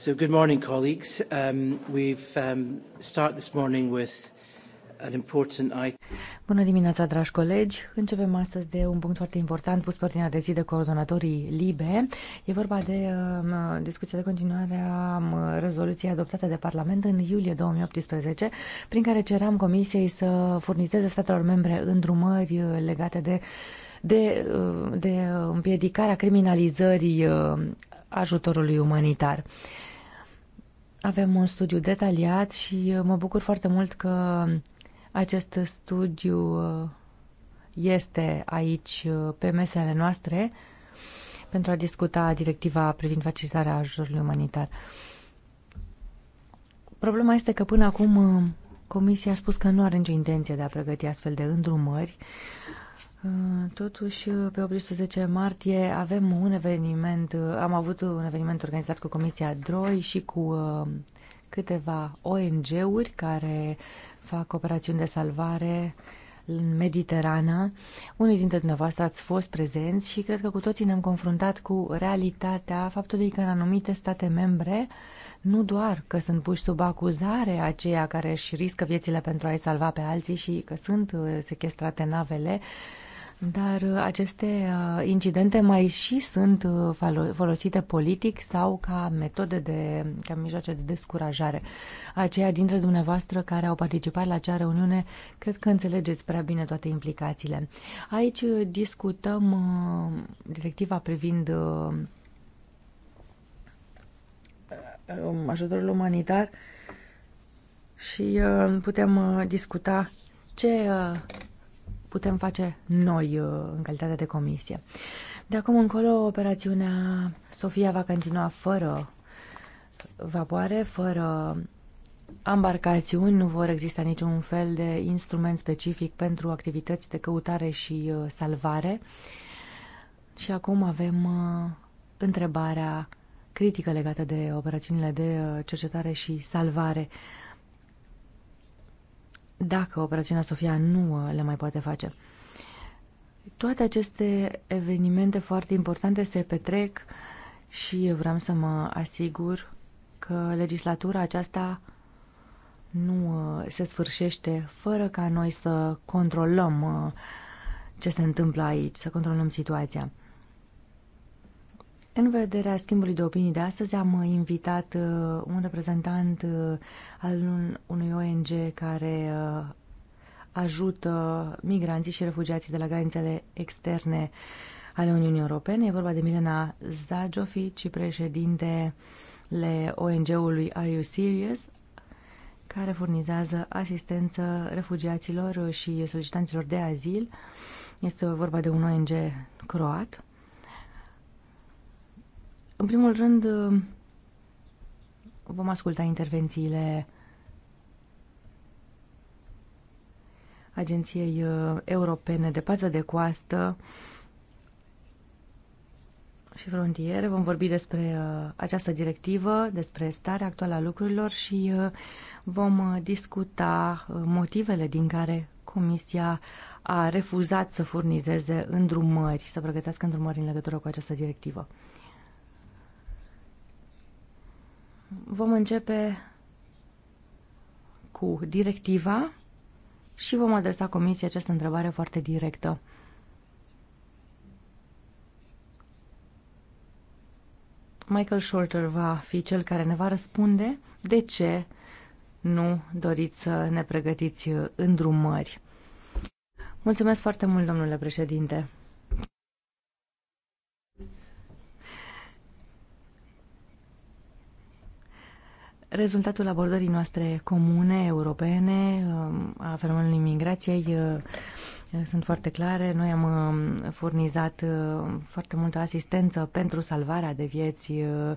So good morning, colleagues. Um, we've um, start this morning with an important item. Bună dimineața, dragi colegi! Începem astăzi de un punct foarte important pus pe ordinea de zi de coordonatorii LIBE. E vorba de uh, discuția de continuare a um, rezoluției adoptate de Parlament în iulie 2018, prin care ceram Comisiei să furnizeze statelor membre îndrumări uh, legate de de, uh, de împiedicarea criminalizării uh, ajutorului umanitar. Uh, avem un studiu detaliat și uh, mă bucur foarte mult că acest studiu uh, este aici uh, pe mesele noastre pentru a discuta directiva privind facilitarea ajutorului umanitar. Problema este că până acum Comisia a spus că nu are nicio intenție de a pregăti astfel de îndrumări Uh, totuși, uh, pe 18 martie avem un eveniment, uh, am avut un eveniment organizat cu Comisia DROI și cu câteva ONG-uri care fac operațiuni de salvare în Mediterană. Unii dintre dumneavoastră ați fost prezenți și cred că cu toții ne-am confruntat cu realitatea faptului că în anumite state membre nu doar că sunt puși sub acuzare aceia care își riscă viețile pentru a-i salva pe alții și că sunt sequestrate navele, dar uh, aceste uh, incidente mai și sunt uh, folosite politic sau ca metode de, ca mijloace de descurajare. Aceia dintre dumneavoastră care au participat la acea reuniune, cred că înțelegeți prea bine toate implicațiile. Aici discutăm directiva privind ajutorul umanitar și putem discuta ce putem face noi uh, în calitate de comisie. De acum încolo, operațiunea Sofia va continua fără vapoare, fără ambarcațiuni, nu vor exista niciun fel de instrument specific pentru activități de căutare și uh, salvare. Și acum avem uh, întrebarea critică legată de operațiunile de cercetare și salvare dacă operațiunea Sofia nu uh, le mai poate face. Toate aceste evenimente foarte importante se petrec și vreau să mă asigur că legislatura aceasta nu uh, se sfârșește fără ca noi să controlăm uh, ce se întâmplă aici, să controlăm situația. În vederea schimbului de opinii de astăzi am invitat uh, un reprezentant uh, al unui ONG care uh, ajută migranții și refugiații de la granițele externe ale Uniunii Europene. E vorba de Milena Zajofi, și președintele ONG-ului Are You Serious? care furnizează asistență refugiaților și solicitanților de azil. Este vorba de un ONG croat în primul rând, vom asculta intervențiile Agenției uh, Europene de Pază de Coastă și Frontiere. Vom vorbi despre uh, această directivă, despre starea actuală a lucrurilor și uh, vom discuta motivele din care Comisia a refuzat să furnizeze îndrumări, să pregătească îndrumări în legătură cu această directivă. Vom începe cu directiva și vom adresa Comisiei această întrebare foarte directă. Michael Shorter va fi cel care ne va răspunde de ce nu doriți să ne pregătiți îndrumări. Mulțumesc foarte mult, domnule președinte. Rezultatul abordării noastre comune, europene, um, a fenomenului migrației uh, sunt foarte clare. Noi am um, furnizat uh, foarte multă asistență pentru salvarea de vieți uh,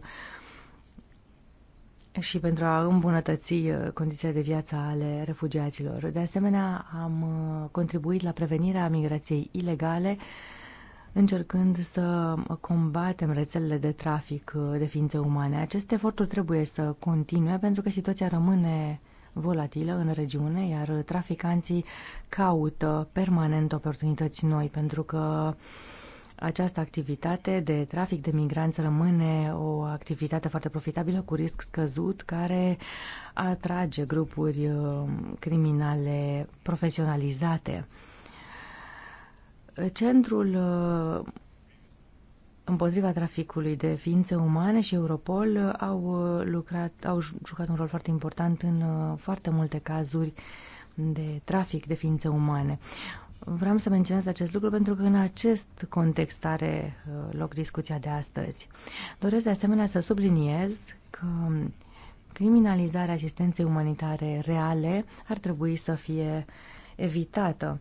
și pentru a îmbunătăți condițiile de viață ale refugiaților. De asemenea, am contribuit la prevenirea migrației ilegale, încercând să combatem rețelele de trafic uh, de ființe umane. Aceste eforturi trebuie să continue pentru că situația rămâne volatilă în regiune, iar traficanții caută permanent oportunități noi pentru că această activitate de trafic de migranți rămâne o activitate foarte profitabilă cu risc scăzut care atrage grupuri uh, criminale profesionalizate. Centrul uh, împotriva traficului de ființe umane și Europol uh, au uh, lucrat, au jucat un rol foarte important în foarte multe cazuri de trafic de ființe umane. Vreau să menționez acest lucru pentru că în acest context are loc discuția de astăzi. Doresc de asemenea să subliniez că criminalizarea asistenței umanitare reale ar trebui să fie evitată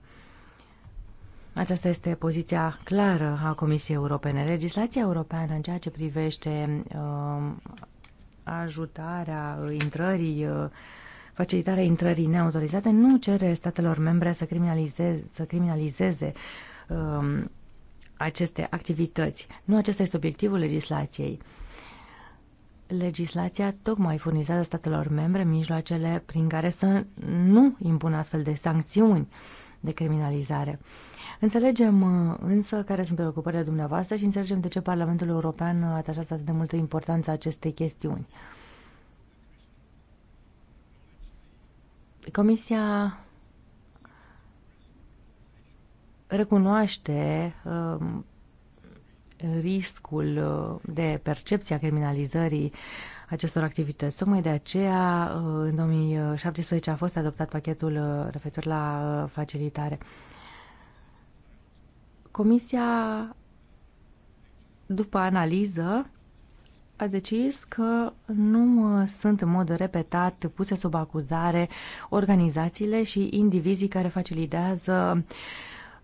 aceasta este poziția clară a Comisiei Europene. Legislația europeană în ceea ce privește uh, ajutarea intrării, uh, facilitarea intrării neautorizate nu cere statelor membre să criminalizeze, să criminalizeze uh, aceste activități. Nu acesta este obiectivul legislației. Legislația tocmai furnizează statelor membre mijloacele prin care să nu impună astfel de sancțiuni de criminalizare. Uh, Înțelegem uh, însă care sunt preocupările dumneavoastră și înțelegem de ce Parlamentul European a atașat atât de multă importanță acestei chestiuni. Comisia recunoaște um, uh, riscul de percepția criminalizării acestor activități. Tocmai de aceea, uh, în 2017 a fost adoptat pachetul uh, referitor la facilitare. Comisia, după analiză, a decis că nu uh, sunt în mod repetat puse sub acuzare organizațiile și indivizii care facilitează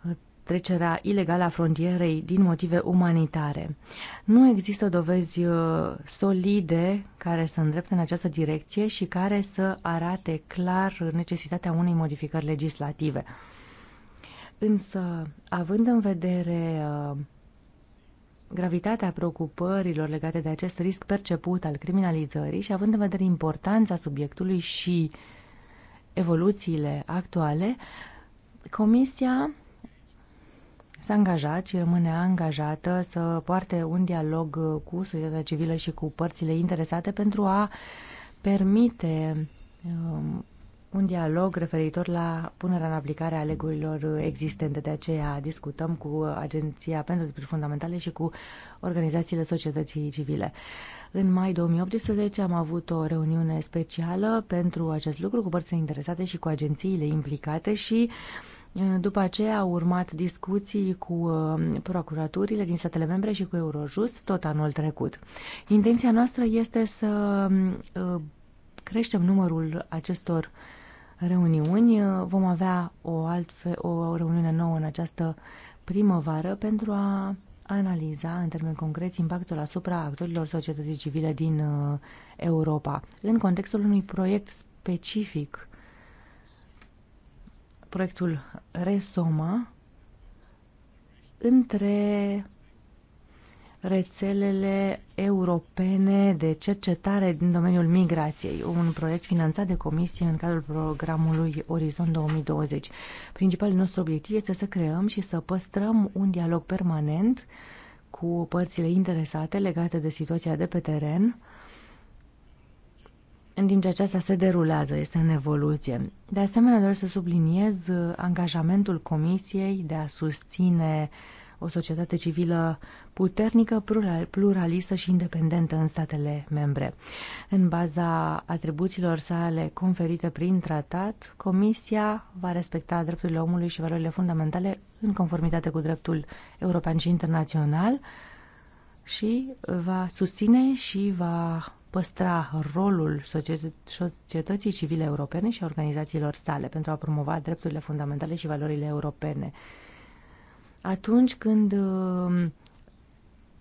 uh, trecerea ilegală a frontierei din motive umanitare. Nu există dovezi uh, solide care să îndrepte în această direcție și care să arate clar necesitatea unei modificări legislative. Însă, având în vedere uh, gravitatea preocupărilor legate de acest risc perceput al criminalizării și având în vedere importanța subiectului și evoluțiile actuale, Comisia s-a angajat și rămâne angajată să poarte un dialog cu societatea civilă și cu părțile interesate pentru a permite um, un dialog referitor la punerea în aplicare a legurilor existente. De aceea discutăm cu Agenția pentru Drepturi Fundamentale și cu organizațiile societății civile. În mai 2018 am avut o reuniune specială pentru acest lucru cu părțile interesate și cu agențiile implicate și după aceea au urmat discuții cu procuraturile din statele membre și cu Eurojust tot anul trecut. Intenția noastră este să creștem numărul acestor uh, reuniuni. Vom avea o, altfel, o reuniune nouă în această primăvară pentru a analiza în termeni concreți impactul asupra actorilor societății civile din uh, Europa în contextul unui proiect specific, proiectul Resoma, între rețelele europene de cercetare din domeniul migrației, un proiect finanțat de Comisie în cadrul programului Orizont 2020. Principalul nostru obiectiv este să creăm și să păstrăm un dialog permanent cu părțile interesate legate de situația de pe teren, în timp ce aceasta se derulează, este în evoluție. De asemenea, doresc să subliniez angajamentul Comisiei de a susține uh, o societate civilă puternică, pluralistă și independentă în statele membre. În baza atribuțiilor sale conferite prin tratat, Comisia va respecta drepturile omului și valorile fundamentale în conformitate cu dreptul european și internațional și va susține și va păstra rolul societății civile europene și a organizațiilor sale pentru a promova drepturile fundamentale și valorile europene atunci când um,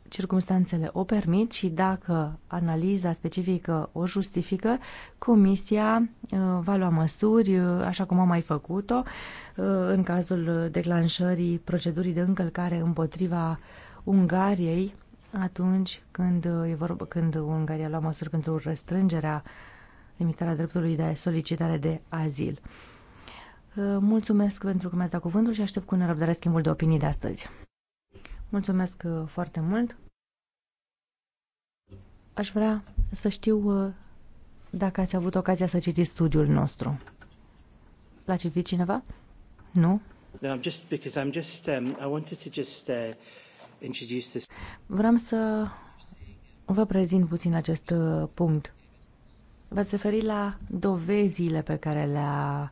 circumstanțele o permit și dacă analiza specifică o justifică, comisia uh, va lua măsuri, uh, așa cum a mai făcut-o, uh, în cazul declanșării procedurii de încălcare împotriva Ungariei, atunci când, e vorba, când Ungaria lua măsuri pentru restrângerea limitarea dreptului de solicitare de azil. Uh, mulțumesc pentru că mi-ați dat cuvântul și aștept cu nerăbdare schimbul de opinii de astăzi. Mulțumesc uh, foarte mult. Aș vrea să știu uh, dacă ați avut ocazia să citiți studiul nostru. L-a citit cineva? Nu? No, I'm just because I'm just um, I wanted to just uh, introduce this. Vreau să vă prezint puțin acest punct. V-ați referit la dovezile pe care le-a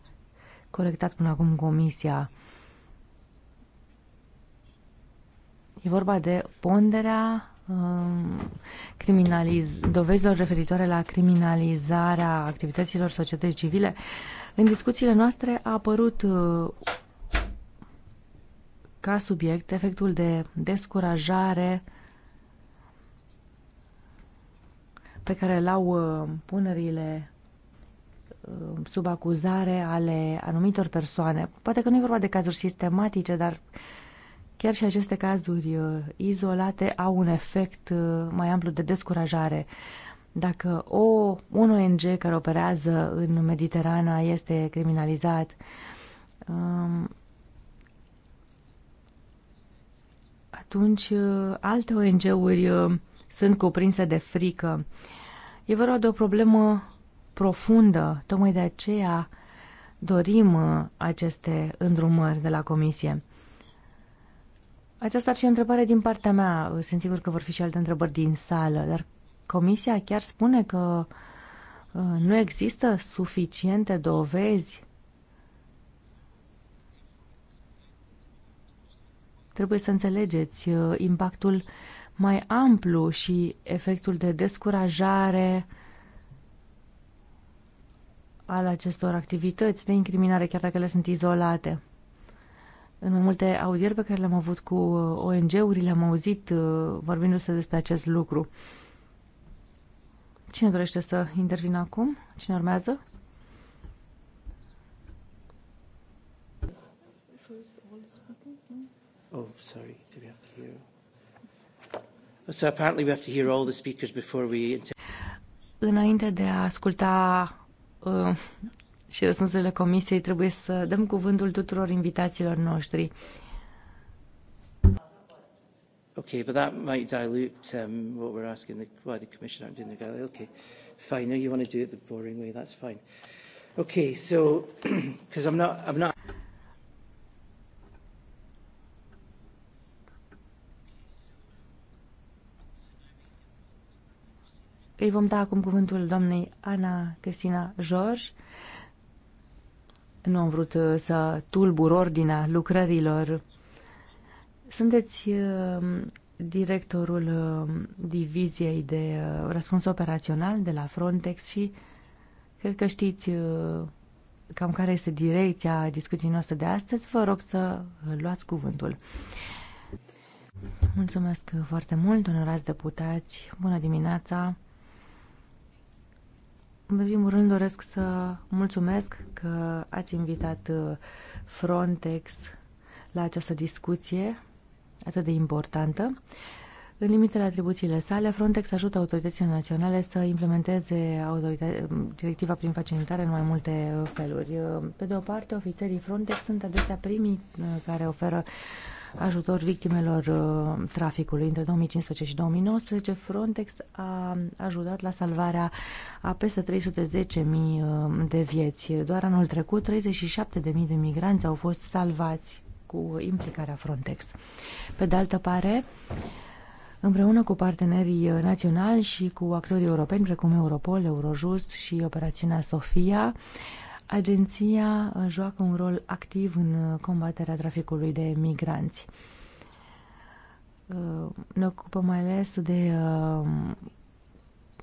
corectat până acum Comisia. E vorba de ponderea um, criminaliz dovezilor referitoare la criminalizarea activităților societății civile. În discuțiile noastre a apărut uh, ca subiect efectul de descurajare pe care l-au uh, punerile Um, sub acuzare ale anumitor persoane. Poate că nu e vorba de cazuri sistematice, dar chiar și aceste cazuri uh, izolate au un efect uh, mai amplu de descurajare. Dacă o, un ONG care operează în Mediterana este criminalizat, um, atunci uh, alte ONG-uri sunt cuprinse de frică. E vorba de o problemă profundă. Tocmai de aceea dorim uh, aceste îndrumări de la Comisie. Aceasta ar fi o întrebare din partea mea. Sunt sigur că vor fi și alte întrebări din sală, dar Comisia chiar spune că uh, nu există suficiente dovezi Trebuie să înțelegeți uh, impactul mai amplu și efectul de descurajare uh, al acestor activități de incriminare, chiar dacă le sunt izolate. În mai multe audieri pe care le-am avut cu uh, ONG-urile am auzit uh, vorbindu-se despre acest lucru. Cine dorește să intervină acum? Cine urmează? Oh, sorry. Do we have to hear? So apparently we have to hear all the speakers before we... Înainte de a asculta Uh, și răspunsurile comisiei, trebuie să dăm cuvântul tuturor invitațiilor noștri. Okay, but that might dilute um, what we're asking the, why the Commission aren't doing the Galileo. Okay, fine. No, you want to do it the boring way. That's fine. Okay, so because I'm not, I'm not. Îi vom da acum cuvântul doamnei Ana Cristina George. Nu am vrut uh, să tulbur ordinea lucrărilor. Sunteți uh, directorul uh, diviziei de răspuns operațional de la Frontex și cred că știți cam care este direcția discuției noastre de astăzi. Vă rog să luați cuvântul. Mulțumesc foarte mult, onorați deputați. Bună dimineața! În primul rând doresc să mulțumesc că ați invitat uh, Frontex la această discuție atât de importantă. În limitele atribuțiile sale, Frontex ajută autoritățile naționale să implementeze directiva prin facilitare în mai multe uh, feluri. Uh, pe de o parte, ofițerii Frontex sunt adesea primii care oferă ajutor victimelor uh, traficului. Între 2015 și 2019, Frontex a ajutat la salvarea a peste 310.000 uh, de vieți. Doar anul trecut, 37.000 de migranți au fost salvați cu implicarea Frontex. Pe de altă parte, împreună cu partenerii uh, naționali și cu actorii europeni, precum Europol, Eurojust și operațiunea Sofia, Agenția uh, joacă un rol activ în uh, combaterea traficului de migranți. Uh, ne ocupăm mai ales de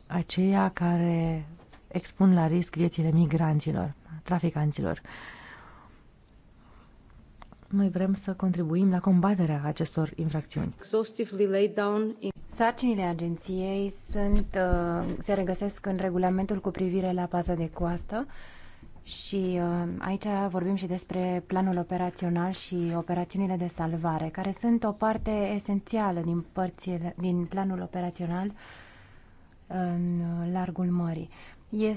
aceia care expun la risc viețile migranților, traficanților. Noi vrem să contribuim la combaterea acestor infracțiuni. Sarcinile agenției sunt, se regăsesc în regulamentul cu privire la paza de coastă, și uh, aici vorbim și despre planul operațional și operațiunile de salvare, care sunt o parte esențială din, părțile, din planul operațional în largul mării.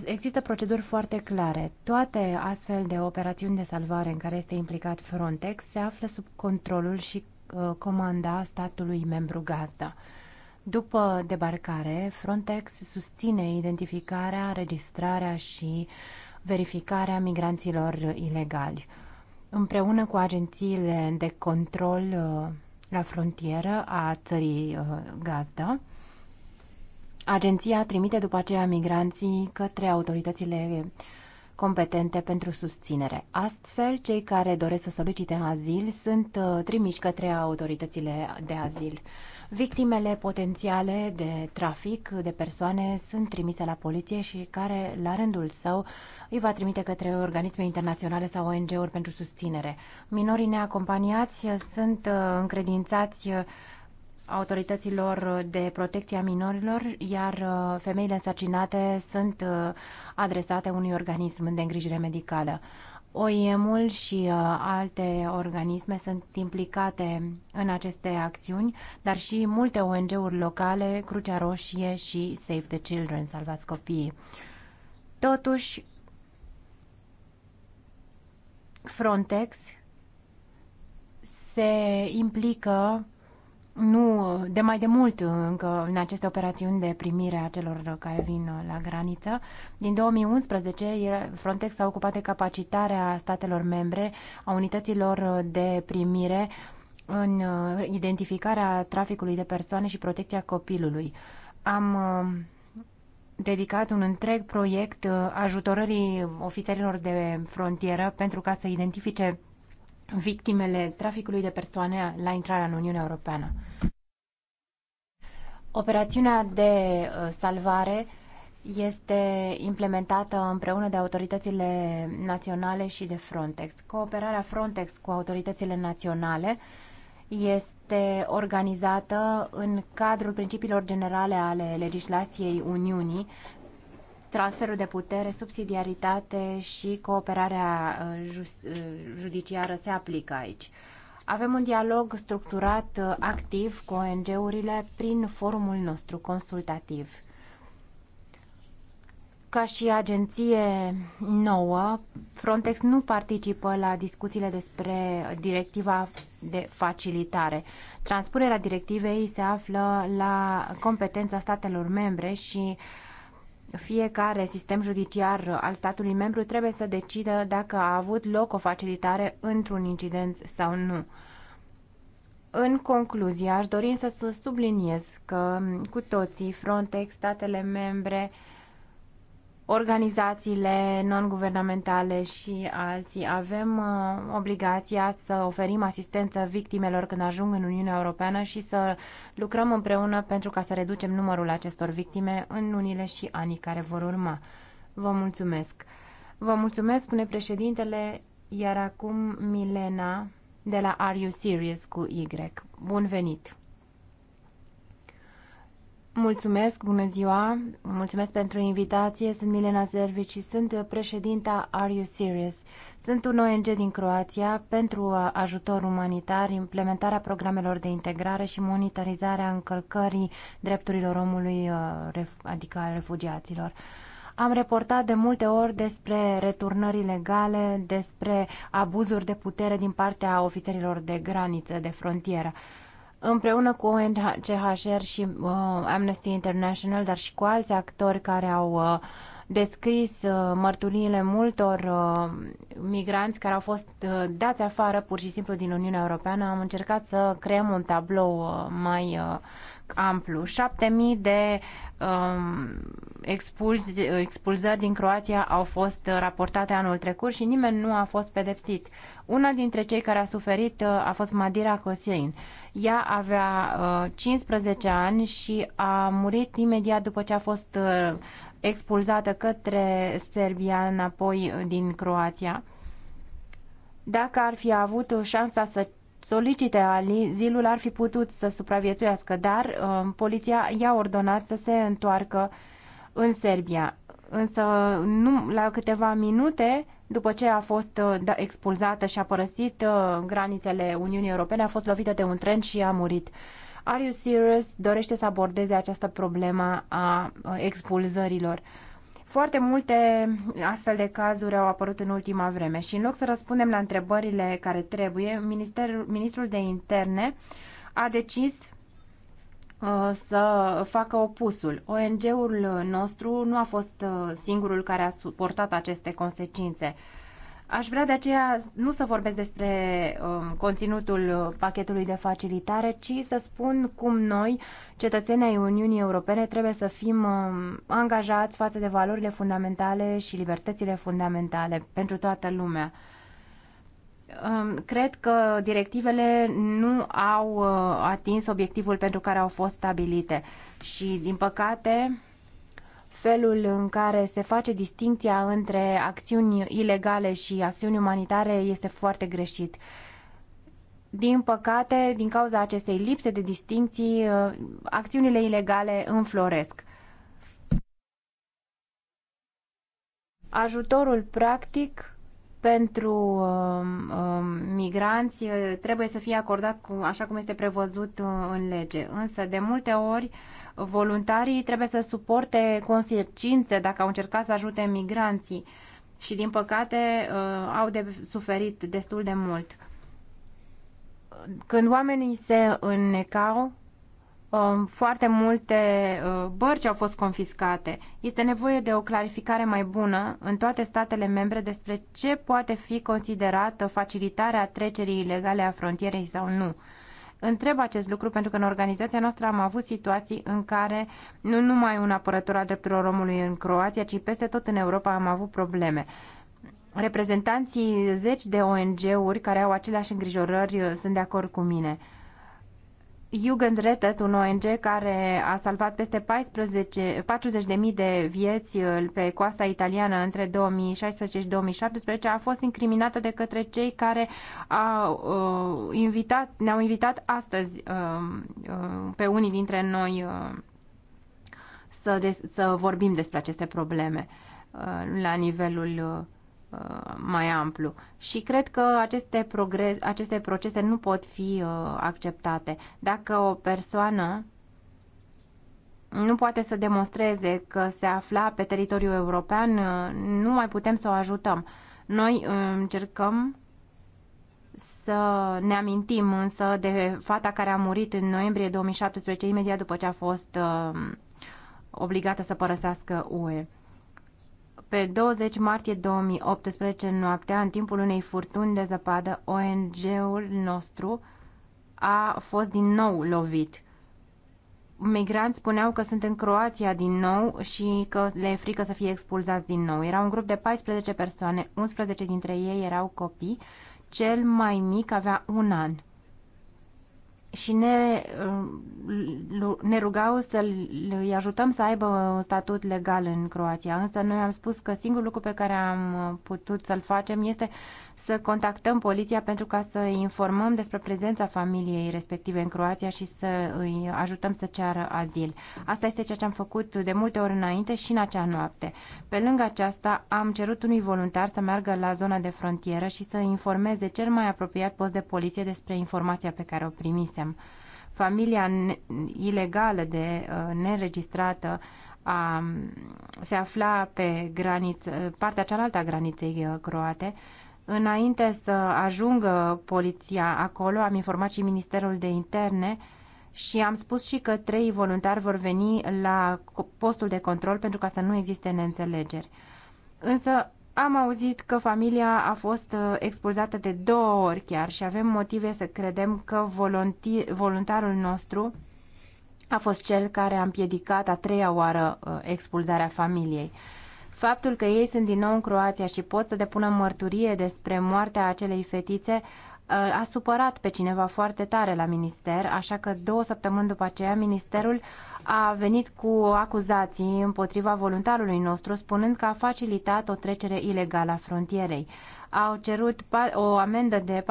Există proceduri foarte clare. Toate astfel de operațiuni de salvare în care este implicat Frontex se află sub controlul și uh, comanda statului membru gazda. După debarcare, Frontex susține identificarea, registrarea și uh, verificarea migranților ilegali. Împreună cu agențiile de control uh, la frontieră a țării uh, gazdă, agenția trimite după aceea migranții către autoritățile competente pentru susținere. Astfel, cei care doresc să solicite azil sunt uh, trimiși către autoritățile de azil. Victimele potențiale de trafic de persoane sunt trimise la poliție și care, la rândul său, îi va trimite către organisme internaționale sau ONG-uri pentru susținere. Minorii neacompaniați sunt uh, încredințați uh, autorităților de protecție a minorilor, iar uh, femeile însărcinate sunt adresate unui organism de îngrijire medicală. OIM-ul și uh, alte organisme sunt implicate în aceste acțiuni, dar și multe ONG-uri locale, Crucea Roșie și Save the Children, Salvați Copiii. Totuși, Frontex se implică nu de mai de mult încă în aceste operațiuni de primire a celor care vin la graniță. Din 2011 Frontex a ocupat de capacitarea statelor membre a unităților de primire în uh, identificarea traficului de persoane și protecția copilului. Am uh, dedicat un întreg proiect uh, ajutorării ofițerilor de frontieră pentru ca să identifice victimele traficului de persoane la intrarea în Uniunea Europeană. Operațiunea de uh, salvare este implementată împreună de autoritățile naționale și de Frontex. Cooperarea Frontex cu autoritățile naționale este organizată în cadrul principiilor generale ale legislației Uniunii transferul de putere, subsidiaritate și cooperarea uh, uh, judiciară se aplică aici. Avem un dialog structurat uh, activ cu ONG-urile prin forumul nostru consultativ. Ca și agenție nouă, Frontex nu participă la discuțiile despre directiva de facilitare. Transpunerea directivei se află la competența statelor membre și uh, fiecare sistem judiciar al statului membru trebuie să decidă dacă a avut loc o facilitare într-un incident sau nu. În concluzie, aș dori să subliniez că cu toții, Frontex, statele membre, organizațiile non-guvernamentale și alții avem uh, obligația să oferim asistență victimelor când ajung în Uniunea Europeană și să lucrăm împreună pentru ca să reducem numărul acestor victime în lunile și anii care vor urma. Vă mulțumesc! Vă mulțumesc, spune președintele, iar acum Milena de la Are You Serious cu Y. Bun venit! Mulțumesc, bună ziua, mulțumesc pentru invitație, sunt Milena Zervici și sunt președinta Are You Serious? Sunt un ONG din Croația pentru ajutor umanitar, implementarea programelor de integrare și monitorizarea încălcării drepturilor omului, uh, adică a refugiaților. Am reportat de multe ori despre returnări legale, despre abuzuri de putere din partea ofițerilor de graniță, de frontieră împreună cu ONCHR și uh, Amnesty International, dar și cu alți actori care au uh, descris uh, mărturiile multor uh, migranți care au fost uh, dați afară pur și simplu din Uniunea Europeană, am încercat să creăm un tablou uh, mai uh, amplu. 7000 de um, expulzări din Croația au fost uh, raportate anul trecut și nimeni nu a fost pedepsit. Una dintre cei care a suferit uh, a fost Madira Cosin ea avea 15 uh, ani și a murit imediat după ce a fost uh, expulzată către Serbia înapoi uh, din Croația. Dacă ar fi avut șansa să solicite azilul, ar fi putut să supraviețuiască, dar poliția i-a ordonat să se întoarcă în Serbia. Însă, nu, la câteva minute, după ce a fost uh, da, expulzată și a părăsit uh, granițele Uniunii Europene, a fost lovită de un tren și a murit. Are You Serious dorește să abordeze această problemă a uh, expulzărilor. Foarte multe astfel de cazuri au apărut în ultima vreme și în loc să răspundem la întrebările care trebuie, Ministerul, Ministrul de Interne a decis Uh, să facă opusul. ONG-ul nostru nu a fost uh, singurul care a suportat aceste consecințe. Aș vrea de aceea nu să vorbesc despre um, conținutul pachetului de facilitare, ci să spun cum noi, cetățenii ai Uniunii Europene, trebuie să fim um, angajați față de valorile fundamentale și libertățile fundamentale pentru toată lumea. Um, cred că directivele nu au uh, atins obiectivul pentru care au fost stabilite și, din păcate, felul în care se face distinția între acțiuni ilegale și acțiuni umanitare este foarte greșit. Din păcate, din cauza acestei lipse de distinții, uh, acțiunile ilegale înfloresc. Ajutorul practic pentru um, um, migranți uh, trebuie să fie acordat cu, așa cum este prevăzut uh, în lege. Însă, de multe ori, voluntarii trebuie să suporte consecințe dacă au încercat să ajute migranții și, din păcate, uh, au de suferit destul de mult. Când oamenii se înnecau, Um, foarte multe uh, bărci au fost confiscate. Este nevoie de o clarificare mai bună în toate statele membre despre ce poate fi considerată facilitarea trecerii ilegale a frontierei sau nu. Întreb acest lucru pentru că în organizația noastră am avut situații în care nu numai un apărător al drepturilor omului în Croația, ci peste tot în Europa am avut probleme reprezentanții zeci de ONG-uri care au aceleași îngrijorări uh, sunt de acord cu mine. Jugendrettet, un ONG care a salvat peste 14, 40.000 de vieți uh, pe coasta italiană între 2016 și 2017, a fost incriminată de către cei care au, uh, invitat, ne-au invitat astăzi uh, uh, pe unii dintre noi uh, să, de, să vorbim despre aceste probleme uh, la nivelul uh, Uh, mai amplu. Și cred că aceste, progres, aceste procese nu pot fi uh, acceptate. Dacă o persoană nu poate să demonstreze că se afla pe teritoriul european, uh, nu mai putem să o ajutăm. Noi încercăm să ne amintim însă de fata care a murit în noiembrie 2017, imediat după ce a fost obligată să părăsească UE. Pe 20 martie 2018, în noaptea, în timpul unei furtuni de zăpadă, ONG-ul nostru a fost din nou lovit. Migranți spuneau că sunt în Croația din nou și că le e frică să fie expulzați din nou. Era un grup de 14 persoane, 11 dintre ei erau copii, cel mai mic avea un an și ne, um, ne rugau să îi ajutăm să aibă un statut legal în Croația. Însă noi am spus că singurul lucru pe care am putut să-l facem este să contactăm poliția pentru ca să informăm despre prezența familiei respective în Croația și să îi ajutăm să ceară azil. Asta este ceea ce am făcut de multe ori înainte și în acea noapte. Pe lângă aceasta, am cerut unui voluntar să meargă la zona de frontieră și să informeze cel mai apropiat post de poliție despre informația pe care o primisem. Familia ilegală de uh, neregistrată a, se afla pe graniță, partea cealaltă a graniței uh, croate Înainte să ajungă poliția acolo, am informat și Ministerul de Interne și am spus și că trei voluntari vor veni la postul de control pentru ca să nu existe neînțelegeri. Însă am auzit că familia a fost uh, expulzată de două ori chiar și avem motive să credem că voluntarul nostru a fost cel care a împiedicat a treia oară uh, expulzarea familiei. Faptul că ei sunt din nou în Croația și pot să depună mărturie despre moartea acelei fetițe uh, a supărat pe cineva foarte tare la minister, așa că două săptămâni după aceea ministerul a venit cu acuzații împotriva voluntarului nostru, spunând că a facilitat o trecere ilegală a frontierei. Au cerut o amendă de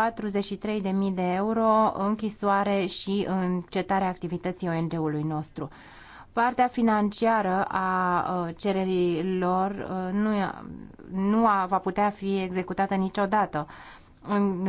43.000 de euro, închisoare și încetarea activității ONG-ului nostru. Partea financiară a uh, cererilor uh, nu, nu a, va putea fi executată niciodată în,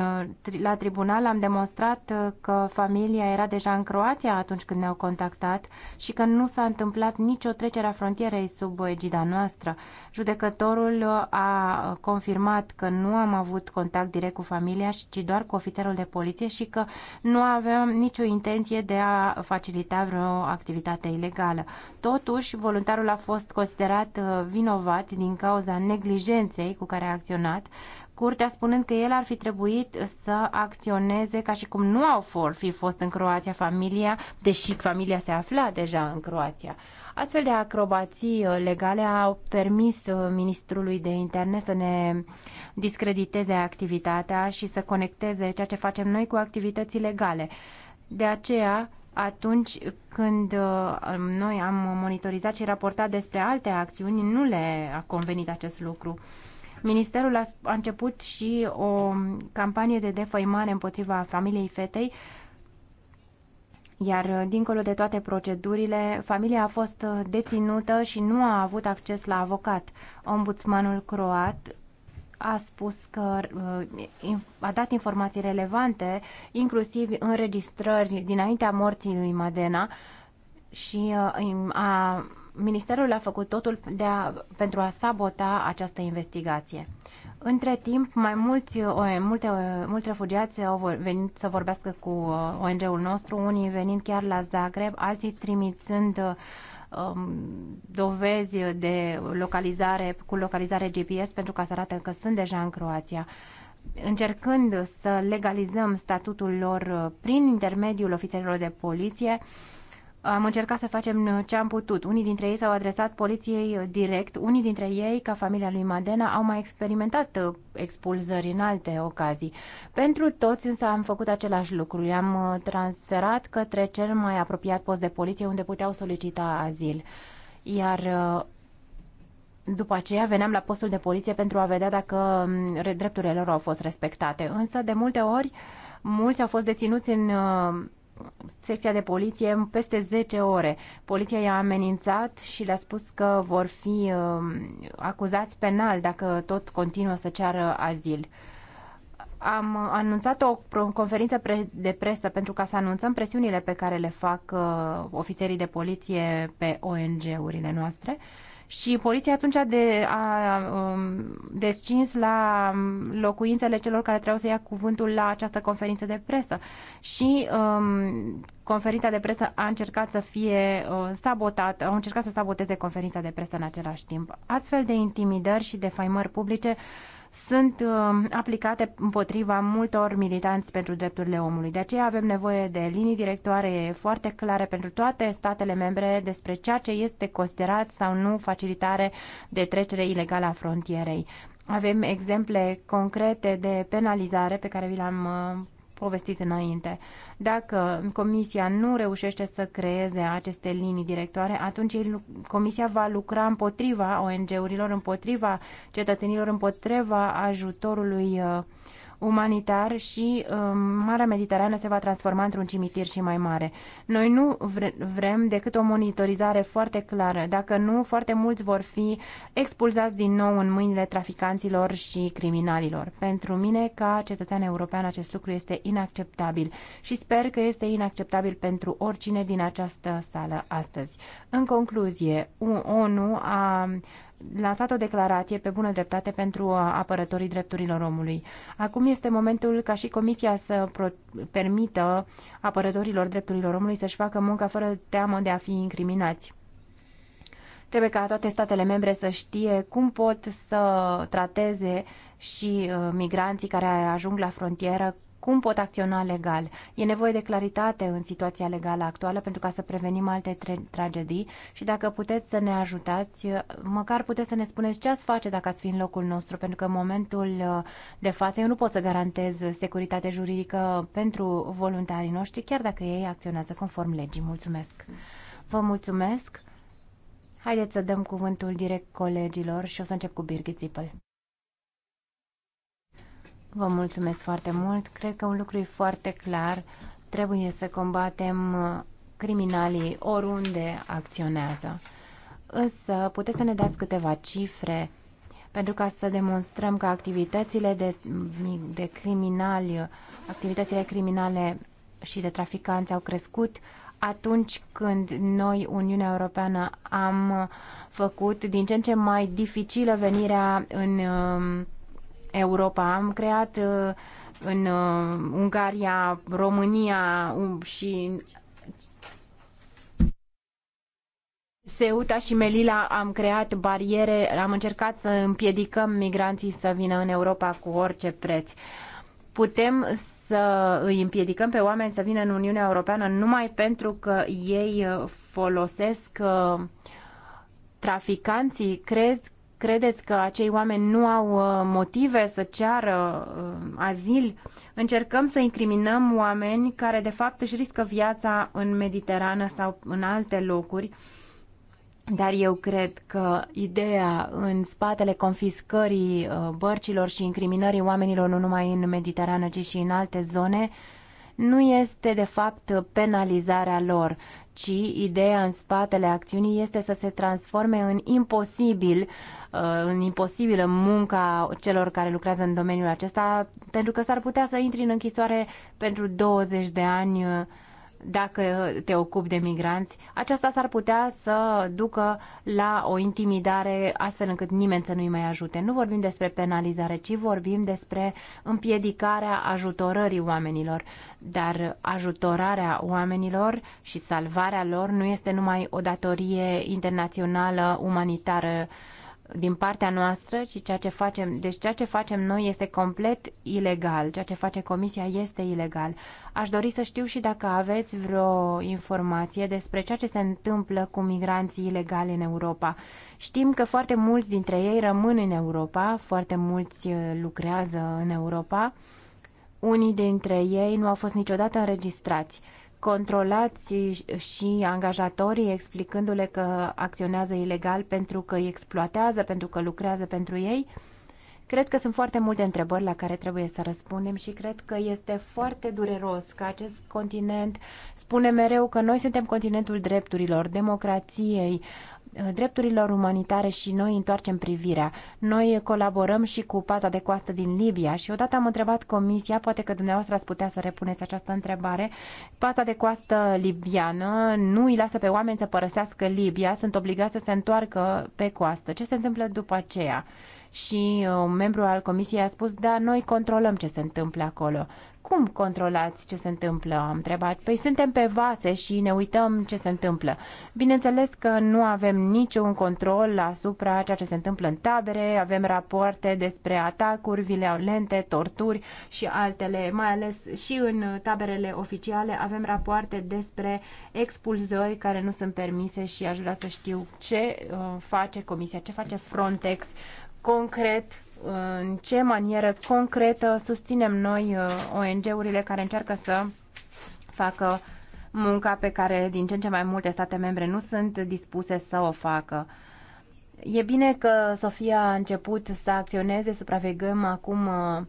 uh, la tribunal am demonstrat uh, că familia era deja în Croația atunci când ne-au contactat și că nu s-a întâmplat nicio trecere a frontierei sub egida noastră. Judecătorul uh, a confirmat că nu am avut contact direct cu familia, ci doar cu ofițerul de poliție și că nu aveam nicio intenție de a facilita vreo activitate ilegală. Totuși, voluntarul a fost considerat vinovat din cauza neglijenței cu care a acționat, curtea spunând că el ar fi trebuit să acționeze ca și cum nu au for fi fost în Croația familia, deși familia se afla deja în Croația. Astfel de acrobații uh, legale au permis uh, ministrului de interne să ne discrediteze activitatea și să conecteze ceea ce facem noi cu activități legale. De aceea, atunci când uh, noi am monitorizat și raportat despre alte acțiuni, nu le-a convenit acest lucru. Ministerul a, a început și o campanie de defăimare împotriva familiei fetei, iar uh, dincolo de toate procedurile, familia a fost uh, deținută și nu a avut acces la avocat. Ombudsmanul croat a spus că uh, a dat informații relevante, inclusiv înregistrări dinaintea morții lui Madena și a Ministerul a făcut totul de a, pentru a sabota această investigație. Între timp, mai mulți, multe, mulți refugiați au venit să vorbească cu uh, ONG-ul nostru, unii venind chiar la Zagreb, alții trimițând um, dovezi de localizare cu localizare GPS pentru ca să arate că sunt deja în Croația încercând să legalizăm statutul lor uh, prin intermediul ofițerilor de poliție, am încercat să facem ce am putut. Unii dintre ei s-au adresat poliției direct, unii dintre ei, ca familia lui Madena, au mai experimentat uh, expulzări în alte ocazii. Pentru toți însă am făcut același lucru. I-am uh, transferat către cel mai apropiat post de poliție unde puteau solicita azil. Iar uh, după aceea veneam la postul de poliție pentru a vedea dacă um, drepturile lor au fost respectate. Însă, de multe ori, mulți au fost deținuți în secția de poliție peste 10 ore. Poliția i-a amenințat și le-a spus că vor fi um, acuzați penal dacă tot continuă să ceară azil am anunțat o conferință de presă pentru ca să anunțăm presiunile pe care le fac uh, ofițerii de poliție pe ONG-urile noastre și poliția atunci de, a um, descins la locuințele celor care trebuiau să ia cuvântul la această conferință de presă și um, conferința de presă a încercat să fie uh, sabotată, au încercat să saboteze conferința de presă în același timp. Astfel de intimidări și de faimări publice uh, sunt uh, aplicate împotriva multor militanți pentru drepturile omului. De aceea avem nevoie de linii directoare foarte clare pentru toate statele membre despre ceea ce este considerat sau nu facilitare de trecere ilegală a frontierei. Avem exemple concrete de penalizare pe care vi le-am uh, povestit înainte. Dacă Comisia nu reușește să creeze aceste linii directoare, atunci Comisia va lucra împotriva ONG-urilor, împotriva cetățenilor, împotriva ajutorului uh, umanitar și um, Marea Mediterană se va transforma într-un cimitir și mai mare. Noi nu vre- vrem decât o monitorizare foarte clară. Dacă nu, foarte mulți vor fi expulzați din nou în mâinile traficanților și criminalilor. Pentru mine, ca cetățean european, acest lucru este inacceptabil și sper că este inacceptabil pentru oricine din această sală astăzi. În concluzie, ONU a lansat o declarație pe bună dreptate pentru uh, apărătorii drepturilor omului. Acum este momentul ca și Comisia să permită apărătorilor drepturilor omului să-și facă munca fără teamă de a fi incriminați. Trebuie ca toate statele membre să știe cum pot să trateze și uh, migranții care ajung la frontieră cum pot acționa legal. E nevoie de claritate în situația legală actuală pentru ca să prevenim alte tragedii și dacă puteți să ne ajutați, măcar puteți să ne spuneți ce ați face dacă ați fi în locul nostru, pentru că în momentul uh, de față eu nu pot să garantez securitate juridică pentru voluntarii noștri, chiar dacă ei acționează conform legii. Mulțumesc! Vă mulțumesc! Haideți să dăm cuvântul direct colegilor și o să încep cu Birgit Zipel. Vă mulțumesc foarte mult. Cred că un lucru e foarte clar. Trebuie să combatem uh, criminalii oriunde acționează. Însă, puteți să ne dați câteva cifre pentru ca să demonstrăm că activitățile de, de criminali, activitățile criminale și de traficanți au crescut atunci când noi, Uniunea Europeană, am făcut din ce în ce mai dificilă venirea în um, Europa. Am creat uh, în uh, Ungaria, România um, și Seuta și Melila am creat bariere, am încercat să împiedicăm migranții să vină în Europa cu orice preț. Putem să îi împiedicăm pe oameni să vină în Uniunea Europeană numai pentru că ei folosesc uh, traficanții. Cred Credeți că acei oameni nu au uh, motive să ceară uh, azil? Încercăm să incriminăm oameni care de fapt își riscă viața în Mediterană sau în alte locuri. Dar eu cred că ideea în spatele confiscării uh, bărcilor și incriminării oamenilor nu numai în Mediterană, ci și în alte zone, nu este de fapt penalizarea lor, ci ideea în spatele acțiunii este să se transforme în imposibil uh, în imposibilă munca celor care lucrează în domeniul acesta, pentru că s-ar putea să intri în închisoare pentru 20 de ani uh, dacă te ocupi de migranți, aceasta s-ar putea să ducă la o intimidare astfel încât nimeni să nu-i mai ajute. Nu vorbim despre penalizare, ci vorbim despre împiedicarea ajutorării oamenilor. Dar ajutorarea oamenilor și salvarea lor nu este numai o datorie internațională, umanitară, din partea noastră, ci ceea ce facem. Deci ceea ce facem noi este complet ilegal, ceea ce face comisia este ilegal. Aș dori să știu și dacă aveți vreo informație despre ceea ce se întâmplă cu migranții ilegali în Europa. Știm că foarte mulți dintre ei rămân în Europa, foarte mulți uh, lucrează în Europa. Unii dintre ei nu au fost niciodată înregistrați controlați și angajatorii explicându-le că acționează ilegal pentru că îi exploatează, pentru că lucrează pentru ei? Cred că sunt foarte multe întrebări la care trebuie să răspundem și cred că este foarte dureros că acest continent spune mereu că noi suntem continentul drepturilor, democrației, Uh, drepturilor umanitare și noi întoarcem privirea. Noi colaborăm și cu paza de coastă din Libia și odată am întrebat comisia, poate că dumneavoastră ați putea să repuneți această întrebare, paza de coastă libiană nu îi lasă pe oameni să părăsească Libia, sunt obligați să se întoarcă pe coastă. Ce se întâmplă după aceea? și uh, un membru al comisiei a spus, da, noi controlăm ce se întâmplă acolo. Cum controlați ce se întâmplă? Am întrebat. Păi suntem pe vase și ne uităm ce se întâmplă. Bineînțeles că nu avem niciun control asupra ceea ce se întâmplă în tabere, avem rapoarte despre atacuri violente, torturi și altele, mai ales și în taberele oficiale avem rapoarte despre expulzări care nu sunt permise și aș vrea să știu ce uh, face Comisia, ce face Frontex concret Uh, în ce manieră concretă susținem noi uh, ONG-urile care încearcă să facă munca pe care din ce în ce mai multe state membre nu sunt dispuse să o facă. E bine că Sofia a început să acționeze, supraveghem acum uh,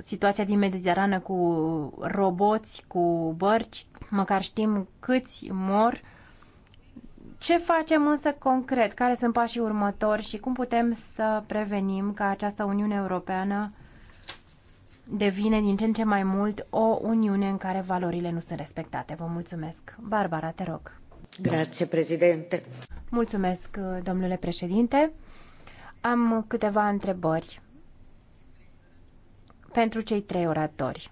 situația din Mediterană cu roboți, cu bărci, măcar știm câți mor ce facem însă concret? Care sunt pașii următori și cum putem să prevenim ca această Uniune Europeană devine din ce în ce mai mult o Uniune în care valorile nu sunt respectate? Vă mulțumesc. Barbara, te rog. Grație, președinte. Mulțumesc, domnule președinte. Am câteva întrebări pentru cei trei oratori.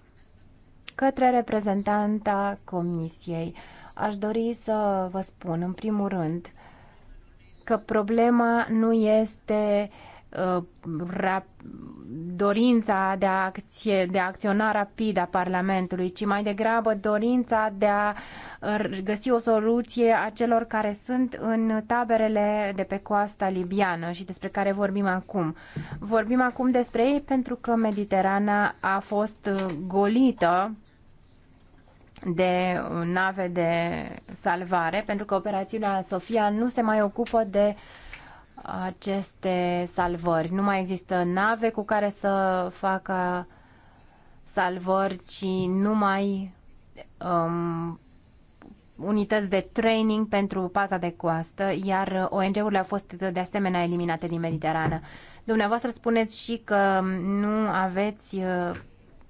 Către reprezentanta Comisiei, Aș dori să vă spun, în primul rând, că problema nu este uh, rap- dorința de a, acție, de a acționa rapid a Parlamentului, ci mai degrabă dorința de a uh, găsi o soluție a celor care sunt în taberele de pe coasta libiană și despre care vorbim acum. Vorbim acum despre ei pentru că Mediterana a fost uh, golită de nave de salvare, pentru că operațiunea Sofia nu se mai ocupă de aceste salvări. Nu mai există nave cu care să facă salvări, ci numai um, unități de training pentru paza de coastă, iar ONG-urile au fost de asemenea eliminate din Mediterană. Dumneavoastră spuneți și că nu aveți uh,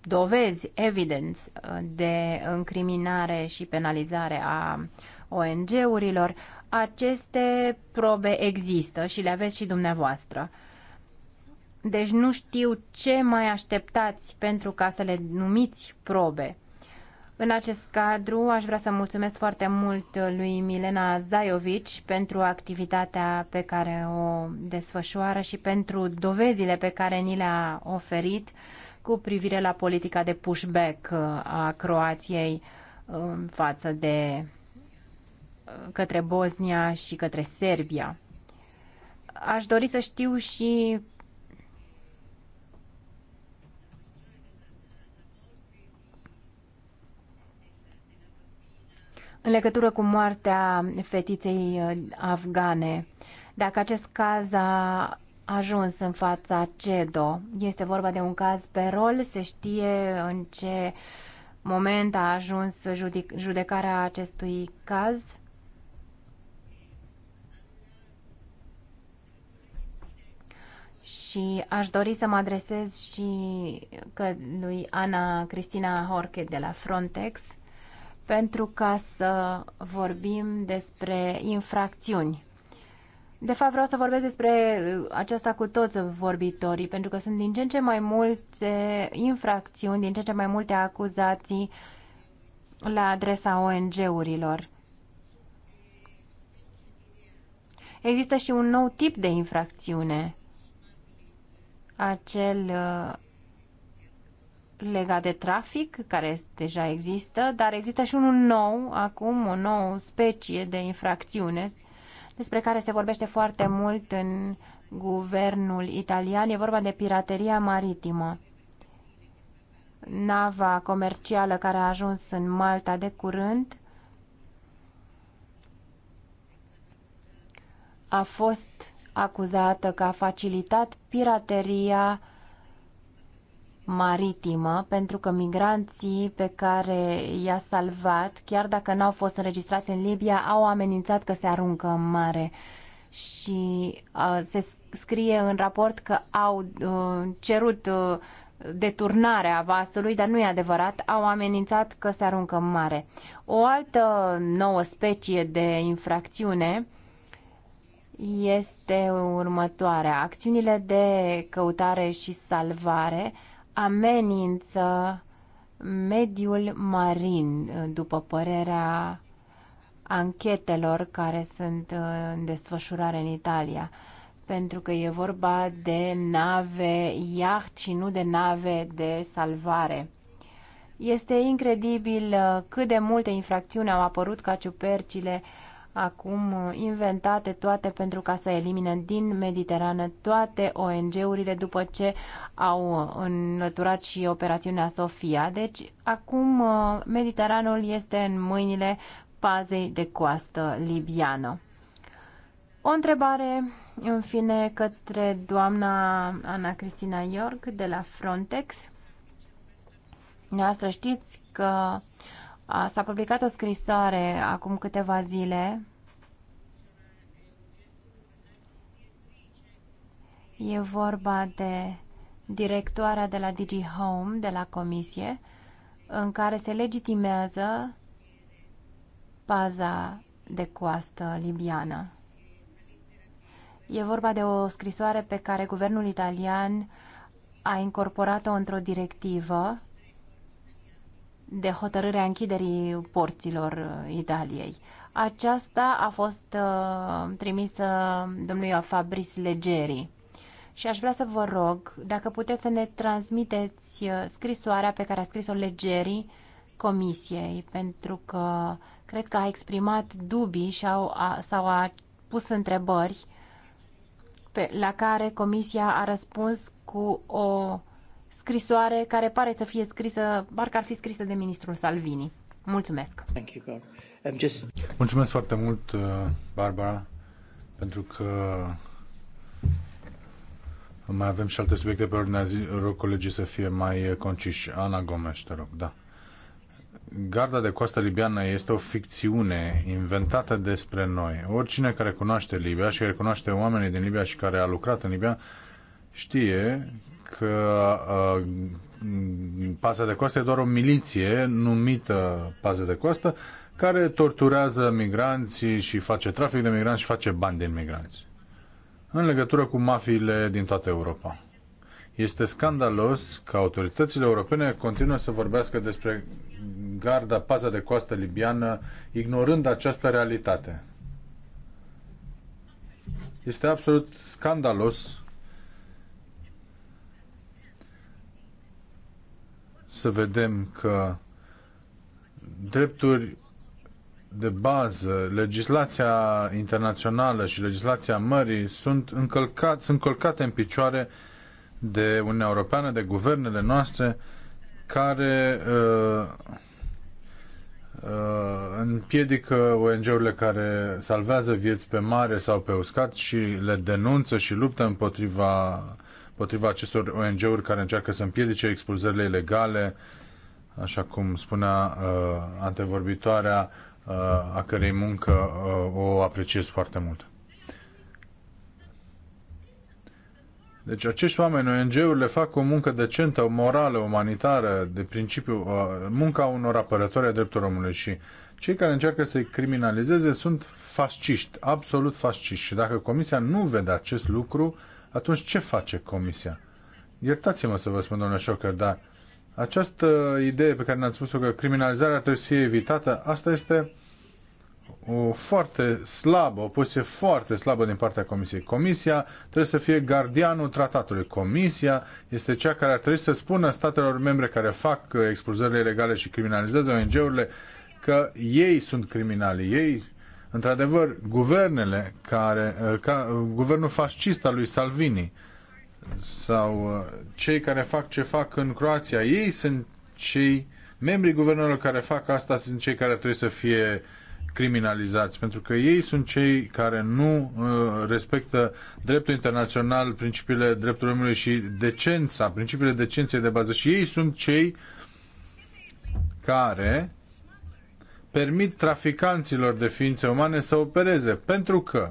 dovezi, evidence de încriminare și penalizare a ONG-urilor, aceste probe există și le aveți și dumneavoastră. Deci nu știu ce mai așteptați pentru ca să le numiți probe. În acest cadru aș vrea să mulțumesc foarte mult lui Milena Zaiovici pentru activitatea pe care o desfășoară și pentru dovezile pe care ni le-a oferit cu privire la politica de pushback uh, a Croației față de uh, către Bosnia și către Serbia. Aș dori să știu și în legătură cu moartea fetiței uh, afgane. Dacă acest caz a ajuns în fața CEDO. Este vorba de un caz pe rol, se știe în ce moment a ajuns judecarea acestui caz. Și aș dori să mă adresez și că lui Ana Cristina Horche de la Frontex pentru ca să vorbim despre infracțiuni de fapt, vreau să vorbesc despre uh, aceasta cu toți vorbitorii, pentru că sunt din ce în ce mai multe infracțiuni, din ce în ce mai multe acuzații la adresa ONG-urilor. Există și un nou tip de infracțiune, acel uh, legat de trafic, care deja există, dar există și unul nou, acum, o nouă specie de infracțiune, despre care se vorbește foarte mult în guvernul italian. E vorba de pirateria maritimă. Nava comercială care a ajuns în Malta de curând a fost acuzată că a facilitat pirateria maritimă, pentru că migranții pe care i-a salvat, chiar dacă n-au fost înregistrați în Libia, au amenințat că se aruncă în mare. Și uh, se scrie în raport că au uh, cerut uh, deturnarea vasului, dar nu e adevărat, au amenințat că se aruncă în mare. O altă nouă specie de infracțiune este următoarea. Acțiunile de căutare și salvare amenință mediul marin, după părerea anchetelor care sunt în desfășurare în Italia, pentru că e vorba de nave iaht și nu de nave de salvare. Este incredibil uh, cât de multe infracțiuni au apărut ca ciupercile uh, acum uh, inventate toate pentru ca să elimine din Mediterană toate ONG-urile după ce au uh, înlăturat și operațiunea Sofia. Deci acum uh, Mediteranul este în mâinile pazei de coastă libiană. O întrebare, în fine, către doamna Ana Cristina Iorg de la Frontex. Noastră știți că uh, S-a publicat o scrisoare acum câteva zile. E vorba de directoarea de la Digi Home, de la Comisie, în care se legitimează paza de coastă libiană. E vorba de o scrisoare pe care guvernul italian a incorporat-o într-o directivă de hotărârea închiderii porților uh, Italiei. Aceasta a fost uh, trimisă domnului Fabris Legeri. Și aș vrea să vă rog dacă puteți să ne transmiteți uh, scrisoarea pe care a scris-o Legeri comisiei, pentru că cred că a exprimat dubii și au, a, sau a pus întrebări pe, la care comisia a răspuns cu o scrisoare care pare să fie scrisă, parcă ar fi scrisă de ministrul Salvini. Mulțumesc! Thank you, I'm um, just... Mulțumesc foarte mult, uh, Barbara, pentru că mai avem și alte subiecte pe ordinea zi. Rog colegii să fie mai uh, conciși. Ana Gomes, te rog, da. Garda de coastă libiană este o ficțiune inventată despre noi. Oricine care cunoaște Libia și care cunoaște oamenii din Libia și care a lucrat în Libia știe că uh, paza de coastă e doar o miliție numită paza de coastă care torturează migranții și face trafic de migranți și face bani din migranți. În legătură cu mafiile din toată Europa. Este scandalos că autoritățile europene continuă să vorbească despre garda, paza de coastă libiană, ignorând această realitate. Este absolut scandalos să vedem că drepturi de bază, legislația internațională și legislația mării sunt, încălcat, sunt încălcate în picioare de Uniunea Europeană, de guvernele noastre, care uh, uh, împiedică ONG-urile care salvează vieți pe mare sau pe uscat și le denunță și luptă împotriva potriva acestor ONG-uri care încearcă să împiedice expulzările ilegale, așa cum spunea uh, antevorbitoarea, uh, a cărei muncă uh, o apreciez foarte mult. Deci acești oameni, ONG-urile, fac o muncă decentă, morală, umanitară, de principiu, uh, munca unor apărători a drepturilor omului și cei care încearcă să-i criminalizeze sunt fasciști, absolut fasciști. Și dacă Comisia nu vede acest lucru, uh, atunci ce face Comisia? Iertați-mă să vă spun, domnule Șocă, dar această idee pe care ne-ați spus-o că criminalizarea trebuie să fie evitată, asta este o foarte slabă, o poziție foarte slabă din partea Comisiei. Comisia trebuie să fie gardianul tratatului. Comisia este cea care ar trebui să spună statelor membre care fac uh, expulzările ilegale și criminalizează ONG-urile că ei sunt criminali, ei Într-adevăr, guvernele care, eh, ca, eh, guvernul fascist al lui Salvini sau eh, cei care fac ce fac în Croația, ei sunt cei, membrii guvernelor care fac asta sunt cei care trebuie să fie criminalizați, pentru că ei sunt cei care nu respectă dreptul internațional, principiile dreptului omului și decența, principiile decenței de bază și ei sunt cei care permit traficanților de ființe umane să opereze, pentru că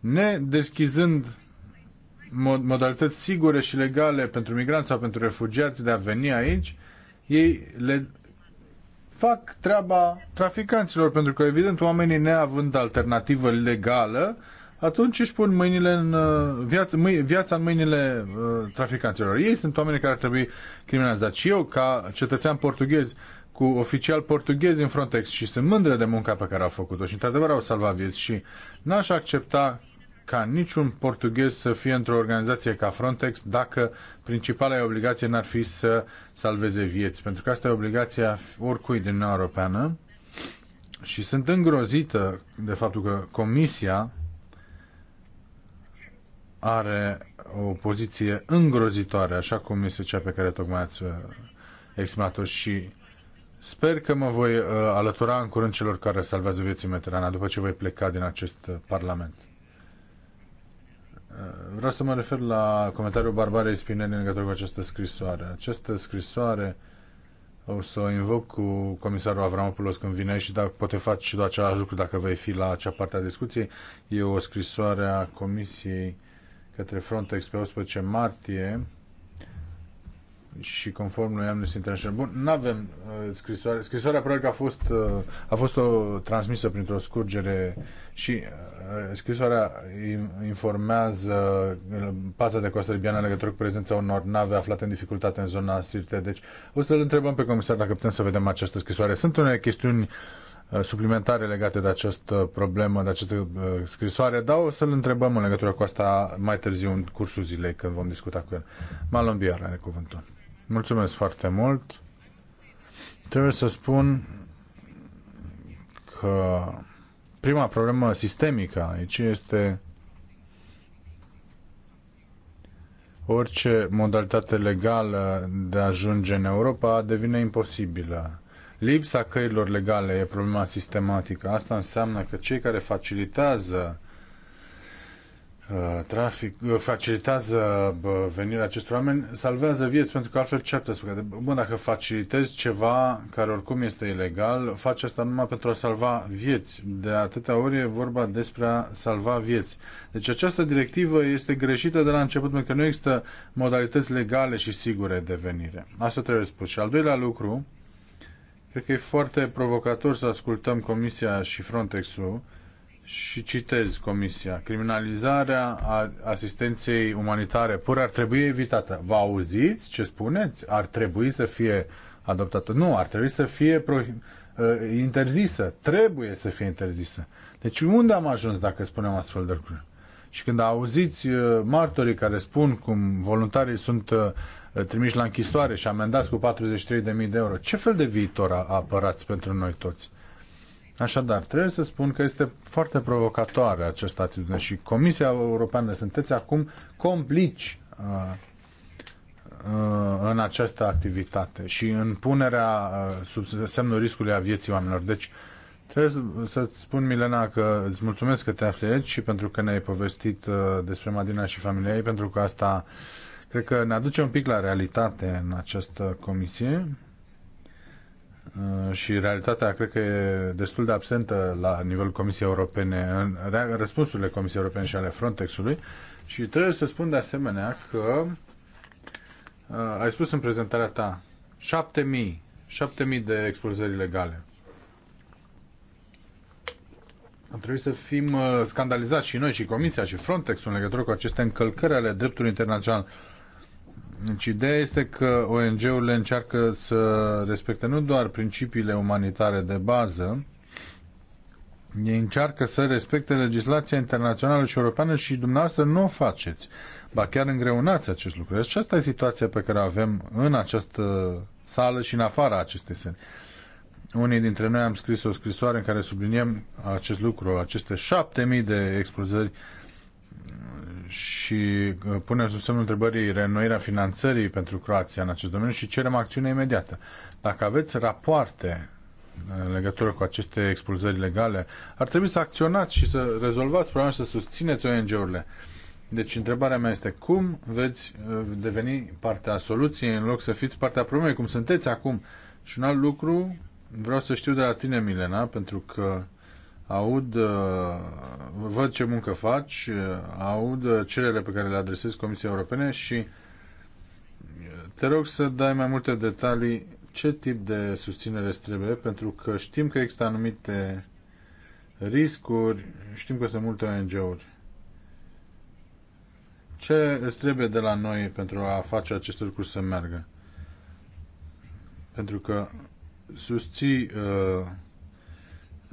ne deschizând modalități sigure și legale pentru migranți sau pentru refugiați de a veni aici, ei le fac treaba traficanților, pentru că, evident, oamenii neavând alternativă legală, atunci își pun mâinile în uh, viață, mâi, viața în mâinile uh, traficanților. Ei sunt oamenii care ar trebui criminalizați. Și eu, ca cetățean portughez, cu oficiali portughezi în Frontex și sunt mândră de munca pe care au făcut-o și într-adevăr au salvat vieți și n-aș accepta ca niciun portughez să fie într-o organizație ca Frontex dacă principala obligație n-ar fi să salveze vieți, pentru că asta e obligația oricui din Uniunea Europeană și sunt îngrozită de faptul că Comisia are o poziție îngrozitoare, așa cum este cea pe care tocmai ați uh, exprimat-o și Sper că mă voi uh, alătura în curând celor care salvează vieții Mediterana după ce voi pleca din acest uh, Parlament. Uh, vreau să mă refer la comentariul Barbarei Spinelli în legătură cu această scrisoare. Această scrisoare o să o invoc cu comisarul Avramopoulos când vine și dacă poate face și același lucru dacă vei fi la acea parte a discuției. E o scrisoare a Comisiei către Frontex pe 18 martie și conform noi Amnesty International. Bun, nu avem uh, scrisoare. Scrisoarea probabil că a fost, uh, a fost o, transmisă printr-o scurgere și uh, scrisoarea informează uh, paza de coastă libiană în legătură cu prezența unor nave aflate în dificultate în zona Sirte. Deci o să-l întrebăm pe comisar dacă putem să vedem această scrisoare. Sunt unele chestiuni uh, suplimentare legate de această problemă, de această uh, scrisoare, dar o să-l întrebăm în legătură cu asta mai târziu în cursul zilei când vom discuta cu el. Malon are cuvântul. Mulțumesc foarte mult. Trebuie să spun că prima problemă sistemică aici este orice modalitate legală de a ajunge în Europa devine imposibilă. Lipsa căilor legale e problema sistematică. Asta înseamnă că cei care facilitează Uh, trafic, uh, facilitează uh, venirea acestor oameni, salvează vieți, pentru că altfel ce ar trebui Bun, dacă facilitezi ceva care oricum este ilegal, faci asta numai pentru a salva vieți. De atâtea ori e vorba despre a salva vieți. Deci această directivă este greșită de la început, pentru că nu există modalități legale și sigure de venire. Asta trebuie spus. Și al doilea lucru, cred că e foarte provocator să ascultăm Comisia și Frontex-ul, și citez Comisia, criminalizarea asistenței umanitare pur ar trebui evitată. Vă auziți ce spuneți? Ar trebui să fie adoptată. Nu, ar trebui să fie pro, uh, interzisă. Trebuie să fie interzisă. Deci unde am ajuns dacă spunem astfel de lucruri? Și când auziți uh, martorii care spun cum voluntarii sunt uh, trimiși la închisoare și amendați cu 43.000 de euro, ce fel de viitor apărați pentru noi toți? Așadar, trebuie să spun că este foarte provocatoare această atitudine și Comisia Europeană sunteți acum complici uh, uh, în această activitate și în punerea uh, sub semnul riscului a vieții oamenilor. Deci, trebuie să-ți spun, Milena, că îți mulțumesc că te afli aici și pentru că ne-ai povestit uh, despre Madina și familia ei, pentru că asta cred că ne aduce un pic la realitate în această comisie Uh, și realitatea cred că e destul de absentă la nivelul Comisiei Europene, în răspunsurile Comisiei Europene și ale Frontexului și trebuie să spun de asemenea că uh, ai spus în prezentarea ta 7000 7000 de expulzări legale. trebuit să fim uh, scandalizați și noi și Comisia și Frontex în legătură cu aceste încălcări ale dreptului internațional. Uh, deci ideea este că ONG-urile încearcă să respecte nu doar principiile umanitare de bază, ei încearcă să respecte legislația internațională și europeană și dumneavoastră nu o faceți. Ba chiar îngreunați acest lucru. Deci asta e situația pe care o avem în această sală și în afara acestei sene. Unii dintre noi am scris o scrisoare în care subliniem acest lucru, aceste șapte mii de expulzări uh, și uh, pune sub semnul întrebării renoirea finanțării pentru Croația în acest domeniu și cerem acțiune imediată. Dacă aveți rapoarte uh, în legătură cu aceste expulzări legale, ar trebui să acționați și să rezolvați problema și să susțineți ONG-urile. Deci întrebarea mea este cum veți uh, deveni partea soluției în loc să fiți partea problemei, cum sunteți acum. Și un alt lucru vreau să știu de la tine, Milena, pentru că aud, uh, văd ce muncă faci, uh, aud uh, cererile pe care le adresezi Comisiei Europene și te rog să dai mai multe detalii ce tip de susținere îți trebuie, pentru că știm că există anumite riscuri, știm că sunt multe ONG-uri. Ce îți trebuie de la noi pentru a face acest lucru să meargă? Pentru că susții uh,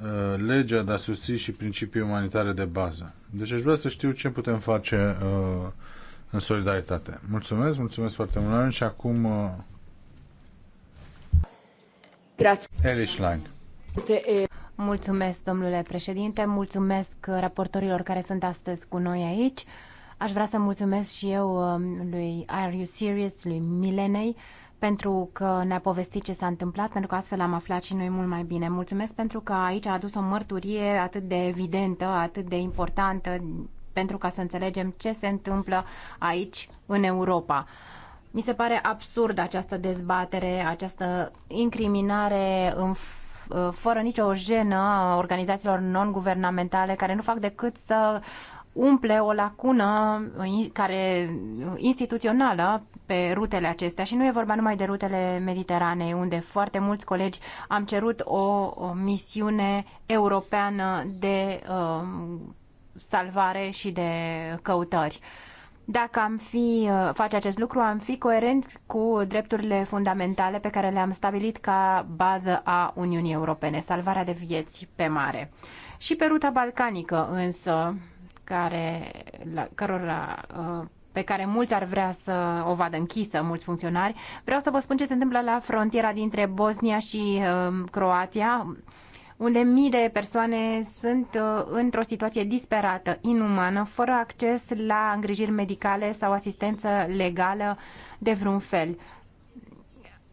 Uh, legea de a susții și principii umanitare de bază. Deci aș vrea să știu ce putem face uh, în solidaritate. Mulțumesc, mulțumesc foarte mult și acum uh, Grazie. Mulțumesc, domnule președinte, mulțumesc uh, raportorilor care sunt astăzi cu noi aici. Aș vrea să mulțumesc și eu uh, lui Are You Serious, lui Milenei, pentru că ne-a povestit ce s-a întâmplat, pentru că astfel am aflat și noi mult mai bine. Mulțumesc pentru că aici a adus o mărturie atât de evidentă, atât de importantă, pentru ca să înțelegem ce se întâmplă aici, în Europa. Mi se pare absurd această dezbatere, această incriminare în fără nicio jenă organizațiilor non-guvernamentale care nu fac decât să umple o lacună uh, care uh, instituțională pe rutele acestea și nu e vorba numai de rutele mediterane unde foarte mulți colegi am cerut o, o misiune europeană de uh, salvare și de căutări. Dacă am fi uh, face acest lucru, am fi coerent cu drepturile fundamentale pe care le-am stabilit ca bază a Uniunii Europene, salvarea de vieți pe mare. Și pe ruta balcanică însă care, la, cărora, uh, pe care mulți ar vrea să o vadă închisă, mulți funcționari. Vreau să vă spun ce se întâmplă la frontiera dintre Bosnia și uh, Croația unde mii de persoane sunt uh, într-o situație disperată, inumană, fără acces la îngrijiri medicale sau asistență legală de vreun fel.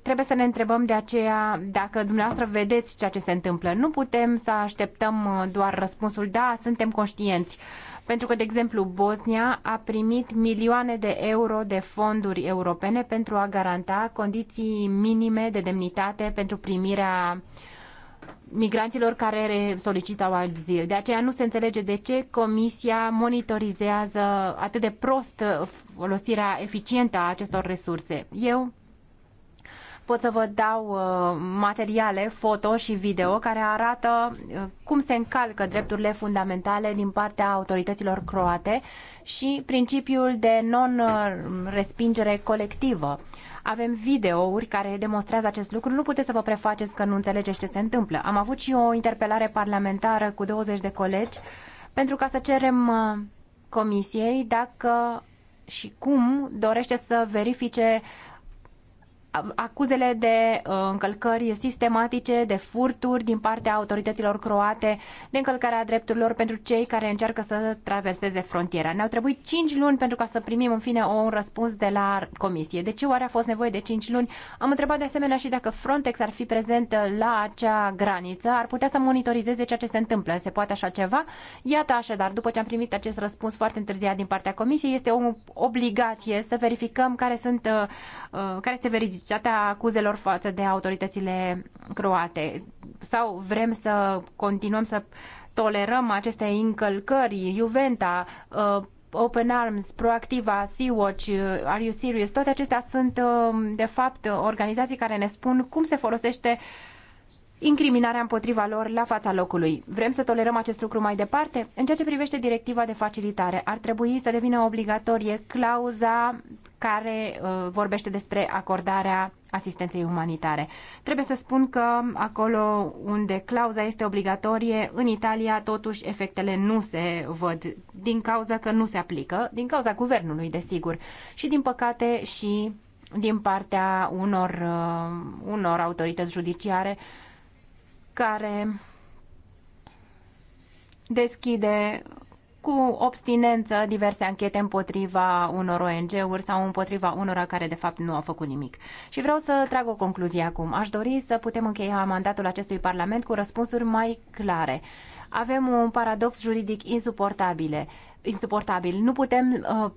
Trebuie să ne întrebăm de aceea dacă dumneavoastră vedeți ceea ce se întâmplă. Nu putem să așteptăm doar răspunsul, da, suntem conștienți. Uh, pentru că, de exemplu, Bosnia a primit milioane de euro de fonduri europene pentru a garanta condiții minime de demnitate pentru primirea migranților care solicitau azil. De aceea nu se înțelege de ce Comisia monitorizează atât de prost folosirea eficientă a acestor resurse. Eu pot să vă dau uh, materiale foto și video care arată uh, cum se încalcă drepturile fundamentale din partea autorităților croate și principiul de non-respingere colectivă. Avem videouri care demonstrează acest lucru. Nu puteți să vă prefaceți că nu înțelegeți ce se întâmplă. Am avut și o interpelare parlamentară cu 20 de colegi pentru ca să cerem uh, comisiei dacă și cum dorește să verifice uh, acuzele de uh, încălcări sistematice, de furturi din partea autorităților croate, de încălcarea drepturilor pentru cei care încearcă să traverseze frontiera. Ne-au trebuit 5 luni pentru ca să primim în fine un răspuns de la comisie. De ce oare a fost nevoie de 5 luni? Am întrebat de asemenea și dacă Frontex ar fi prezent uh, la acea graniță, ar putea să monitorizeze ceea ce se întâmplă. Se poate așa ceva? Iată așadar, după ce am primit acest răspuns foarte întârziat din partea comisiei, este o obligație să verificăm care sunt uh, care este veridic seriozitatea acuzelor față de autoritățile croate? Sau vrem să continuăm să tolerăm aceste încălcări? Juventa, uh, Open Arms, Proactiva, Sea-Watch, uh, Are You Serious? Toate acestea sunt, uh, de fapt, organizații care ne spun cum se folosește uh, incriminarea împotriva lor la fața locului. Vrem să tolerăm acest lucru mai departe? În ceea ce privește directiva de facilitare, ar trebui să devină obligatorie clauza care uh, vorbește despre acordarea asistenței umanitare. Trebuie să spun că acolo unde clauza este obligatorie, în Italia totuși efectele nu se văd din cauza că nu se aplică, din cauza guvernului, desigur, și din păcate și din partea unor, uh, unor autorități judiciare uh, care deschide cu obstinență diverse anchete împotriva unor ONG-uri sau împotriva unora care de fapt nu au făcut nimic. Și vreau să trag o concluzie acum. Aș dori să putem încheia mandatul acestui Parlament cu răspunsuri mai clare. Avem un paradox juridic Insuportabil. Nu putem uh,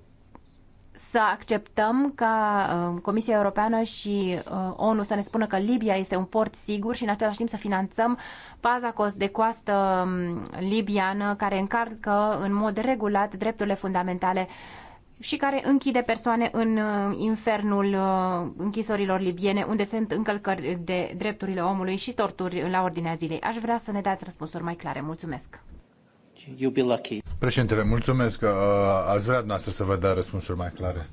să acceptăm ca uh, Comisia Europeană și uh, ONU să ne spună că Libia este un port sigur și în același timp să finanțăm paza cost de coastă um, libiană care încarcă în mod regulat drepturile fundamentale și care închide persoane în uh, infernul închisorilor libiene, unde sunt încălcări de drepturile omului și torturi la ordinea zilei. Aș vrea să ne dați răspunsuri mai clare. Mulțumesc! You'll be lucky. Președintele, mulțumesc că uh, ați vrea dumneavoastră să vă dea răspunsuri mai clare.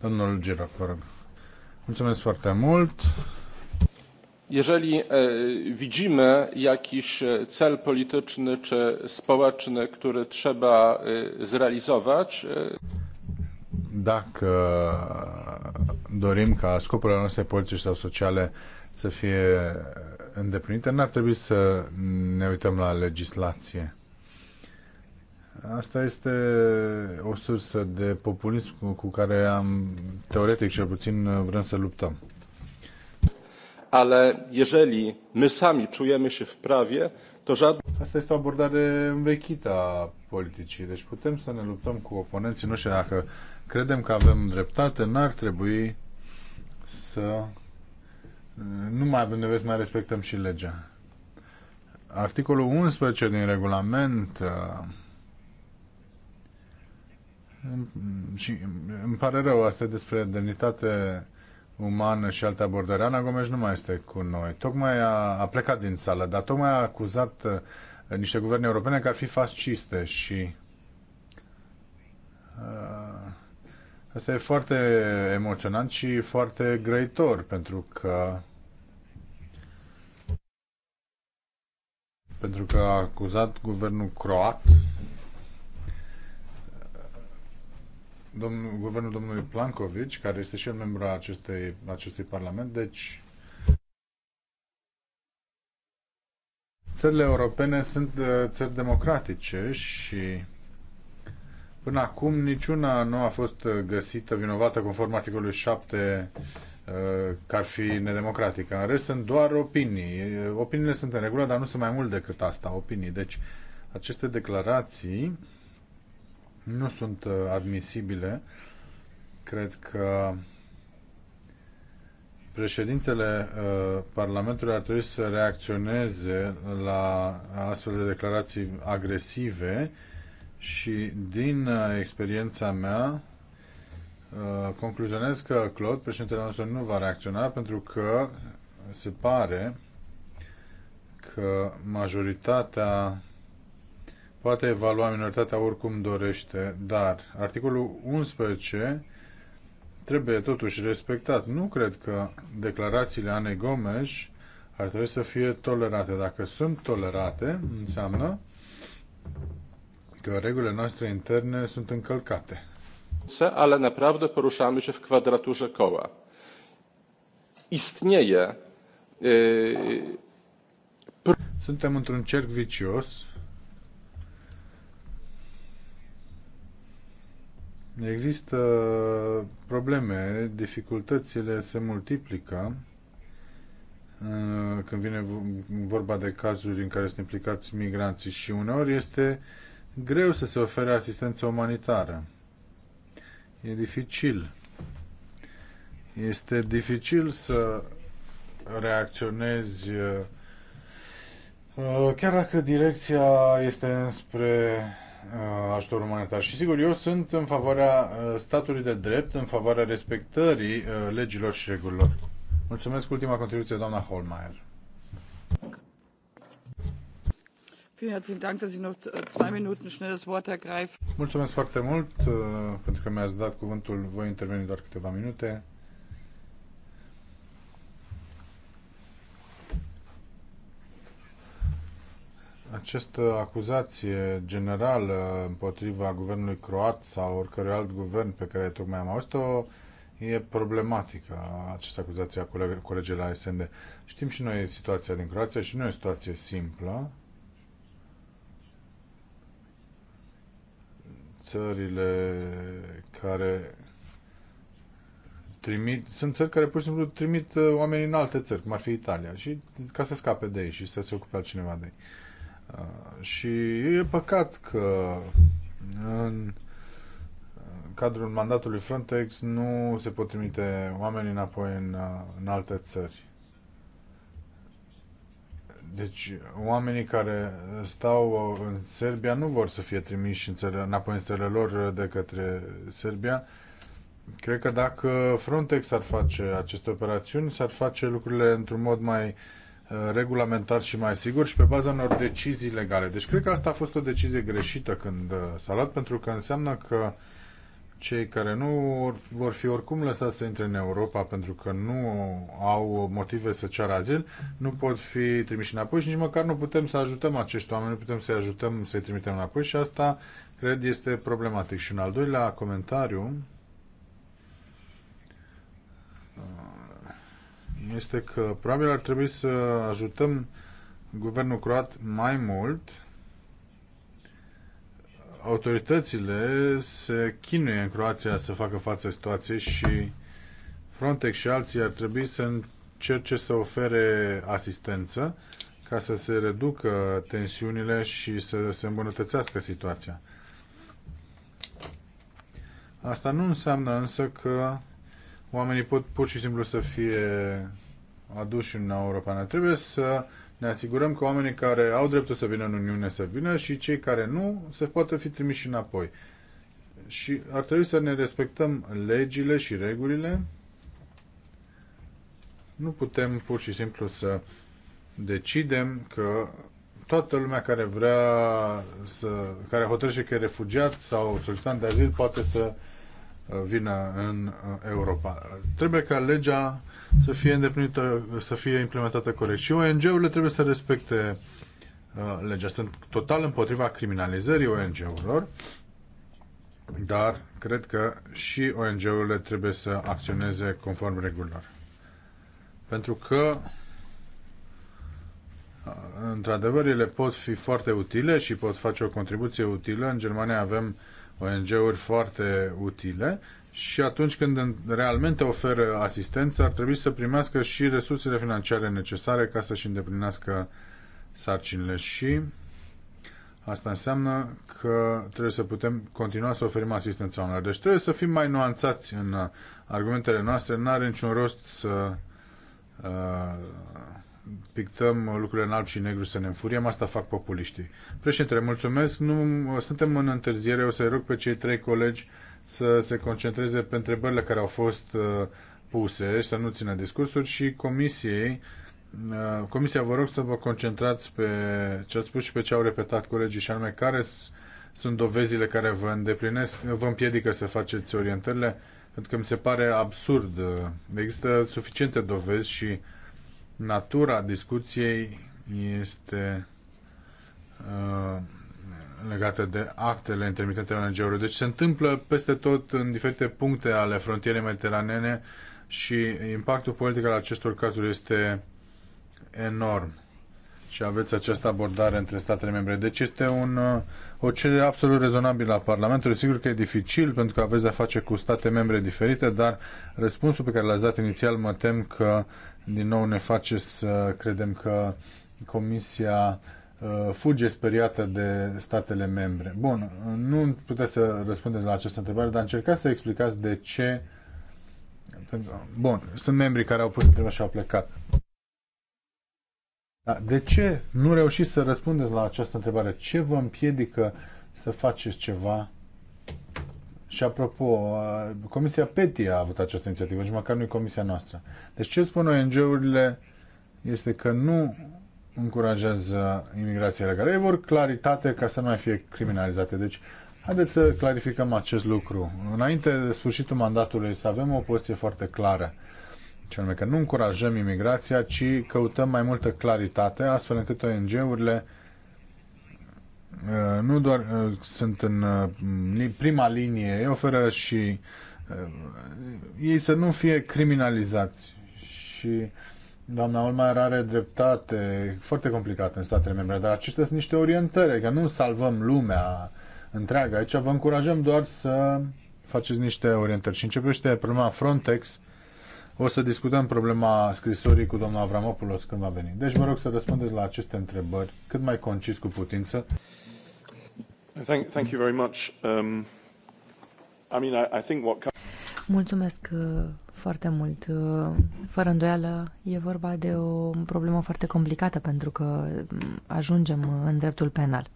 Domnul Giro, vă rog. Mulțumesc foarte mult. Jeżeli widzimy jakiś cel polityczny czy społeczny, który trzeba zrealizować, dacă dorim ca scopurile noastre politice sau sociale să fie îndeplinite, n-ar trebui să ne uităm la legislație. Asta este o sursă de populism cu care am, teoretic cel puțin, vrem să luptăm. Ale jeżeli my sami czujemy się w prawie, to żadne... Asta este o abordare învechită a politicii. Deci putem să ne luptăm cu oponenții noștri dacă credem că avem dreptate, n-ar trebui să nu mai avem nevoie să mai respectăm și legea. Articolul 11 din regulament uh, și îmi pare rău asta despre demnitate umană și alte abordări. Ana Gomes nu mai este cu noi. Tocmai a, a plecat din sală, dar tocmai a acuzat uh, niște guverne europene că ar fi fasciste și uh, asta e foarte emoționant și foarte grăitor pentru că pentru că a acuzat guvernul croat domnul, guvernul domnului Plankovici, care este și el membru a acestei, acestui parlament, deci țările europene sunt uh, țări democratice și până acum niciuna nu a fost uh, găsită vinovată conform articolului 7 uh, că ar fi nedemocratică. În rest sunt doar opinii. Opiniile sunt în regulă, dar nu sunt mai mult decât asta, opinii. Deci aceste declarații nu sunt uh, admisibile. Cred că președintele uh, Parlamentului ar trebui să reacționeze la astfel de declarații agresive și din uh, experiența mea concluzionez că Claude, președintele nostru, nu va reacționa pentru că se pare că majoritatea poate evalua minoritatea oricum dorește, dar articolul 11 trebuie totuși respectat. Nu cred că declarațiile Anei Gomes ar trebui să fie tolerate. Dacă sunt tolerate, înseamnă că regulile noastre interne sunt încălcate. Ale naprawdę poruszamy się w kwadraturze koła. Istnieje. Suntem într-un cerc vicios Există probleme, dificultățile se multiplică uh, când vine vorba de cazuri în care sunt implicați migranții și uneori este greu să se ofere asistență umanitară. E dificil. Este dificil să reacționezi uh, chiar dacă direcția este înspre Uh, ajutorul umanitar. Și sigur, eu sunt în favoarea uh, statului de drept, în favoarea respectării uh, legilor și regulilor. Mulțumesc. Ultima contribuție, doamna Holmeier. Äh, Mulțumesc foarte mult pentru că mi-ați dat cuvântul. Voi interveni doar câteva minute. Această acuzație generală împotriva guvernului croat sau oricărui alt guvern pe care tocmai am auzit-o e problematică, această acuzație a colegii la SND. Știm și noi situația din Croația și nu e o situație simplă. Țările care trimit, sunt țări care pur și simplu trimit uh, oamenii în alte țări, cum ar fi Italia, și ca să scape de ei și să se ocupe altcineva de ei. Ah, și e păcat că în cadrul mandatului Frontex nu se pot trimite oamenii înapoi în, în alte țări. Deci oamenii care stau în Serbia nu vor să fie trimiși în țările, înapoi în țările lor de către Serbia. Cred că dacă Frontex ar face aceste operațiuni, s-ar face lucrurile într-un mod mai uh, Uh, regulamentar și mai sigur și pe baza unor decizii legale. Deci cred că asta a fost o decizie greșită când uh, s-a luat, pentru că înseamnă că cei care nu vor fi oricum lăsați să intre în Europa pentru că nu au motive să ceară azil, nu pot fi trimiși înapoi și nici măcar nu putem să ajutăm acești oameni, nu putem să-i ajutăm să-i trimitem înapoi și asta, cred, este problematic. Și un al doilea comentariu este că probabil ar trebui să ajutăm guvernul croat mai mult. Autoritățile se chinuie în Croația să facă față situației și Frontex și alții ar trebui să încerce să ofere asistență ca să se reducă tensiunile și să se îmbunătățească situația. Asta nu înseamnă însă că oamenii pot pur și simplu să fie aduși în Uniunea Europeană. Trebuie să ne asigurăm că oamenii care au dreptul să vină în Uniune să vină și cei care nu se poată fi trimiși înapoi. Și ar trebui să ne respectăm legile și regulile. Nu putem pur și simplu să decidem că toată lumea care vrea să, care hotărăște că e refugiat sau solicitant de azil poate să vină în uh, Europa. Trebuie ca legea să fie îndeplinită, să fie implementată corect. Și ONG-urile trebuie să respecte uh, legea. Sunt total împotriva criminalizării ONG-urilor, dar cred că și ONG-urile trebuie să acționeze conform regulilor. Pentru că uh, într-adevăr ele pot fi foarte utile și pot face o contribuție utilă. În Germania avem uh, ONG-uri foarte utile și atunci când realmente oferă asistență, ar trebui să primească și resursele financiare necesare ca să-și îndeplinească sarcinile și asta înseamnă că trebuie să putem continua să oferim asistență, oamenilor. Deci trebuie să fim mai nuanțați în argumentele noastre, n are niciun rost să uh, pictăm lucrurile în alb și negru să ne înfuriem, asta fac populiștii. Președinte, mulțumesc, nu, suntem în întârziere, o să-i rog pe cei trei colegi să se concentreze pe întrebările care au fost uh, puse puse, să nu țină discursuri și comisiei. Uh, comisia, vă rog să vă concentrați pe ce ați spus și pe ce au repetat colegii și anume care sunt dovezile care vă îndeplinesc, vă împiedică să faceți orientările, pentru că mi se pare absurd. Există suficiente dovezi și natura discuției este uh, legată de actele intermitente ale ONG-urilor. Deci se întâmplă peste tot în diferite puncte ale frontierei mediteranene și impactul politic al acestor cazuri este enorm. Și aveți această abordare între statele membre. Deci este un, uh, o cerere absolut rezonabilă a Parlamentului. Sigur că e dificil pentru că aveți de-a face cu state membre diferite, dar răspunsul pe care l-ați dat inițial mă tem că din nou ne face să credem că Comisia uh, fuge speriată de statele membre. Bun, nu puteți să răspundeți la această întrebare, dar încercați să explicați de ce. Bun, sunt membrii care au pus întrebări și au plecat. De ce nu reușiți să răspundeți la această întrebare? Ce vă împiedică să faceți ceva și apropo, uh, Comisia PETI a avut această inițiativă și măcar nu e comisia noastră. Deci ce spun ONG-urile este că nu încurajează imigrația legală. Ei vor claritate ca să nu mai fie criminalizate. Deci, haideți să clarificăm acest lucru. Înainte de sfârșitul mandatului să avem o poziție foarte clară. Cel mai că nu încurajăm imigrația, ci căutăm mai multă claritate, astfel încât ONG-urile Uh, nu doar uh, sunt în uh, prima linie, ei oferă și ei să nu fie criminalizați și doamna Olma are dreptate foarte complicată în statele membre, dar acestea sunt niște orientări, că nu salvăm lumea întreagă. Aici vă încurajăm doar să faceți niște orientări. Și începește problema Frontex. O să discutăm problema scrisorii cu domnul Avramopoulos când va veni. Deci vă rog să răspundeți la aceste întrebări cât mai concis cu putință. Thank, thank you very much. Um, I mean, I, I think what... Mulțumesc uh, foarte mult. Uh, fără îndoială, e vorba de o problemă foarte complicată pentru că mm, ajungem în dreptul penal.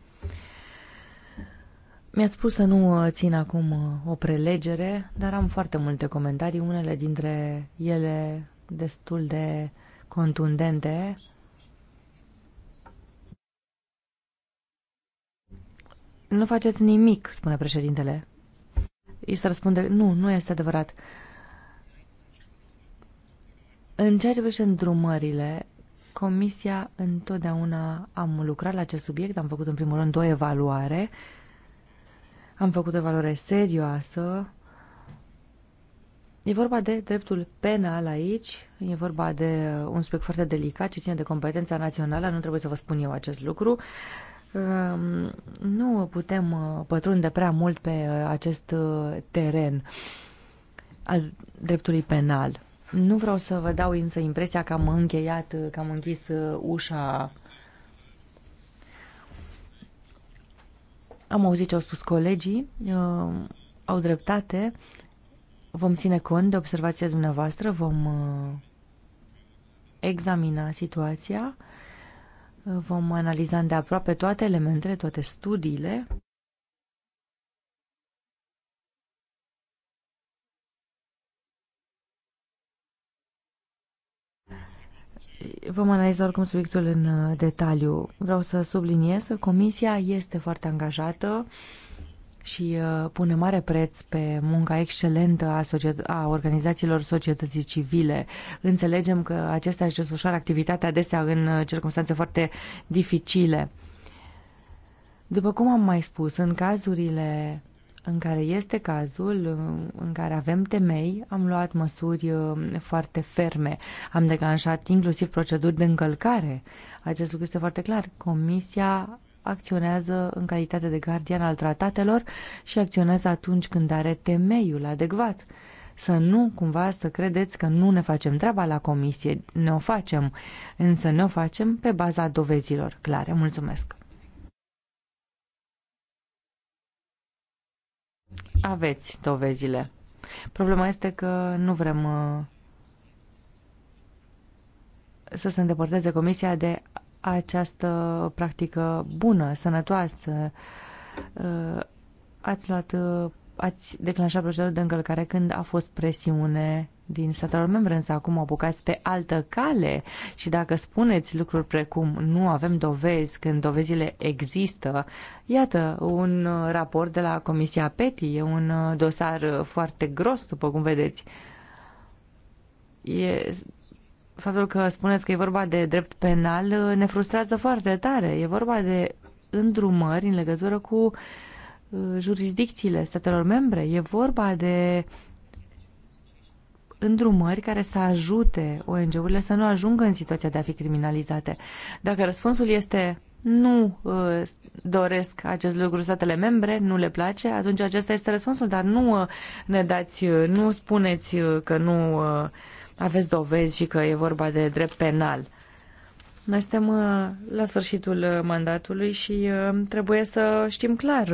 Mi-ați spus să nu uh, țin acum o prelegere, dar am foarte multe comentarii, unele dintre ele destul de contundente Nu faceți nimic, spune președintele. Îi se răspunde, nu, nu este adevărat. În ceea ce privește îndrumările, Comisia întotdeauna am lucrat la acest subiect, am făcut în primul rând o evaluare, am făcut o evaluare serioasă. E vorba de dreptul penal aici, e vorba de un subiect foarte delicat ce ține de competența națională, nu trebuie să vă spun eu acest lucru. Uh, Ehm, nu putem uh, pătrunde prea mult pe uh, acest uh, teren al dreptului penal. Nu vreau să vă dau însă impresia că am încheiat, că am închis ușa. Am auzit ce au spus colegii, au dreptate. Vom ține cont de observația dumneavoastră, vom examina situația Vom analiza de aproape toate elementele, toate studiile. Vom analiza oricum subiectul în uh, detaliu. Vreau să subliniez că Comisia este foarte angajată uh, și uh, pune mare preț pe munca excelentă a, societ- a organizațiilor societății civile. Înțelegem că acestea își desfășoară activitatea adesea în uh, circunstanțe foarte dificile. După cum am mai spus, în cazurile în care este cazul, uh, în care avem temei, am luat măsuri foarte ferme. Am declanșat inclusiv proceduri de încălcare. Acest lucru este foarte clar. Comisia acționează în calitate de gardian al tratatelor și acționează atunci când are temeiul adecvat. Să nu cumva să credeți că nu ne facem treaba la comisie, ne o facem, însă ne o facem pe baza dovezilor clare. Mulțumesc! Aveți dovezile. Problema este că nu vrem uh, să se îndepărteze comisia de această practică bună, sănătoasă. Uh, ați luat, uh, ați declanșat procedurile de încălcare când a fost presiune din statelor membre, însă acum apucați pe altă cale și dacă spuneți lucruri precum nu avem dovezi când dovezile există, iată, un raport de la Comisia PETI e un dosar foarte gros, după cum vedeți. E faptul că spuneți că e vorba de drept penal uh, ne frustrează foarte tare. E vorba de îndrumări în legătură cu uh, jurisdicțiile statelor membre. E vorba de îndrumări care să ajute ONG-urile să nu ajungă în situația de a fi criminalizate. Dacă răspunsul este nu uh, doresc acest lucru statele membre, nu le place, atunci acesta este răspunsul, dar nu uh, ne dați, uh, nu spuneți uh, că nu uh, aveți dovezi și că e vorba de drept penal. Noi suntem uh, la sfârșitul uh, mandatului și uh, trebuie să știm clar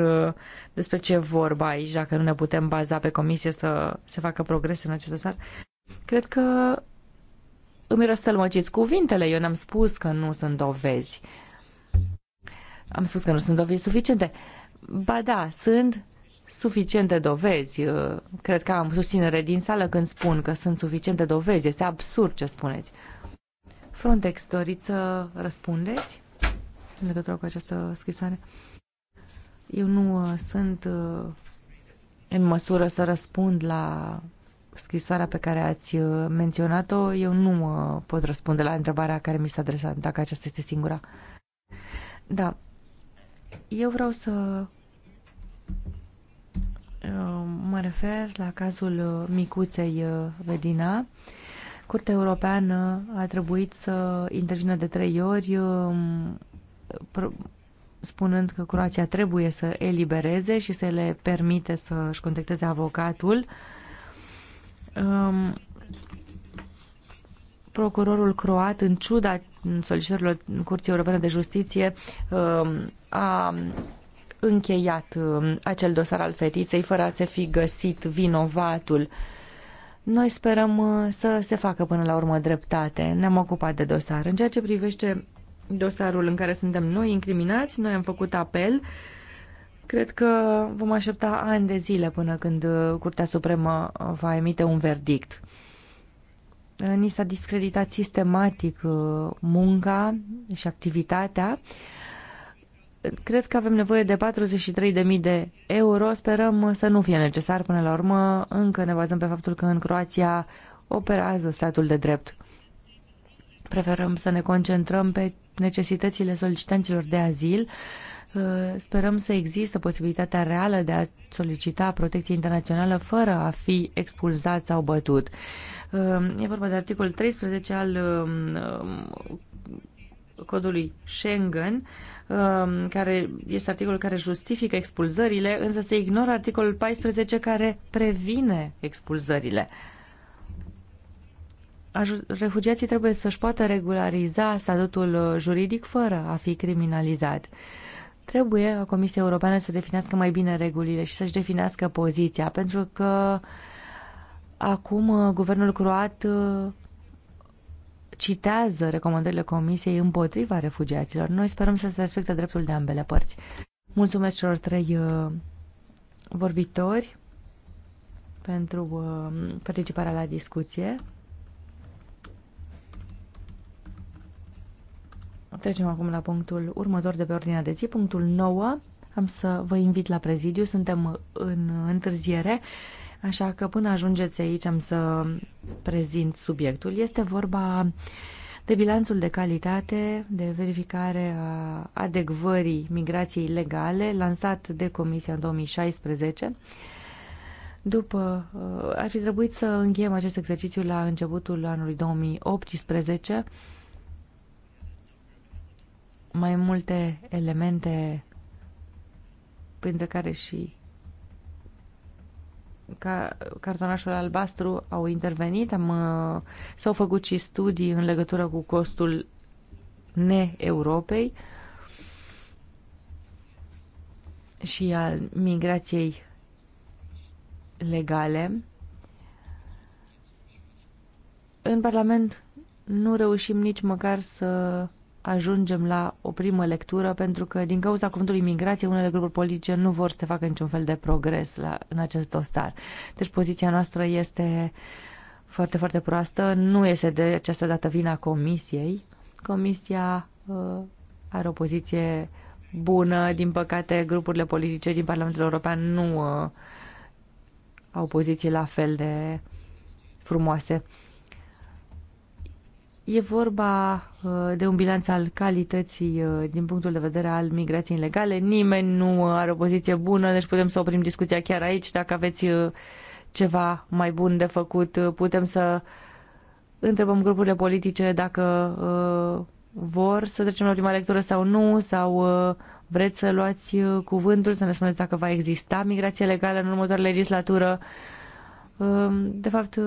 despre ce e vorba aici, dacă nu ne putem baza pe comisie să se facă progrese în acest dosar. Cred că îmi răstălmăciți cuvintele. Eu n-am spus că nu sunt dovezi. Am spus că nu sunt dovezi suficiente. Ba da, sunt suficiente dovezi. Uh, cred că am susținere din sală când spun că sunt suficiente dovezi. Este absurd ce spuneți. Frontex, doriți să răspundeți în legătură cu această scrisoare? Eu nu uh, sunt uh, în măsură să răspund la scrisoarea pe care ați menționat-o. Eu nu pot răspunde la întrebarea care mi s-a adresat, dacă aceasta este singura. Da. Eu vreau să Mă refer la cazul uh, micuței uh, Vedina. Curtea Europeană a trebuit să intervină de trei ori um, spunând că Croația trebuie să elibereze și să le permite să-și contacteze avocatul. Um, procurorul croat, în ciuda solicitărilor Curții Europene de Justiție, um, a încheiat um, acel dosar al fetiței fără a se fi găsit vinovatul. Noi sperăm uh, să se facă până la urmă dreptate. Ne-am ocupat de dosar. În ceea ce privește dosarul în care suntem noi incriminați, noi am făcut apel. Cred că vom aștepta ani de zile până când uh, Curtea Supremă uh, va emite un verdict. Ni s-a discreditat sistematic munca și activitatea Cred că avem nevoie de 43.000 de euro. Sperăm să nu fie necesar până la urmă. Încă ne bazăm pe faptul că în Croația operează statul de drept. Preferăm să ne concentrăm pe necesitățile solicitanților de azil. Uh, sperăm să există posibilitatea reală de a solicita protecție internațională fără a fi expulzat sau bătut. Uh, e vorba de articolul 13 al um, codului Schengen Um, care este articolul care justifică expulzările, însă se ignoră articolul 14 care previne expulzările. Refugiații trebuie să-și poată regulariza statutul juridic fără a fi criminalizat. Trebuie a Comisie Europeană să definească mai bine regulile și să-și definească poziția, pentru că acum uh, guvernul croat uh, citează recomandările Comisiei împotriva refugiaților. Noi sperăm să se respecte dreptul de ambele părți. Mulțumesc celor trei uh, vorbitori pentru uh, participarea la discuție. Trecem acum la punctul următor de pe ordinea de zi, punctul 9. Am să vă invit la prezidiu, suntem în întârziere. Uh, Așa că până ajungeți aici am să prezint subiectul. Este vorba de bilanțul de calitate, de verificare a adecvării migrației legale, lansat de Comisia în 2016. După, uh, ar fi trebuit să încheiem acest exercițiu la începutul anului 2018. Mai multe elemente, printre care și ca cartonașul albastru au intervenit, am, uh, s-au făcut și studii în legătură cu costul ne-Europei și al migrației legale. În Parlament nu reușim nici măcar să ajungem la o primă lectură, pentru că din cauza cuvântului migrație, unele grupuri politice nu vor să facă niciun fel de progres la, în acest dosar. Deci poziția noastră este foarte, foarte proastă. Nu este de această dată vina Comisiei. Comisia uh, are o poziție bună. Din păcate, grupurile politice din Parlamentul European nu uh, au poziții la fel de frumoase. E vorba uh, de un bilanț al calității uh, din punctul de vedere al migrației ilegale. Nimeni nu uh, are o poziție bună, deci putem să oprim discuția chiar aici. Dacă aveți ceva mai bun de făcut, putem să întrebăm grupurile politice dacă vor să trecem la prima lectură sau nu, sau vreți să luați cuvântul, să ne spuneți dacă va exista migrație legală în următoarea legislatură. Ehm, de fapt,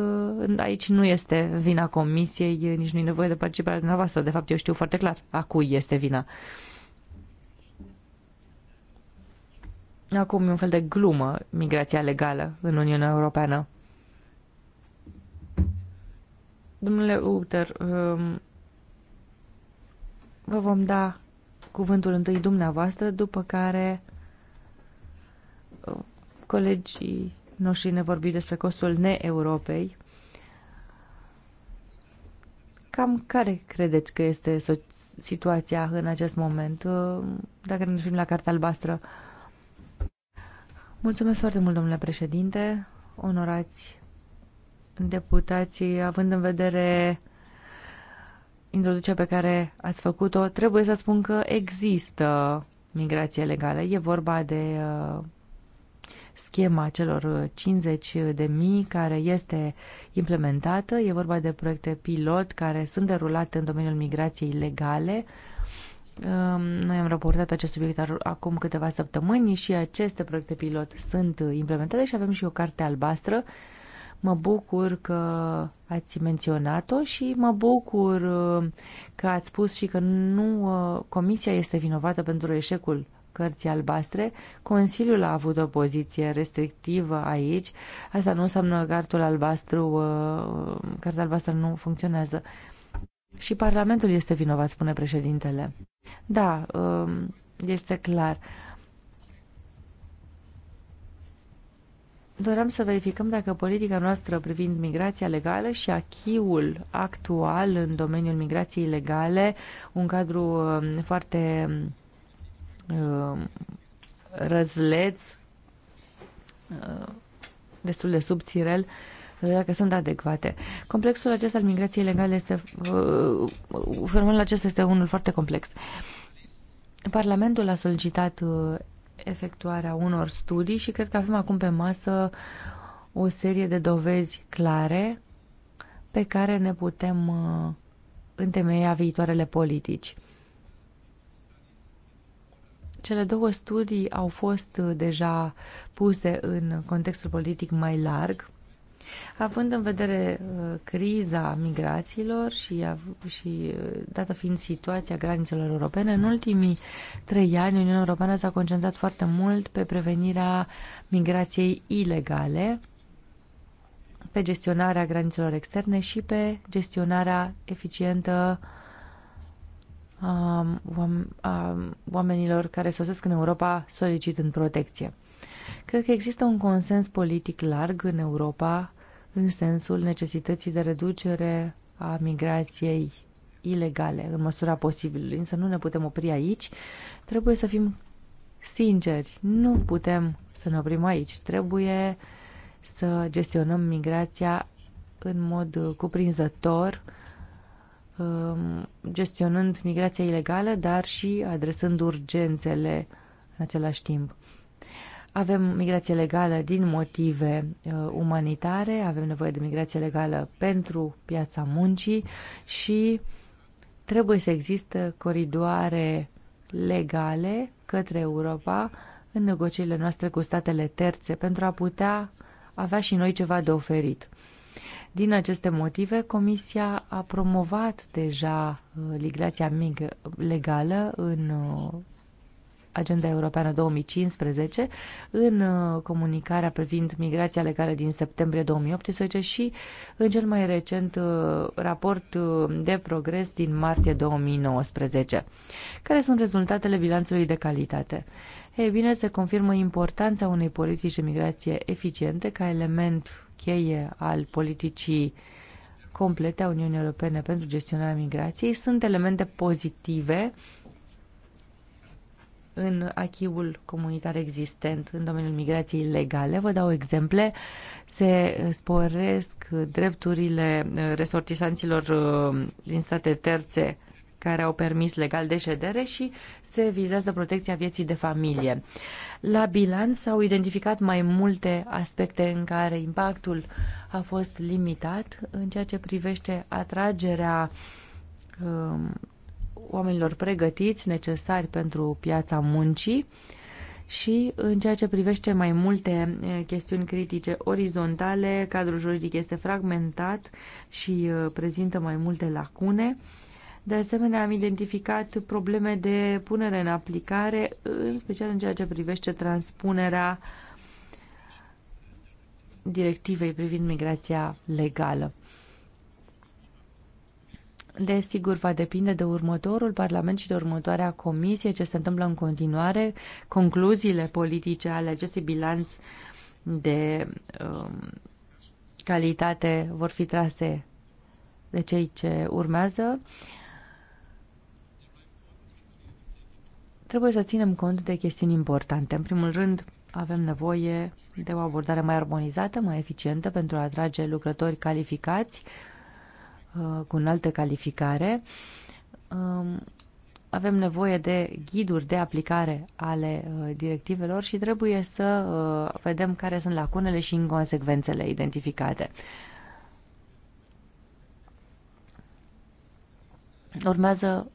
aici nu este vina comisiei, nici nu e nevoie de participarea dumneavoastră. De fapt, eu știu foarte clar a cui este vina. Acum e un fel de glumă migrația legală în Uniunea Europeană. Domnule Uter, ehm, vă vom da cuvântul întâi dumneavoastră, după care ehm, colegii și ne vorbi despre costul ne-Europei, cam care credeți că este situația în acest moment, uh, dacă ne fim la Cartea Albastră? Mulțumesc foarte mult, domnule președinte, onorați deputații, având în vedere introducerea pe care ați făcut-o, trebuie să spun că există migrație legală. E vorba de uh, schema celor 50 de mii care este implementată. E vorba de proiecte pilot care sunt derulate în domeniul migrației legale. Um, noi am raportat pe acest subiect acum câteva săptămâni și aceste proiecte pilot sunt implementate și avem și o carte albastră. Mă bucur că ați menționat-o și mă bucur uh, că ați spus și că nu uh, comisia este vinovată pentru eșecul cărții albastre. Consiliul a avut o poziție restrictivă aici. Asta nu înseamnă că cartul albastru, uh, cartea albastră nu funcționează. Și Parlamentul este vinovat, spune președintele. Da, um, este clar. Doream să verificăm dacă politica noastră privind migrația legală și achiul actual în domeniul migrației legale, un cadru um, foarte um, Um, răzleț, uh, destul de subțirel, dacă sunt adecvate. Complexul acesta al migrației legale este... Uh, fenomenul acesta este unul foarte complex. Parlamentul a solicitat uh, efectuarea unor studii și cred că avem acum pe masă o serie de dovezi clare pe care ne putem întemeia viitoarele politici. Cele două studii au fost uh, deja puse în contextul politic mai larg, având în vedere uh, criza migrațiilor și, și uh, dată fiind situația granițelor europene, în ultimii trei ani Uniunea Europeană s-a concentrat foarte mult pe prevenirea migrației ilegale, pe gestionarea granițelor externe și pe gestionarea eficientă uh, oamenilor care sosesc în Europa solicitând protecție. Cred că există un consens politic larg în Europa în sensul necesității de reducere a migrației ilegale în măsura posibilului, însă nu ne putem opri aici. Trebuie să fim sinceri, nu putem să ne oprim aici. Trebuie să gestionăm migrația în mod cuprinzător Um, gestionând migrația ilegală, dar și adresând urgențele în același timp. Avem migrație legală din motive uh, umanitare, avem nevoie de migrație legală pentru piața muncii și trebuie să există coridoare legale către Europa în negocierile noastre cu statele terțe pentru a putea avea și noi ceva de oferit. Din aceste motive, Comisia a promovat deja migrația uh, legală în uh, Agenda Europeană 2015, în uh, comunicarea privind migrația legală din septembrie 2018 și în cel mai recent raport de progres din martie 2019. Care sunt rezultatele bilanțului de calitate? Ei bine, se confirmă importanța unei politici de migrație eficiente ca element cheie al politicii complete a Uniunii Europene pentru gestionarea migrației sunt elemente pozitive în achiul comunitar existent în domeniul migrației legale. Vă dau exemple. Se sporesc drepturile resortisanților uh, din state terțe care au permis legal de ședere și se vizează protecția vieții de familie. Uh, la bilanț s-au identificat mai multe aspecte în care impactul a fost limitat în ceea ce privește atragerea um, oamenilor pregătiți, necesari pentru piața muncii și în ceea ce privește mai multe eh, chestiuni critice orizontale, cadrul juridic este fragmentat și eh, prezintă mai multe lacune. De asemenea, am identificat probleme de punere în aplicare, în special în ceea ce privește transpunerea directivei privind migrația legală. Desigur, va depinde de următorul Parlament și de următoarea comisie ce se întâmplă în continuare, concluziile politice ale acestui bilanț de um, calitate vor fi trase de cei ce urmează. Uh, trebuie să ținem cont de chestiuni importante. În primul rând, avem nevoie de o abordare mai armonizată, mai eficientă pentru a atrage lucrători calificați uh, cu înaltă calificare. Um, avem nevoie de ghiduri de aplicare ale uh, directivelor și trebuie să uh, vedem care sunt lacunele și inconsecvențele identificate. Urmează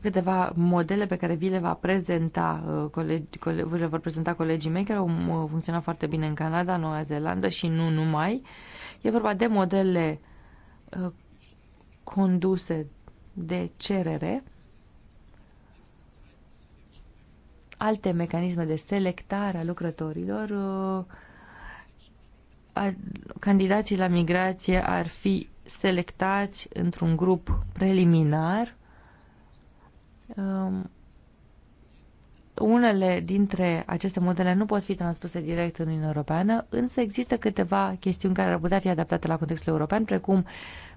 câteva modele pe care vi le va prezenta uh, colegi, colegi, vi le vor prezenta colegii mei care au uh, funcționat foarte bine în Canada, Noua Zeelandă și nu numai. E vorba de modele uh, conduse de cerere, alte mecanisme de selectare a lucrătorilor, candidații la migrație ar fi selectați într-un grup preliminar Um, unele dintre aceste modele nu pot fi transpuse direct în Uniunea Europeană, însă există câteva chestiuni care ar putea fi adaptate la contextul european, precum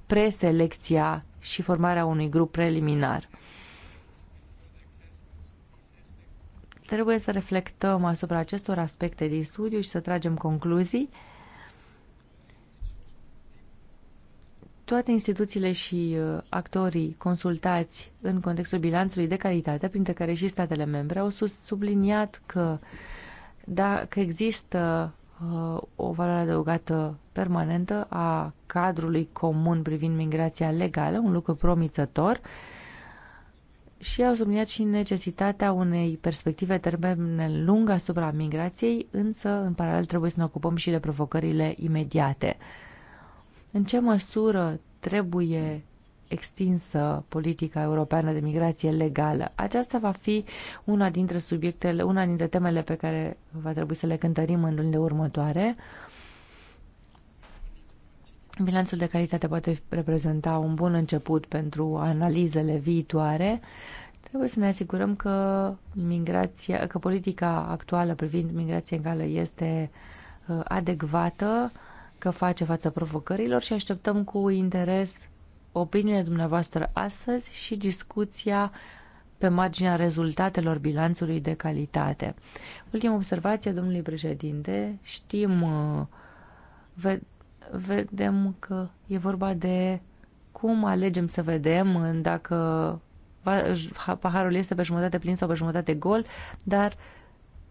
preselecția și formarea unui grup preliminar. Trebuie să reflectăm asupra acestor aspecte din studiu și să tragem concluzii toate instituțiile și uh, actorii consultați în contextul bilanțului de calitate, printre care și statele membre, au subliniat că dacă există uh, o valoare adăugată permanentă a cadrului comun privind migrația legală, un lucru promițător, și au subliniat și necesitatea unei perspective termen lung asupra migrației, însă, în paralel, trebuie să ne ocupăm și de provocările imediate. În ce măsură trebuie extinsă politica europeană de migrație legală. Aceasta va fi una dintre subiectele, una dintre temele pe care va trebui să le cântărim în lunile următoare. Bilanțul de calitate poate reprezenta un bun început pentru analizele viitoare. Trebuie să ne asigurăm că, migrația, că politica actuală privind migrația în este uh, adecvată că face față provocărilor și așteptăm cu interes opiniile dumneavoastră astăzi și discuția pe marginea rezultatelor bilanțului de calitate. Ultima observație, domnului președinte, știm, uh, ve- vedem că e vorba de cum alegem să vedem uh, dacă paharul este pe jumătate plin sau pe jumătate gol, dar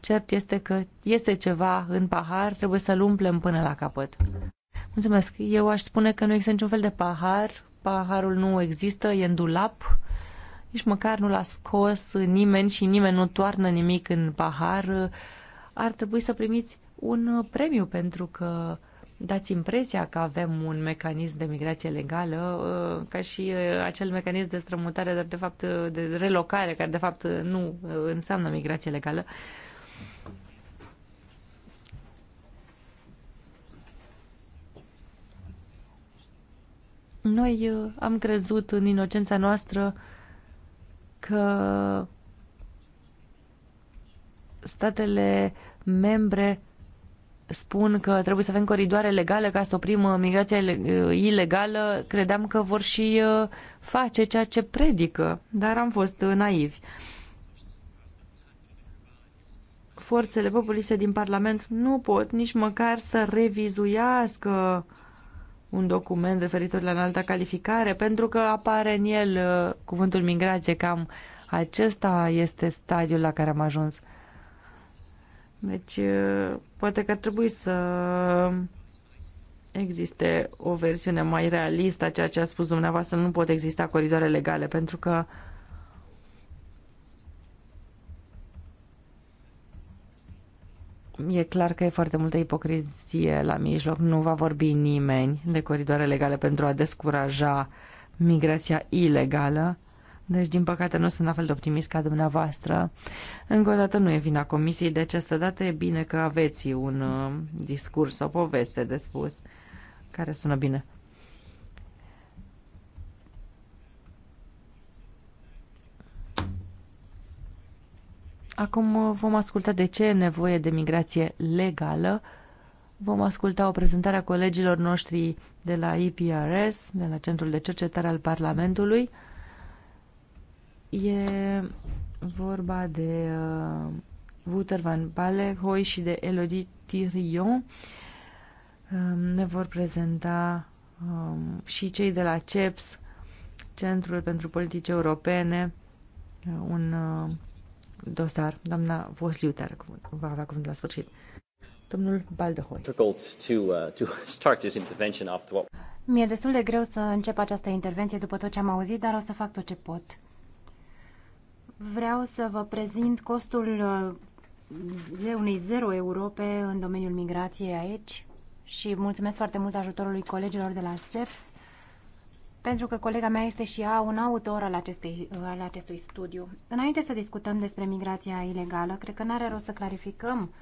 Cert este că este ceva în pahar, trebuie să-l umplem până la capăt. Mulțumesc. Eu aș spune că nu există niciun fel de pahar, paharul nu există, e în dulap, nici măcar nu l-a scos nimeni și nimeni nu toarnă nimic în pahar. Ar trebui să primiți un premiu pentru că dați impresia că avem un mecanism de migrație legală, uh, ca și uh, acel mecanism de strămutare, dar de fapt uh, de relocare, care de fapt nu înseamnă migrație legală. Noi uh, am crezut în inocența noastră că statele membre spun că trebuie să avem coridoare legale ca să oprim uh, migrația uh, ilegală, credeam că vor și face ceea ce predică, dar am fost naivi. Forțele populiste din Parlament nu pot nici măcar să revizuiască uh, un document referitor la înalta calificare, pentru că apare în el uh, cuvântul migrație, cam acesta este stadiul la care am ajuns. Deci, uh, poate că ar trebui să existe o versiune mai realistă a ceea ce a spus dumneavoastră. Nu pot exista coridoare legale, pentru că uh, E clar că e foarte multă ipocrizie la mijloc. Nu va vorbi nimeni de coridoare legale pentru a descuraja migrația ilegală. Deci, din păcate, nu sunt la fel de optimist ca dumneavoastră. Încă o dată nu e vina comisiei, de deci această dată e bine că aveți un uh, discurs, o poveste de spus, care sună bine. Acum uh, vom asculta de ce e nevoie de migrație legală. Vom asculta o prezentare a colegilor noștri de la EPRS, de la Centrul de Cercetare al Parlamentului. E vorba de uh, Wouter van Balehoi și de Elodie Tirion. Um, ne vor prezenta um, și cei de la CEPS, Centrul pentru Politici Europene, uh, un uh, dosar. Doamna Vosliuter va avea cuvântul la sfârșit. Domnul Baldehoi. Uh, Mi-e destul de greu să încep această intervenție după tot ce am auzit, dar o să fac tot ce pot. Vreau să vă prezint costul uh, unei zero Europe în domeniul migrației aici și mulțumesc foarte mult ajutorului colegilor de la SEPS pentru că colega mea este și ea un autor al, acestei, al acestui studiu. Înainte să discutăm despre migrația ilegală, cred că n-are rost să clarificăm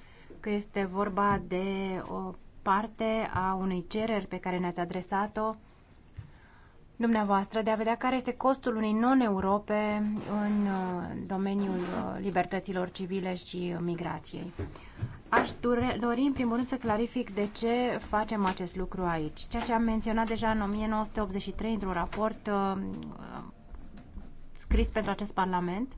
că este vorba de o parte a unei cereri pe care ne-ați adresat-o dumneavoastră de a vedea care este costul unei non-Europe în uh, domeniul uh, libertăților civile și migrației. Aș dori, în primul rând, să clarific de ce facem acest lucru aici. Ceea ce am menționat deja în 1983 într-un raport uh, scris pentru acest Parlament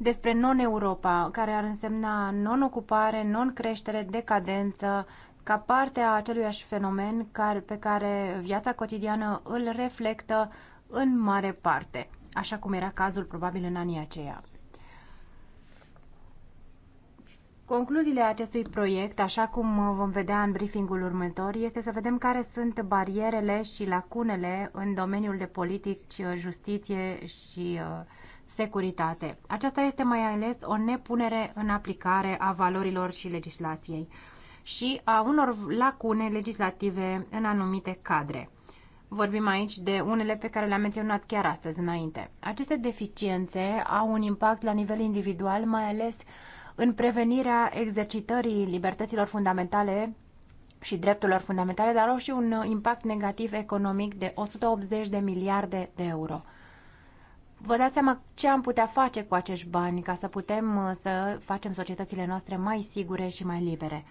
despre non-Europa, care ar însemna non-ocupare, non-creștere, decadență, uh, ca parte a aceluiași fenomen care, pe care viața cotidiană îl reflectă în mare parte, așa cum era cazul probabil în anii aceia. Concluziile acestui proiect, așa cum vom vedea în briefingul următor, este să vedem care sunt barierele și lacunele în domeniul de politici, justiție și uh, securitate. Aceasta este mai ales o nepunere în aplicare a valorilor și legislației și a unor lacune legislative în anumite cadre. Vorbim aici de unele pe care le-am menționat chiar astăzi înainte. Aceste deficiențe au un impact la nivel individual, mai ales în prevenirea exercitării libertăților fundamentale și drepturilor fundamentale, dar au și un impact negativ economic de 180 de miliarde de euro. Vă dați seama ce am putea face cu acești bani ca să putem uh, să facem societățile noastre mai sigure și mai libere.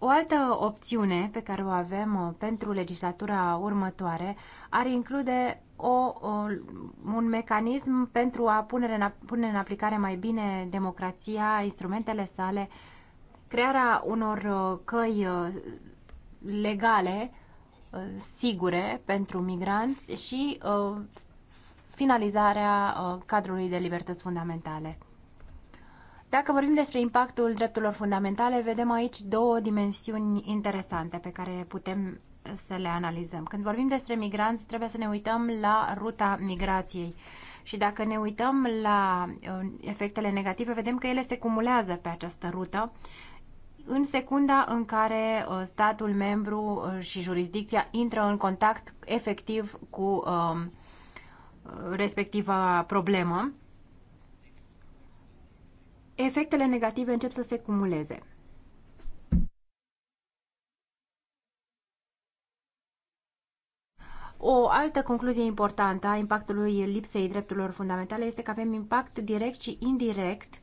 O altă opțiune pe care o avem uh, pentru legislatura următoare ar include o, o, un mecanism pentru a pune în, pune în aplicare mai bine democrația, instrumentele sale, crearea unor uh, căi uh, legale sigure pentru migranți și finalizarea cadrului de libertăți fundamentale. Dacă vorbim despre impactul drepturilor fundamentale, vedem aici două dimensiuni interesante pe care putem să le analizăm. Când vorbim despre migranți, trebuie să ne uităm la ruta migrației. Și dacă ne uităm la uh, efectele negative, vedem că ele se cumulează pe această rută în secunda în care uh, statul membru uh, și jurisdicția intră în contact efectiv cu respectiva problemă efectele negative încep să se cumuleze. O altă concluzie importantă a impactului lipsei drepturilor fundamentale este că avem impact direct și indirect,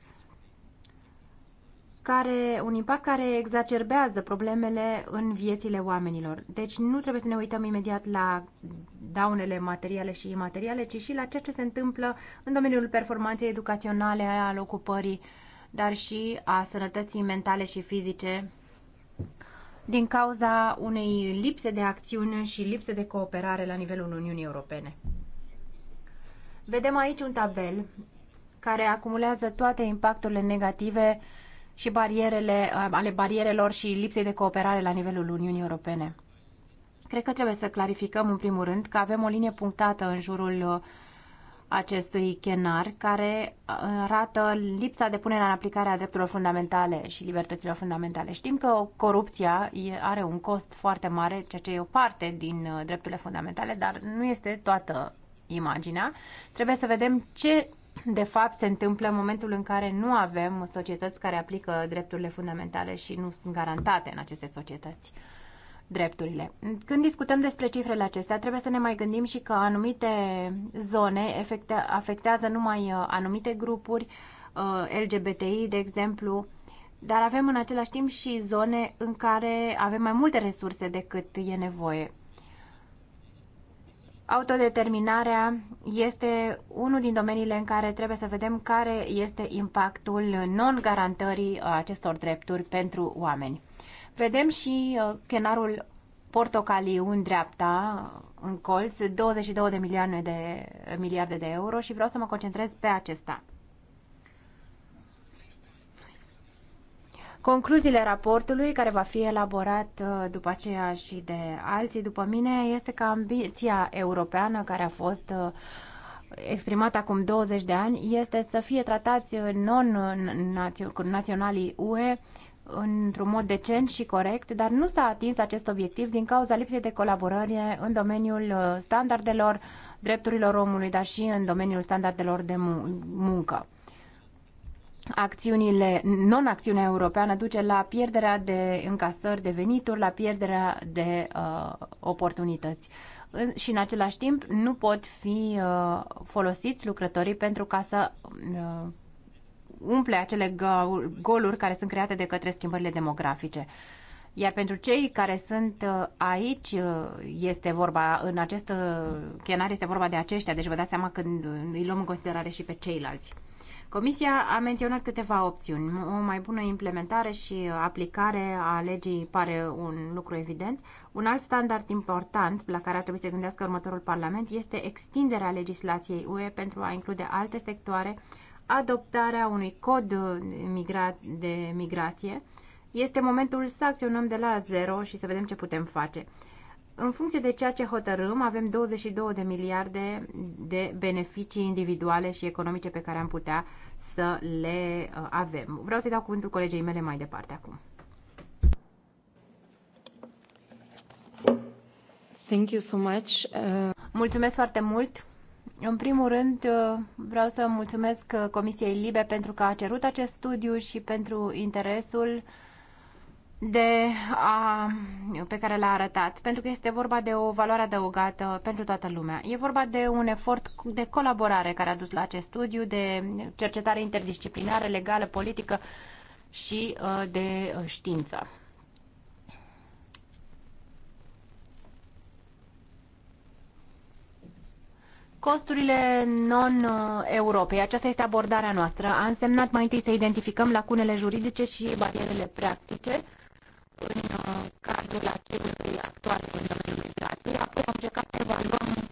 care, un impact care exacerbează problemele în viețile oamenilor. Deci nu trebuie să ne uităm imediat la daunele materiale și imateriale, ci și la ceea ce se întâmplă în domeniul performanței educaționale, al ocupării dar și a sănătății mentale și fizice din cauza unei lipse de acțiune și lipse de cooperare la nivelul Uniunii Europene. Vedem aici un tabel care acumulează toate impacturile negative și barierele, ale barierelor și lipsei de cooperare la nivelul Uniunii Europene. Cred că trebuie să clarificăm în primul rând că avem o linie punctată în jurul acestui chenar care uh, arată lipsa de punere în aplicare a drepturilor fundamentale și libertăților fundamentale. Știm că corupția are un cost foarte mare, ceea ce e o parte din uh, drepturile fundamentale, dar nu este toată imaginea. Trebuie să vedem ce de fapt se întâmplă în momentul în care nu avem societăți care aplică drepturile fundamentale și nu sunt garantate în aceste societăți drepturile. Când discutăm despre cifrele acestea, trebuie să ne mai gândim și că anumite zone afectează numai uh, anumite grupuri, uh, LGBTI, de exemplu, dar avem în același timp și zone în care avem mai multe resurse decât e nevoie. Autodeterminarea este unul din domeniile în care trebuie să vedem care este impactul non-garantării uh, acestor drepturi pentru oameni. Vedem și uh, chenarul portocaliu în dreapta, în colț, 22 de milioane de miliarde de euro și vreau să mă concentrez pe acesta. Concluziile raportului, care va fi elaborat uh, după aceea și de alții după mine, este că ambiția europeană care a fost uh, exprimată acum 20 de ani este să fie tratați non-naționalii UE într-un mod decent și corect, dar nu s-a atins acest obiectiv din cauza lipsei de colaborare în domeniul uh, standardelor drepturilor omului, dar și în domeniul standardelor de muncă. Acțiunile, non-acțiunea europeană duce la pierderea de încasări de venituri, la pierderea de uh, oportunități și în același timp nu pot fi uh, folosiți lucrătorii pentru ca să uh, umple acele goluri care sunt create de către schimbările demografice. Iar pentru cei care sunt uh, aici, uh, este vorba, în acest uh, chenar este vorba de aceștia, deci vă dați seama când îi luăm în considerare și pe ceilalți. Comisia a menționat câteva opțiuni. O mai bună implementare și aplicare a legii pare un lucru evident. Un alt standard important la care ar trebui să se gândească următorul Parlament este extinderea legislației UE pentru a include alte sectoare adoptarea unui cod de migrație, este momentul să acționăm de la zero și să vedem ce putem face. În funcție de ceea ce hotărâm, avem 22 de miliarde de beneficii individuale și economice pe care am putea să le uh, avem. Vreau să-i dau cuvântul colegei mele mai departe acum. Thank you so much. Uh... Mulțumesc foarte mult! În primul rând, uh, vreau să mulțumesc uh, Comisiei Libe pentru că a cerut acest studiu și pentru interesul de a, pe care l-a arătat, pentru că este vorba de o valoare adăugată pentru toată lumea. E vorba de un efort de colaborare care a dus la acest studiu, de cercetare interdisciplinară, legală, politică și uh, de știință. costurile non-Europei. Aceasta este abordarea noastră. A însemnat mai întâi să identificăm lacunele juridice și barierele practice în uh, cadrul acestui actual în domeniul migrației. Apoi am încercat să evaluăm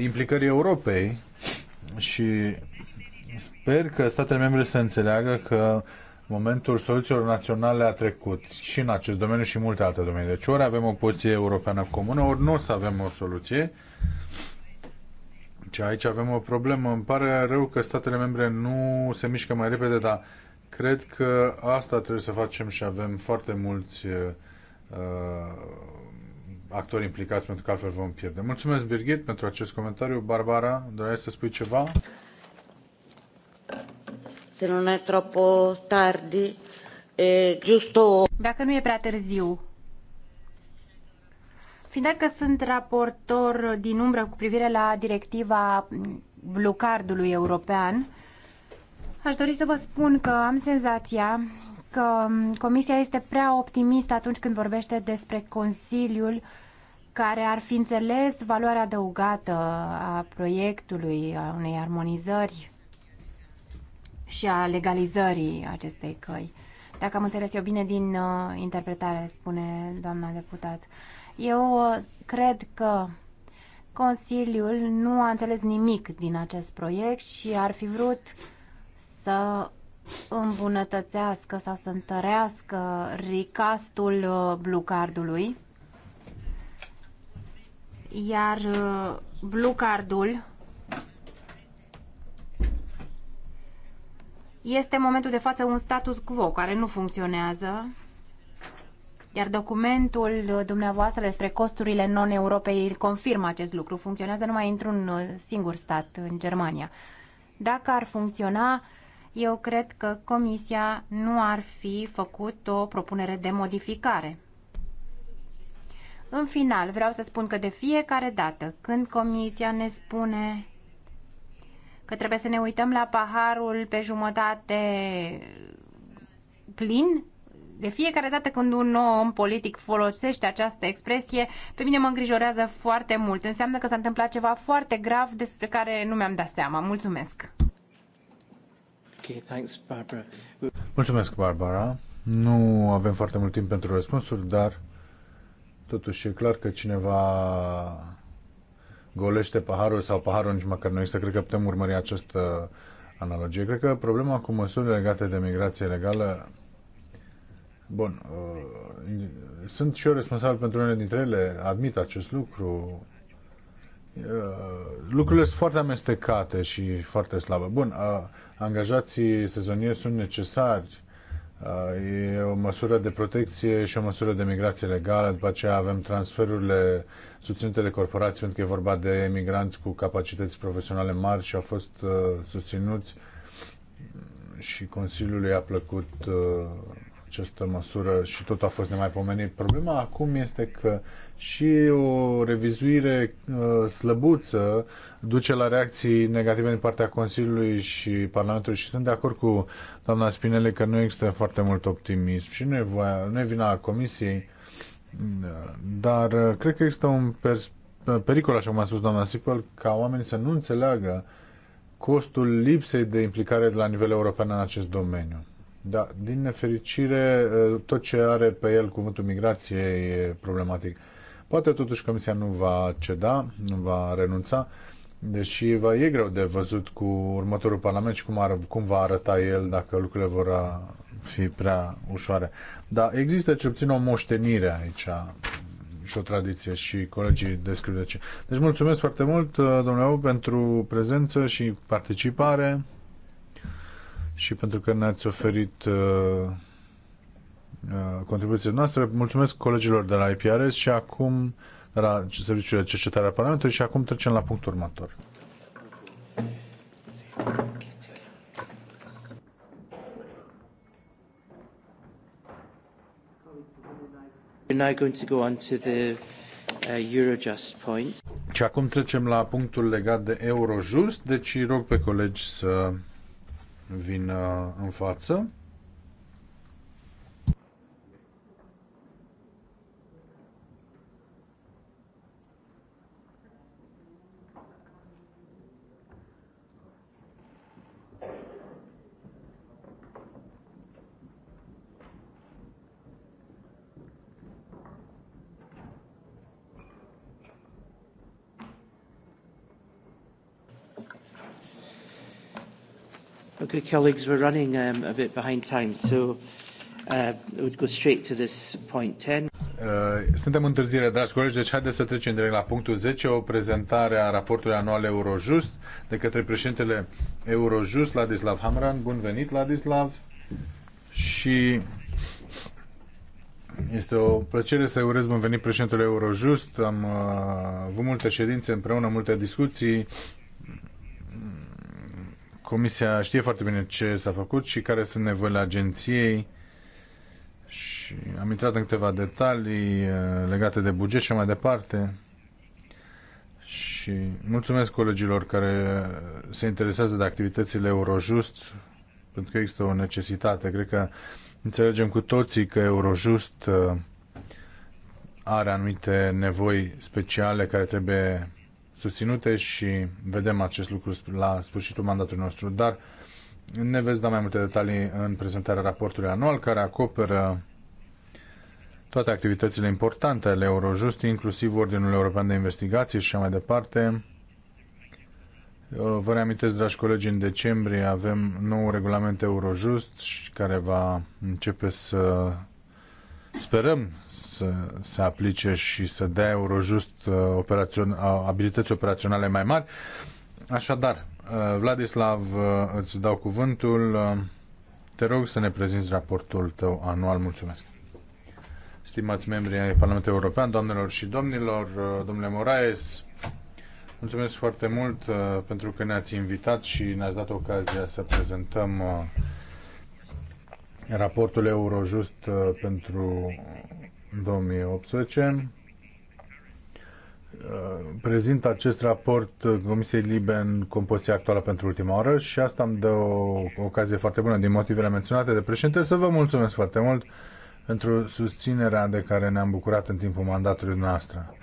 implicării Europei și sper că statele membre să înțeleagă că momentul soluțiilor naționale a trecut și în acest domeniu și în multe alte domenii. Deci ori avem o poziție europeană comună, ori nu o să avem o soluție. Deci aici avem o problemă. Îmi pare rău că statele membre nu se mișcă mai repede, dar cred că asta trebuie să facem și avem foarte mulți uh, actori implicați, pentru că altfel vom pierde. Mulțumesc, Birgit, pentru acest comentariu. Barbara, doreai să spui ceva? Se nu e troppo tardi, e giusto... Dacă nu e prea târziu, fiind că sunt raportor din umbră cu privire la directiva blocardului european, aș dori să vă spun că am senzația că um, Comisia este prea optimistă atunci când vorbește despre Consiliul care ar fi înțeles valoarea adăugată a proiectului, a unei armonizări și a legalizării acestei căi. Dacă am înțeles eu bine din uh, interpretare, spune doamna deputat. Eu uh, cred că Consiliul nu a înțeles nimic din acest proiect și ar fi vrut să îmbunătățească sau să întărească ricastul uh, blue cardului. Iar uh, blue cardul este în momentul de față un status quo care nu funcționează. Iar documentul uh, dumneavoastră despre costurile non-europei îl confirmă acest lucru. Funcționează numai într-un singur stat, în Germania. Dacă ar funcționa, eu cred că Comisia nu ar fi făcut o propunere de modificare. În final, vreau să spun că de fiecare dată când Comisia ne spune că trebuie să ne uităm la paharul pe jumătate plin, de fiecare dată când un nou om politic folosește această expresie, pe mine mă îngrijorează foarte mult. Înseamnă că s-a întâmplat ceva foarte grav despre care nu mi-am dat seama. Mulțumesc! Okay, thanks, Barbara. Mulțumesc, Barbara. Nu avem foarte mult timp pentru răspunsuri, dar totuși e clar că cineva golește paharul sau paharul nici măcar nu există. Cred că putem urmări această analogie. Cred că problema cu măsurile legate de migrație legală Bun, uh, sunt și eu responsabil pentru unele dintre ele, admit acest lucru. Uh, lucrurile sunt foarte amestecate și foarte slabe. Bun, uh, angajații sezonieri sunt necesari. Uh, e o măsură de protecție și o măsură de migrație legală. După aceea avem transferurile susținute de corporații, pentru că e vorba de emigranți cu capacități profesionale mari și au fost uh, susținuți și Consiliului a plăcut uh, această măsură și tot a fost nemaipomenit. Problema acum este că și o revizuire uh, slăbuță duce la reacții negative din partea Consiliului și Parlamentului și sunt de acord cu doamna Spinele că nu există foarte mult optimism și nu e, voia, nu e vina Comisiei, uh, dar uh, cred că există un uh, pericol, așa cum a spus doamna Sipol, ca oamenii să nu înțeleagă costul lipsei de implicare de la nivel european în acest domeniu. Da, din nefericire, tot ce are pe el cuvântul migrație e problematic. Poate totuși Comisia nu va ceda, nu va renunța, deși va, e greu de văzut cu următorul Parlament și cum, ar, cum va arăta el dacă lucrurile vor fi prea ușoare. Dar există cel puțin o moștenire aici și o tradiție și colegii descriu de ce. Deci mulțumesc foarte mult, domnule pentru prezență și participare și pentru că ne-ați oferit uh, uh contribuția noastră. Mulțumesc colegilor de la IPRS și acum de la Serviciul de Cercetare a Parlamentului și acum trecem la punctul următor. We're now going to go on to the uh, Eurojust point. Și acum trecem la punctul legat de Eurojust, deci rog pe colegi să Vin uh, în față. Okay, colleagues, we're running um, a bit behind time, so uh, we'd go straight to this point 10. Uh, suntem întârziere, dragi colegi, deci haideți să trecem direct la punctul 10, o prezentare a raportului anual Eurojust de către președintele Eurojust, Ladislav Hamran. Bun venit, Ladislav! Și este o plăcere să-i urez bun venit președintele Eurojust. Am uh, avut multe ședințe împreună, multe discuții Comisia știe foarte bine ce s-a făcut și care sunt nevoile agenției și am intrat în câteva detalii uh, legate de buget și mai departe. Și mulțumesc colegilor care se interesează de activitățile Eurojust, pentru că există o necesitate. Cred că înțelegem cu toții că Eurojust uh, are anumite nevoi speciale care trebuie susținute și vedem acest lucru la sfârșitul mandatului nostru, dar ne veți da mai multe detalii în prezentarea raportului anual care acoperă toate activitățile importante ale Eurojust, inclusiv Ordinul European de Investigații și așa mai departe. Uh, vă reamintesc, dragi colegi, în decembrie avem nou regulament Eurojust care va începe să Sperăm să se aplice și să dea Eurojust uh, operațion, uh, abilități operaționale mai mari. Așadar, uh, Vladislav, îți dau cuvântul. Te rog să ne prezinți raportul tău anual. Mulțumesc. Stimați membri ai Parlamentului European, doamnelor și domnilor, domnule Moraes, mulțumesc foarte mult pentru că ne-ați invitat și ne-ați dat ocazia să prezentăm raportul Eurojust uh, pentru 2018. Uh, prezint acest raport Comisiei Libe în compoziția actuală pentru ultima oară și asta îmi dă o ocazie foarte bună din motivele menționate de președinte să vă mulțumesc foarte mult pentru susținerea de care ne-am bucurat în timpul mandatului noastră.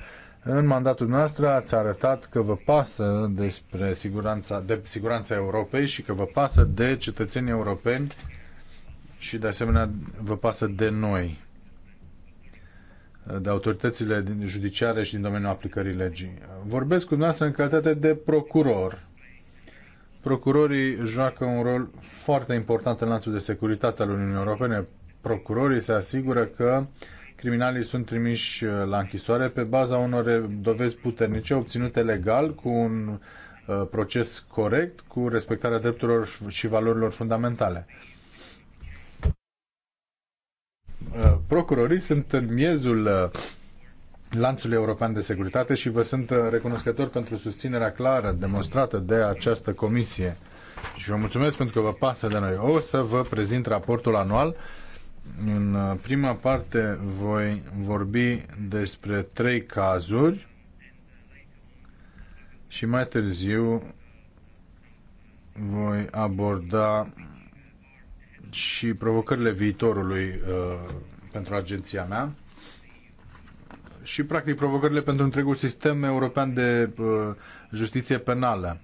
În mandatul nostru ați arătat că vă pasă despre siguranța, de siguranța Europei și că vă pasă de cetățenii europeni și de asemenea vă pasă de noi, de autoritățile judiciare și din domeniul aplicării legii. Vorbesc cu dumneavoastră în calitate de procuror. Procurorii joacă un rol foarte important în lanțul de securitate al Uniunii Europene. Procurorii se asigură că criminalii sunt trimiși uh, la închisoare pe baza unor dovezi puternice obținute legal cu un uh, proces corect, cu respectarea drepturilor și valorilor fundamentale. Uh, procurorii sunt în miezul uh, lanțului european de securitate și vă sunt uh, recunoscător pentru susținerea clară demonstrată de această comisie. Și vă mulțumesc pentru că vă pasă de noi. O să vă prezint raportul anual. În prima parte voi vorbi despre trei cazuri și mai târziu voi aborda și provocările viitorului uh, pentru agenția mea și, practic, provocările pentru întregul sistem european de uh, justiție penală.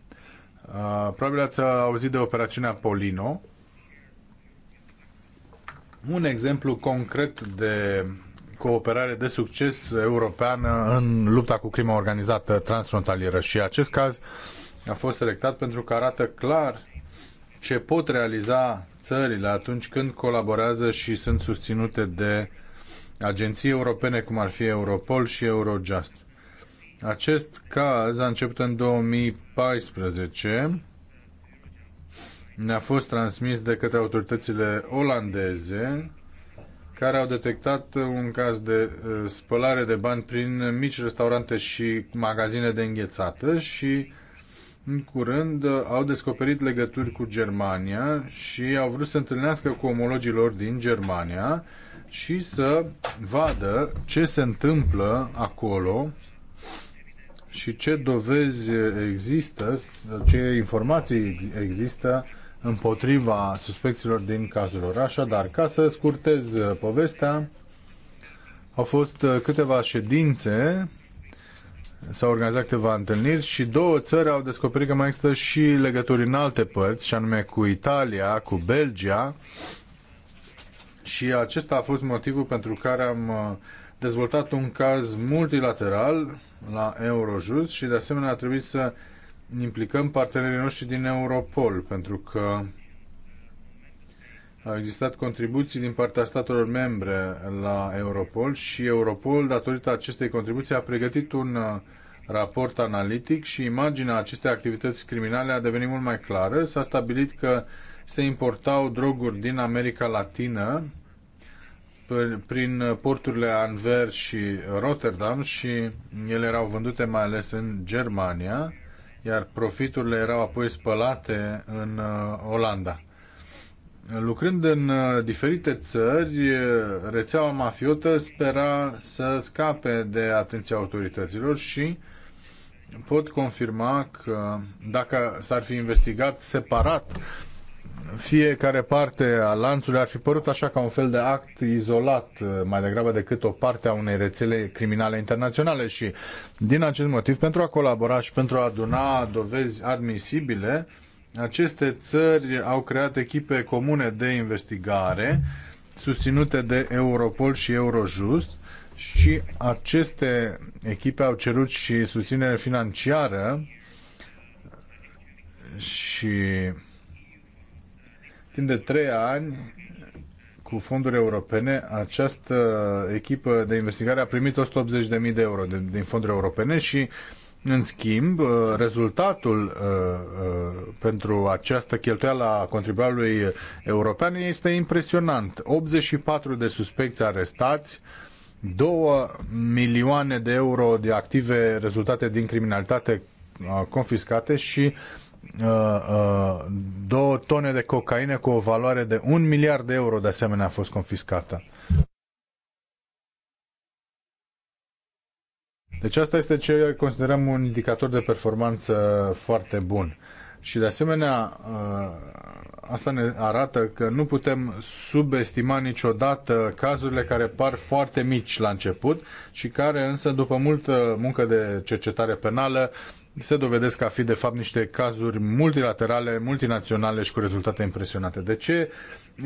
Uh, probabil ați auzit de operațiunea Polino, un exemplu concret de cooperare de succes europeană în lupta cu crima organizată transfrontalieră și acest caz a fost selectat pentru că arată clar ce pot realiza țările atunci când colaborează și sunt susținute de agenții europene cum ar fi Europol și Eurojust. Acest caz a început în 2014 ne-a fost transmis de către autoritățile olandeze care au detectat un caz de uh, spălare de bani prin mici restaurante și magazine de înghețată și în curând uh, au descoperit legături cu Germania și au vrut să întâlnească cu omologii lor din Germania și să vadă ce se întâmplă acolo și ce dovezi există, uh, ce informații există împotriva suspecțiilor din cazul lor. Așadar, ca să scurtez uh, povestea, au fost câteva ședințe s-au organizat câteva întâlniri și două țări au descoperit că mai există și legături în alte părți, și anume cu Italia, cu Belgia. Și acesta a fost motivul pentru care am uh, dezvoltat un caz multilateral la Eurojust și de asemenea a trebuit să implicăm partenerii noștri din Europol, pentru că au existat contribuții din partea statelor membre la Europol și Europol, datorită acestei contribuții, a pregătit un uh, raport analitic și imaginea acestei activități criminale a devenit mult mai clară. S-a stabilit că se importau droguri din America Latină prin porturile Anver și Rotterdam și ele erau vândute mai ales în Germania, iar profiturile erau apoi spălate în uh, Olanda. Lucrând în uh, diferite țări, uh, rețeaua mafiotă spera să scape de atenția autorităților și pot confirma că dacă s-ar fi investigat separat fiecare parte a lanțului ar fi părut așa ca un fel de act izolat, uh, mai degrabă decât o parte a unei rețele criminale internaționale și din acest motiv, pentru a colabora și pentru a aduna dovezi admisibile, aceste țări au creat echipe comune de investigare susținute de Europol și Eurojust și aceste echipe au cerut și susținere financiară și timp de trei ani cu fonduri europene, această echipă de investigare a primit 180.000 de euro din fonduri europene și în schimb, uh, rezultatul uh, uh, pentru această cheltuială a contribuabilului european este impresionant. 84 de suspecți arestați, 2 milioane de euro de active rezultate din criminalitate confiscate și 2 tone de cocaină cu o valoare de 1 miliard de euro de asemenea a fost confiscată. Deci asta este ce considerăm un indicator de performanță foarte bun. Și de asemenea, uh, asta ne arată că nu putem subestima niciodată cazurile care par foarte mici la început și care însă după multă muncă de cercetare penală se dovedesc a fi de fapt niște cazuri multilaterale, multinaționale și cu rezultate impresionante. De ce?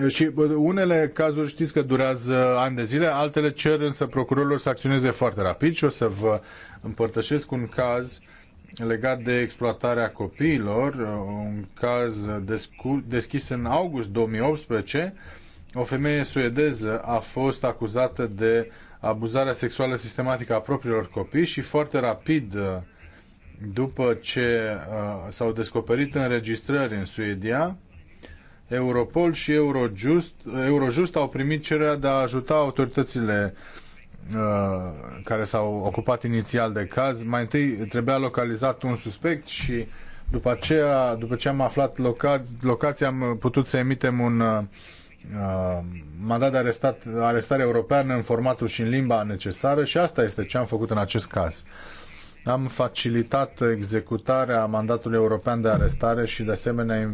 Și unele cazuri știți că durează ani de zile, altele cer însă procurorilor să acționeze foarte rapid și o să vă împărtășesc un caz legat de exploatarea copiilor, un caz deschis în august 2018. O femeie suedeză a fost acuzată de abuzarea sexuală sistematică a propriilor copii și foarte rapid după ce uh, s-au descoperit înregistrări în Suedia, Europol și Eurojust, Eurojust au primit cererea de a ajuta autoritățile uh, care s-au ocupat inițial de caz. Mai întâi trebuia localizat un suspect și după, aceea, după ce am aflat loca- locația am putut să emitem un uh, mandat de arestat, arestare european în formatul și în limba necesară și asta este ce am făcut în acest caz. Uh, am facilitat executarea mandatului european de arestare și de asemenea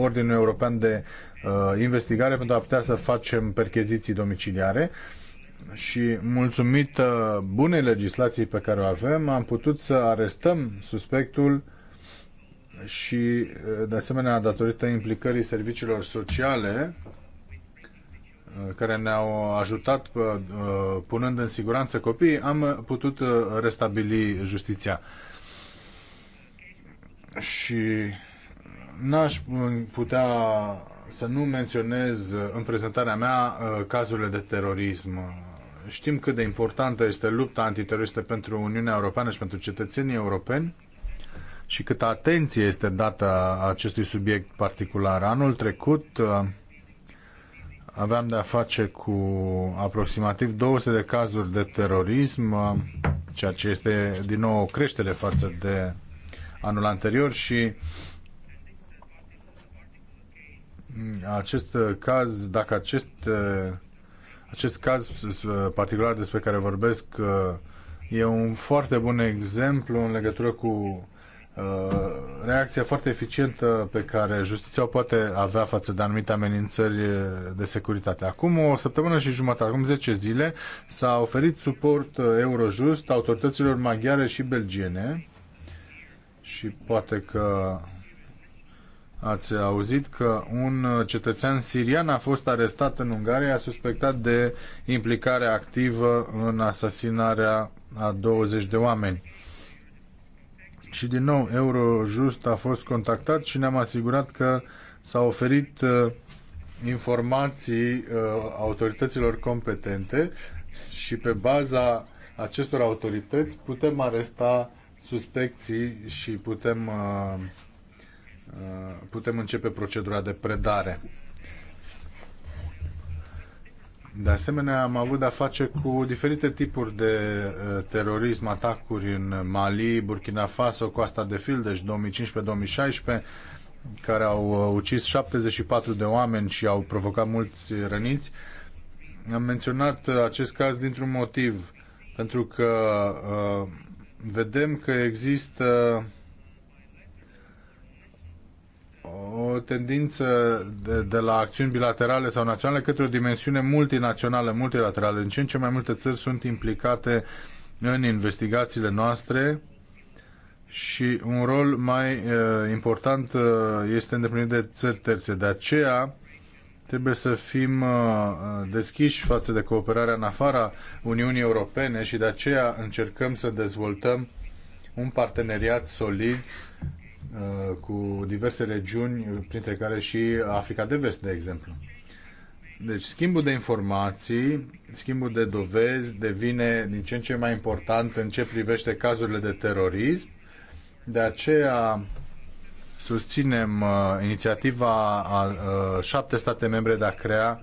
ordinul european de uh, investigare pentru a putea să facem percheziții domiciliare și mulțumită uh, bunei legislații pe care o avem, am putut să arestăm suspectul și uh, de asemenea datorită implicării serviciilor sociale care ne-au ajutat uh, punând în siguranță copiii, am putut uh, restabili justiția. Și n-aș putea să nu menționez uh, în prezentarea mea cazurile de terorism. Știm cât de importantă este lupta antiteroristă pentru Uniunea Europeană și pentru cetățenii europeni și câtă atenție este dată acestui subiect particular. Anul trecut aveam de-a face cu aproximativ 200 de cazuri de terorism, ceea ce este din nou o creștere față de anul anterior și acest caz, dacă acest, acest caz particular despre care vorbesc e un foarte bun exemplu în legătură cu Uh, reacția foarte eficientă pe care justiția o poate avea față de anumite amenințări de securitate. Acum o săptămână și jumătate, acum 10 zile, s-a oferit suport Eurojust autorităților maghiare și belgiene și poate că ați auzit că un cetățean sirian a fost arestat în Ungaria suspectat de implicare activă în asasinarea a 20 de oameni și din nou Eurojust a fost contactat și ne-am asigurat că s-a oferit uh, informații uh, autorităților competente și pe baza acestor autorități putem aresta suspecții și putem, uh, putem începe procedura de predare. De asemenea, am avut de-a face cu diferite tipuri de uh, terorism, atacuri în Mali, Burkina Faso, Coasta de Fildeș, 2015-2016, care au uh, ucis 74 de oameni și au provocat mulți răniți. Am menționat uh, acest caz dintr-un motiv, pentru că uh, vedem că există uh, o tendință de, de la acțiuni bilaterale sau naționale către o dimensiune multinacională, multilaterală. În ce în ce mai multe țări sunt implicate în investigațiile noastre și un rol mai uh, important uh, este îndeplinit de țări terțe. De aceea trebuie să fim uh, deschiși față de cooperarea în afara Uniunii Europene și de aceea încercăm să dezvoltăm un parteneriat solid Uh, cu diverse regiuni, printre care și Africa de Vest, de exemplu. Deci schimbul de informații, schimbul de dovezi devine din ce în ce mai important în ce privește cazurile de terorism. De aceea susținem uh, inițiativa a uh, șapte state membre de a crea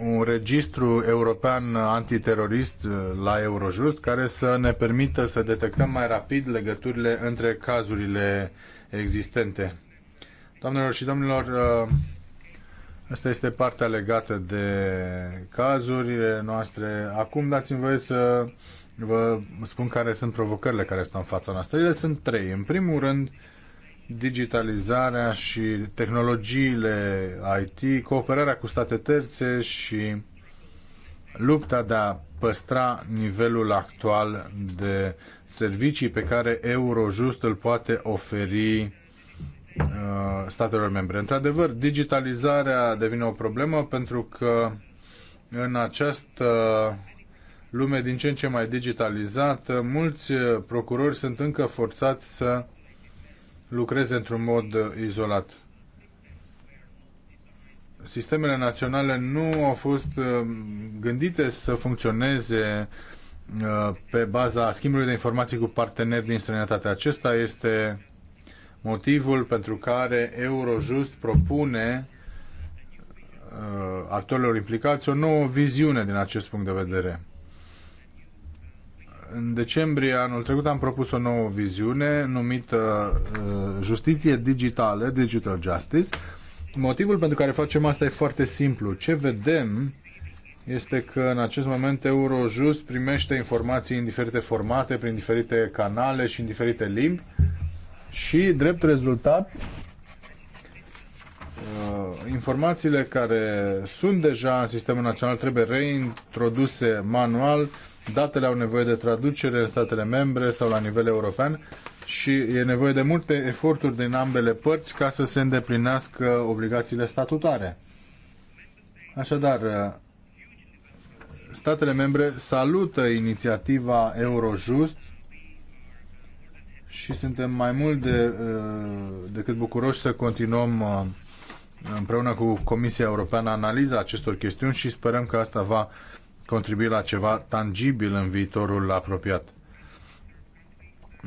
un registru european antiterorist uh, la Eurojust care să ne permită să detectăm mai rapid legăturile între cazurile existente. Doamnelor și domnilor, uh, asta este partea legată de cazurile noastre. Acum dați-mi voie să vă spun care sunt provocările care stau în fața noastră. Ele sunt trei. În primul rând, digitalizarea și tehnologiile IT, cooperarea cu state terțe și lupta de a păstra nivelul actual de servicii pe care Eurojust îl poate oferi uh, statelor membre. Într-adevăr, digitalizarea devine o problemă pentru că în această lume din ce în ce mai digitalizată, mulți procurori sunt încă forțați să lucreze într-un mod uh, izolat. Sistemele naționale nu au fost uh, gândite să funcționeze uh, pe baza schimbului de informații cu parteneri din străinătate. Acesta este motivul pentru care Eurojust propune actorilor implicați o nouă viziune din acest punct de vedere. În decembrie anul trecut am propus o nouă viziune numită uh, Justiție Digitală, Digital Justice. Motivul pentru care facem asta e foarte simplu. Ce vedem este că în acest moment Eurojust primește informații în diferite formate, prin diferite canale și în diferite limbi și, drept rezultat, uh, informațiile care sunt deja în sistemul național trebuie reintroduse manual datele au nevoie de traducere în statele membre sau la nivel european și e nevoie de multe eforturi din ambele părți ca să se îndeplinească obligațiile statutare. Așadar, statele membre salută inițiativa Eurojust și suntem mai mult de, decât bucuroși să continuăm împreună cu Comisia Europeană analiza acestor chestiuni și sperăm că asta va contribui la ceva tangibil în viitorul apropiat.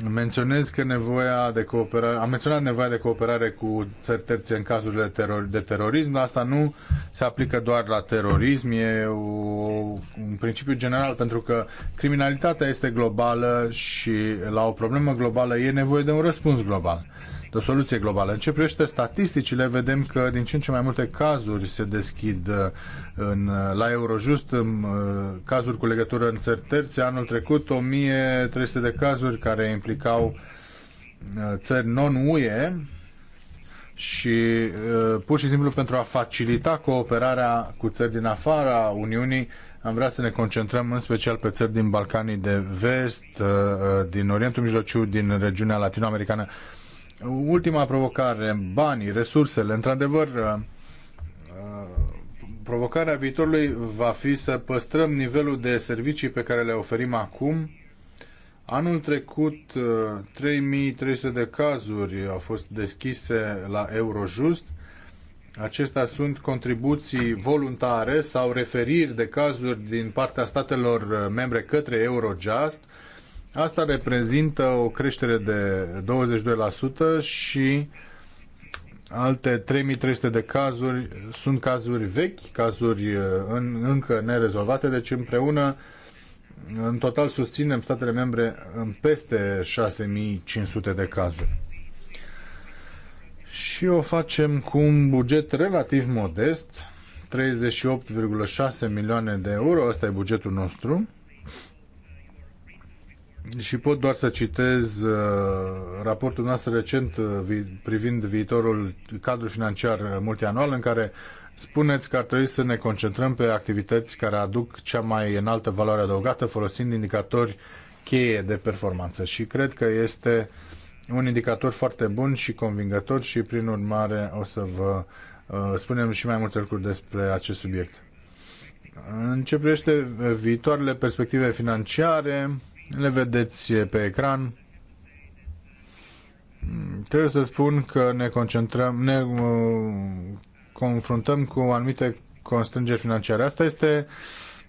Menționez că nevoia de cooperare, am menționat nevoia de cooperare cu țări terțe în cazurile teror, de terorism, dar asta nu se aplică doar la terorism, e o, un principiu general pentru că criminalitatea este globală și la o problemă globală e nevoie de un răspuns global de o soluție globală. În ce privește statisticile, vedem că din ce în ce mai multe cazuri se deschid uh, în, la Eurojust, în, uh, cazuri cu legătură în țări terțe. Anul trecut, 1300 de cazuri care implicau uh, țări non-UE și pur și simplu pentru a facilita cooperarea cu țări din afara Uniunii, am vrea să ne concentrăm în special pe țări din Balcanii de Vest, din Orientul Mijlociu, din regiunea latinoamericană Ultima provocare, banii, resursele. Într-adevăr, uh, provocarea viitorului va fi să păstrăm nivelul de servicii pe care le oferim acum. Anul trecut, 3300 uh, de cazuri au fost deschise la Eurojust. Acestea sunt contribuții voluntare sau referiri de cazuri din partea statelor uh, membre către Eurojust Asta reprezintă o creștere de 22% și alte 3300 de cazuri sunt cazuri vechi, cazuri uh, în, încă nerezolvate, deci împreună în total susținem statele membre în peste 6500 de cazuri. Și o facem cu un buget relativ modest, 38,6 milioane de euro, ăsta e bugetul nostru și pot doar să citez uh, raportul nostru recent uh, privind viitorul cadru financiar multianual în care spuneți că ar trebui să ne concentrăm pe activități care aduc cea mai înaltă valoare adăugată folosind indicatori cheie de performanță și cred că este un indicator foarte bun și convingător și prin urmare o să vă uh, spunem și mai multe lucruri despre acest subiect. În ce privește uh, viitoarele perspective financiare, le vedeți pe ecran. Trebuie să spun că ne concentrăm, ne uh, confruntăm cu anumite constrângeri financiare. Asta este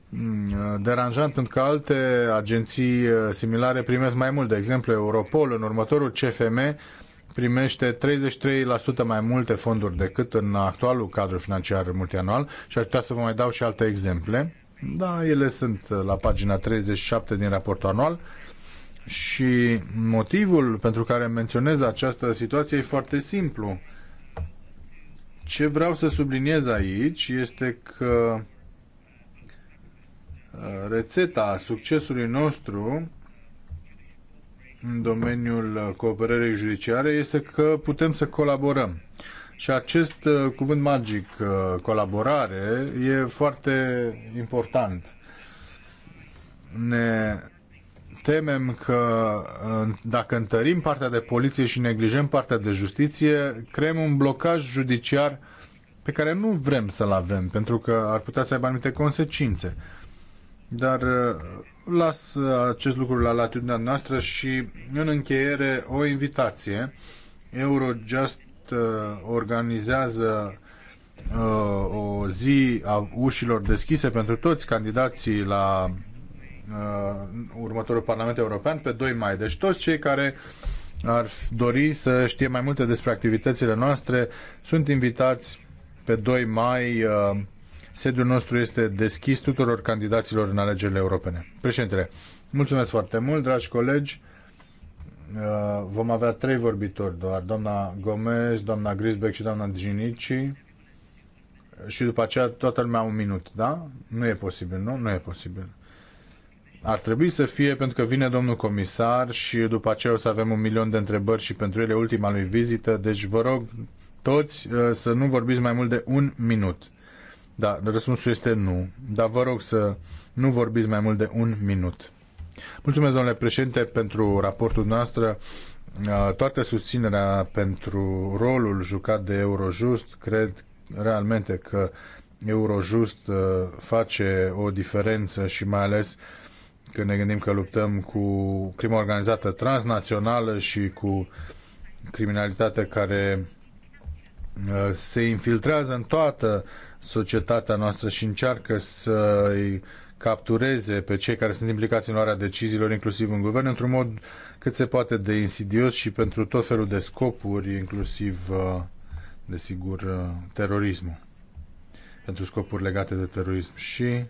mm, deranjant pentru că alte agenții uh, similare primesc mai mult. De exemplu, Europol în următorul CFM primește 33% mai multe fonduri decât în actualul cadru financiar multianual și ar putea să vă mai dau și alte exemple. Da, ele sunt la pagina 37 din raportul anual și motivul pentru care menționez această situație e foarte simplu. Ce vreau să subliniez aici este că uh, rețeta succesului nostru în domeniul cooperării judiciare este că putem să colaborăm. Și acest uh, cuvânt magic, uh, colaborare, e foarte important. Ne temem că dacă întărim partea de poliție și neglijăm partea de justiție, creăm un blocaj judiciar pe care nu vrem să-l avem, pentru că ar putea să aibă anumite consecințe. Dar uh, las uh, acest lucru la latitudinea noastră și în încheiere o invitație. Eurojust Uh, organizează uh, o zi a ușilor deschise pentru toți candidații la uh, următorul Parlament European pe 2 mai. Deci toți cei care ar dori să știe mai multe despre activitățile noastre sunt invitați pe 2 mai. Sediul nostru este deschis tuturor candidaților în alegerile europene. Președintele, mulțumesc foarte mult, dragi colegi. Uh, vom avea trei vorbitori doar, doamna Gomez, doamna Grisbeck și doamna Ginici. Și după aceea toată lumea un minut, da? Nu e posibil, nu? Nu e posibil. Ar trebui să fie pentru că vine domnul comisar și după aceea o să avem un milion de întrebări și pentru ele ultima lui vizită. Deci vă rog toți uh, să nu vorbiți mai mult de un minut. Da, răspunsul este nu. Dar vă rog să nu vorbiți mai mult de un minut. Mulțumesc, domnule președinte, pentru raportul noastră. Uh, toată susținerea pentru rolul jucat de Eurojust, cred realmente că Eurojust uh, face o diferență și mai ales când ne gândim că luptăm cu crima organizată transnațională și cu criminalitate care uh, se infiltrează în toată societatea noastră și încearcă să îi captureze pe cei care sunt implicați în luarea deciziilor, inclusiv în guvern, într-un mod cât se poate de insidios și pentru tot felul de scopuri, inclusiv, uh, desigur, uh, terorismul. Pentru scopuri legate de terorism. Și,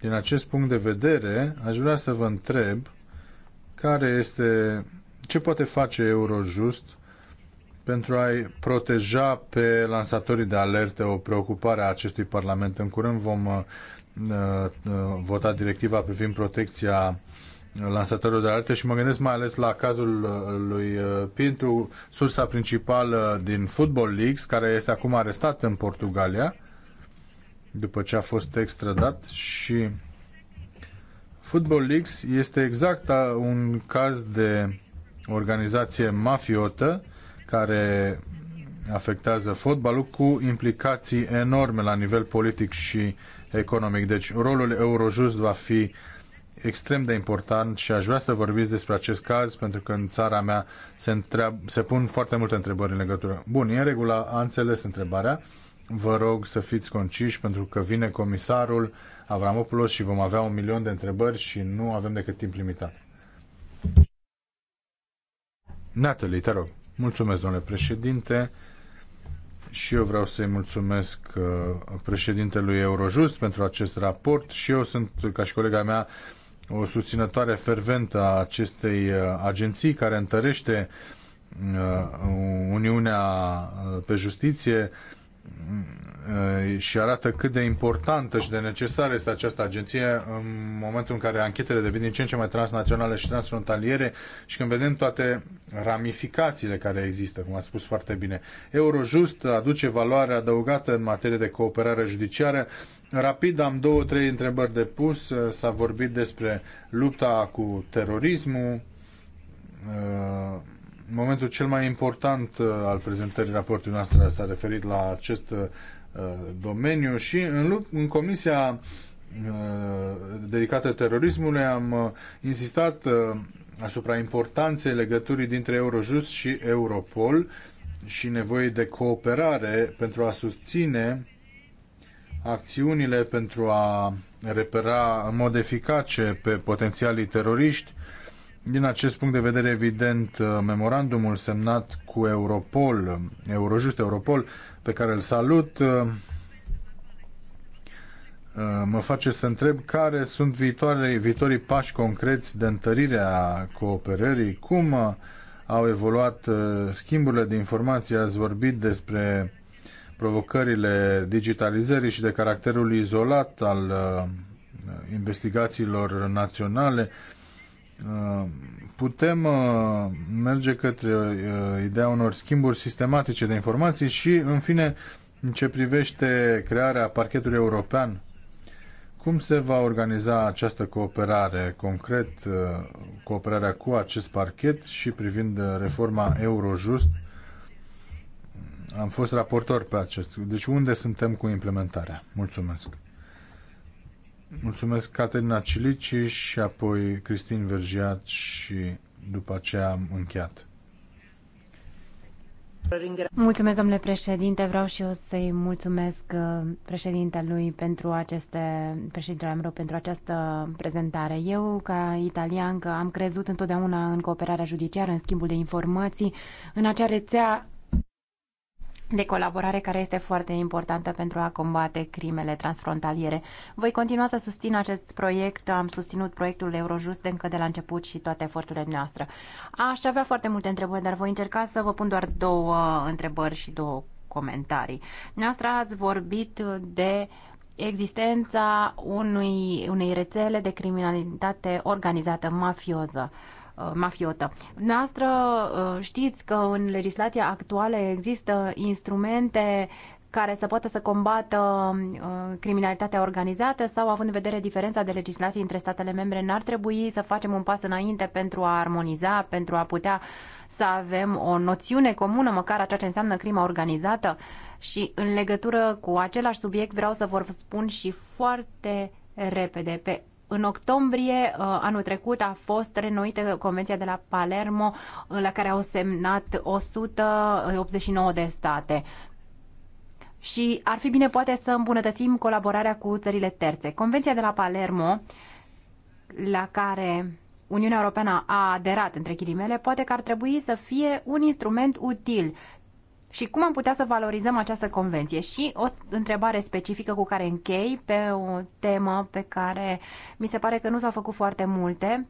din acest punct de vedere, aș vrea să vă întreb care este, ce poate face Eurojust pentru a-i proteja pe lansatorii de alerte o preocupare a acestui Parlament. În curând vom uh, Uh, uh, votat directiva privind protecția lansatorilor de alerte și mă gândesc mai ales la cazul uh, lui Pintu, sursa principală din Football Leagues, care este acum arestat în Portugalia după ce a fost extradat și Football Leagues este exact un caz de organizație mafiotă care afectează fotbalul cu implicații enorme la nivel politic și economic. Deci rolul Eurojust va fi extrem de important și aș vrea să vorbiți despre acest caz pentru că în țara mea se, întreab, se pun foarte multe întrebări în legătură. Bun, e în regulă, a înțeles întrebarea. Vă rog să fiți conciși pentru că vine comisarul Avramopoulos și vom avea un milion de întrebări și nu avem decât timp limitat. Natalie, te rog. Mulțumesc, domnule președinte. Și eu vreau să-i mulțumesc uh, președintelui Eurojust pentru acest raport și eu sunt, ca și colega mea, o susținătoare ferventă a acestei uh, agenții care întărește uh, Uniunea pe Justiție Mm. și arată cât de importantă și de necesară este această agenție în momentul în care anchetele devin din ce în ce mai transnaționale și transfrontaliere și când vedem toate ramificațiile care există, cum a spus foarte bine. Eurojust aduce valoare adăugată în materie de cooperare judiciară. Rapid am două, trei întrebări de pus. S-a vorbit despre lupta cu terorismul, momentul cel mai important uh, al prezentării raportului noastră s-a referit la acest uh, domeniu și în, în comisia uh, dedicată terorismului am insistat asupra importanței legăturii dintre Eurojust și Europol și nevoie de cooperare pentru a susține acțiunile pentru a repera în mod eficace pe potențialii teroriști din acest punct de vedere, evident, uh, memorandumul semnat cu Europol, um, Eurojust Europol, pe care îl salut, uh, uh, mă face să întreb care sunt viitoare, viitorii pași concreți de întărire a cooperării, cum au evoluat schimburile de informații, ați vorbit despre provocările digitalizării și de caracterul izolat al investigațiilor naționale putem uh, merge către uh, ideea unor schimburi sistematice de informații și, în fine, în ce privește crearea parchetului european, cum se va organiza această cooperare concret, uh, cooperarea cu acest parchet și privind reforma Eurojust? Am fost raportor pe acest. Deci unde suntem cu implementarea? Mulțumesc. Mulțumesc Caterina Cilici și apoi Cristin Vergiat și după aceea am încheiat. Mulțumesc, domnule președinte. Vreau și eu să-i mulțumesc uh, președintelui pentru aceste, președintele Amro pentru această prezentare. Eu, ca italian, că am crezut întotdeauna în cooperarea judiciară, în schimbul de informații, în acea rețea de colaborare care este foarte importantă pentru a combate crimele transfrontaliere. Voi continua să susțin acest proiect, am susținut proiectul Eurojust de încă de la început și toate eforturile noastre. Aș avea foarte multe întrebări, dar voi încerca să vă pun doar două întrebări și două comentarii. Noastră ați vorbit de existența unui, unei rețele de criminalitate organizată mafioză. Uh, Uh, mafiotă. Noastră uh, știți că în legislația actuală există instrumente care să poată să combată uh, criminalitatea organizată sau, având în vedere diferența de legislație între statele membre, n-ar trebui să facem un pas înainte pentru a armoniza, pentru a putea să avem o noțiune comună, măcar a ceea ce înseamnă crima organizată. Și în legătură cu același subiect vreau să vă spun și foarte repede pe în octombrie uh, anul trecut a fost renoită Convenția de la Palermo, uh, la care au semnat 189 de state. Și ar fi bine poate să îmbunătățim colaborarea cu țările terțe. Convenția de la Palermo, la care Uniunea Europeană a aderat, între ghilimele, poate că ar trebui să fie un instrument util și cum am putea să valorizăm această convenție? Și o întrebare specifică cu care închei pe o temă pe care mi se pare că nu s-au făcut foarte multe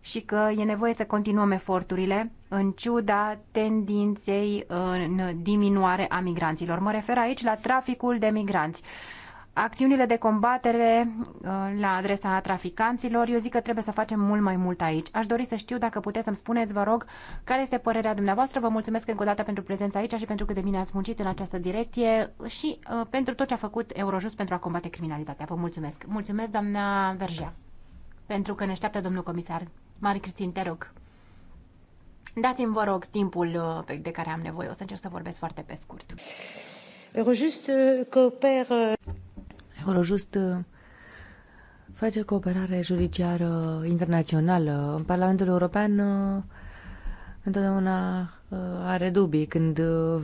și că e nevoie să continuăm eforturile în ciuda tendinței în diminuare a migranților. Mă refer aici la traficul de migranți. Uh, acțiunile de combatere uh, la adresa traficanților, eu zic că trebuie să facem mult mai mult aici. Aș dori să știu dacă puteți să-mi spuneți, vă rog, care este părerea dumneavoastră. Vă mulțumesc încă o dată pentru prezența aici și pentru că de bine ați muncit în această direcție și uh, pentru tot ce a făcut Eurojust pentru a combate criminalitatea. Vă mulțumesc. Mulțumesc, doamna Verja. pentru că ne așteaptă domnul comisar. Mari Cristin, te rog. Dați-mi, vă rog, timpul uh, de care am nevoie. O să încerc să vorbesc foarte pe scurt. Eurojust coopère Eurojust uh, face cooperare judiciară internațională. Parlamentul European uh, întotdeauna uh, are dubii când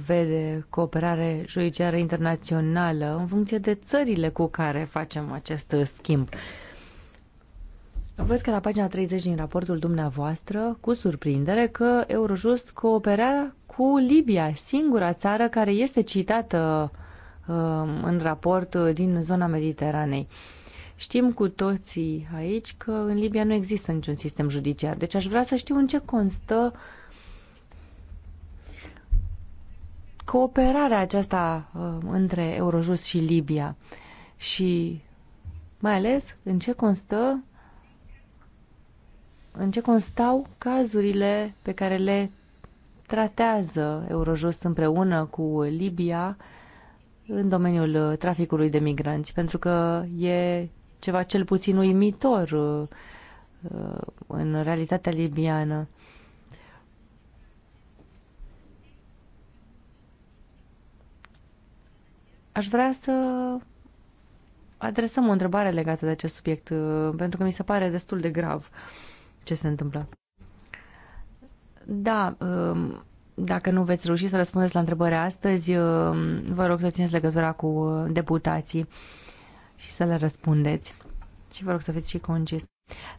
vede cooperare judiciară internațională în funcție de țările cu care facem acest schimb. Văd că la pagina 30 din raportul dumneavoastră, cu surprindere, că Eurojust coopera cu Libia, singura țară care este citată uh, Um, în raport uh, din zona Mediteranei. Știm cu toții aici că în Libia nu există niciun sistem judiciar, deci aș vrea să știu în ce constă cooperarea aceasta um, între Eurojust și Libia și mai ales în ce constă în ce constau cazurile pe care le tratează Eurojust împreună cu Libia în domeniul uh, traficului de migranți, pentru că e ceva cel puțin uimitor uh, uh, în realitatea libiană. Aș vrea să adresăm o întrebare legată de acest subiect, pentru că mi se pare destul de grav ce se întâmplă. Da, um, dacă nu veți reuși să răspundeți la întrebări astăzi, uh, vă rog să țineți legătura cu uh, deputații și să le răspundeți. Și vă rog să fiți și concis.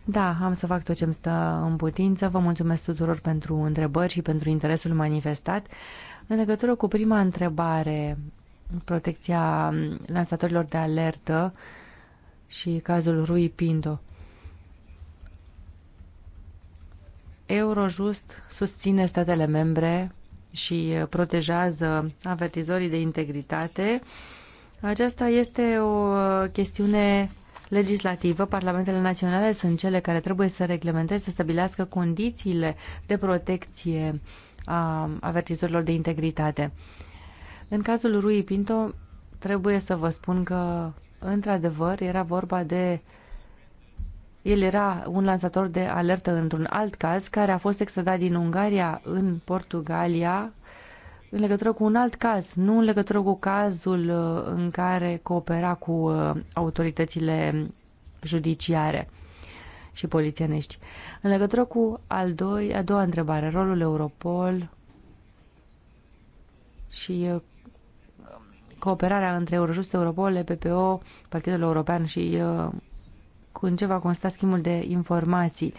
Da, am să fac tot ce mi stă în putință. Vă mulțumesc tuturor pentru întrebări și pentru interesul manifestat. În legătură cu prima întrebare, protecția lansatorilor de alertă și cazul Rui Pinto. Eurojust susține statele membre și protejează avertizorii de integritate. Aceasta este o chestiune legislativă. Parlamentele naționale sunt cele care trebuie să reglementeze, să stabilească condițiile de protecție a avertizorilor de integritate. În cazul lui Pinto, trebuie să vă spun că, într-adevăr, era vorba de el era un lansator de alertă într-un alt caz care a fost extradat din Ungaria în Portugalia în legătură cu un alt caz, nu în legătură cu cazul uh, în care coopera cu uh, autoritățile judiciare și polițienești. În legătură cu al doi, a doua întrebare, rolul Europol și uh, cooperarea între Eurojust, Europol, PPO, Partidul European și în ce va consta schimbul de informații.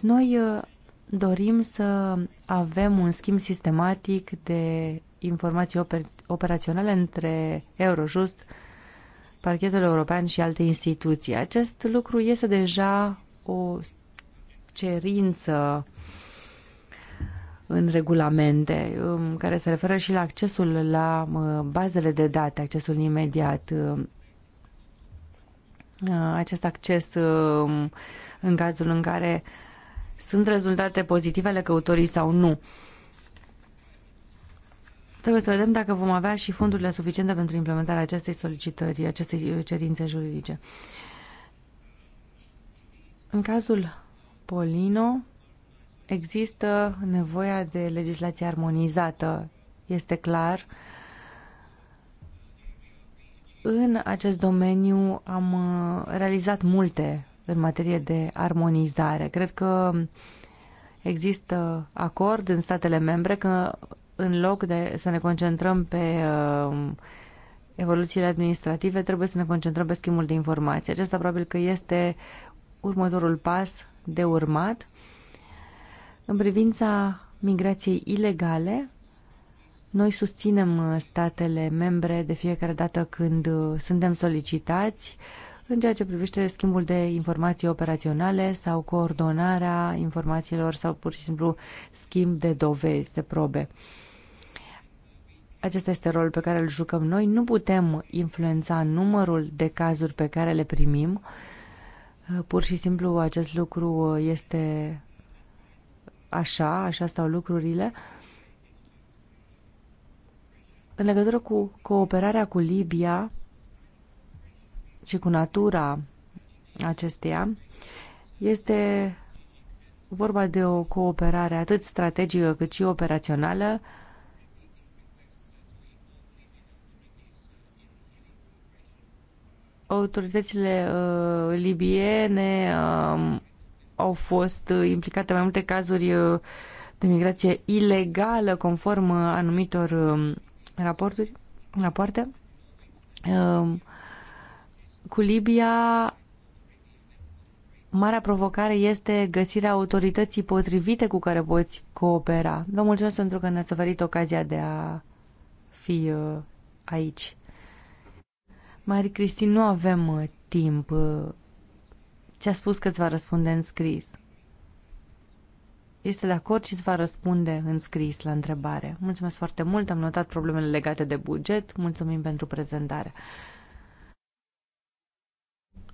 Noi uh, dorim să avem un schimb sistematic de informații oper- operaționale între Eurojust, parchetul european și alte instituții. Acest lucru este deja o cerință în regulamente um, care se referă și la accesul la uh, bazele de date, accesul imediat. Um, Uh, acest acces um, în cazul în care sunt rezultate pozitive ale căutorii sau nu. Trebuie să vedem dacă vom avea și fondurile suficiente pentru implementarea acestei solicitări, acestei cerințe juridice. În cazul Polino există nevoia de legislație armonizată. Este clar uh, în acest domeniu am uh, realizat multe în materie de armonizare. Cred că există acord în statele membre că în loc de să ne concentrăm pe uh, evoluțiile administrative, trebuie să ne concentrăm pe schimbul de informații. Acesta probabil că este următorul pas de urmat în privința migrației ilegale. Noi susținem uh, statele membre de fiecare dată când uh, suntem solicitați în ceea ce privește schimbul de informații operaționale sau coordonarea informațiilor sau pur și simplu schimb de dovezi, de probe. Acesta este rolul pe care îl jucăm noi. Nu putem influența numărul de cazuri pe care le primim. Uh, pur și simplu acest lucru este așa, așa stau lucrurile. În legătură cu cooperarea cu Libia și cu natura acesteia, este vorba de o cooperare atât strategică cât și operațională autoritățile uh, libiene uh, au fost uh, implicate mai multe cazuri uh, de migrație ilegală conform uh, anumitor uh, raporturi, rapoarte. Ehm, cu Libia, marea provocare este găsirea autorității potrivite cu care poți coopera. Vă mulțumesc pentru că ne-ați oferit ocazia de a fi uh, aici. Mari Cristi, nu avem uh, timp. ce uh, a spus că îți va răspunde în scris este de acord și îți va răspunde în scris la întrebare. Mulțumesc foarte mult, am notat problemele legate de buget, mulțumim pentru prezentare.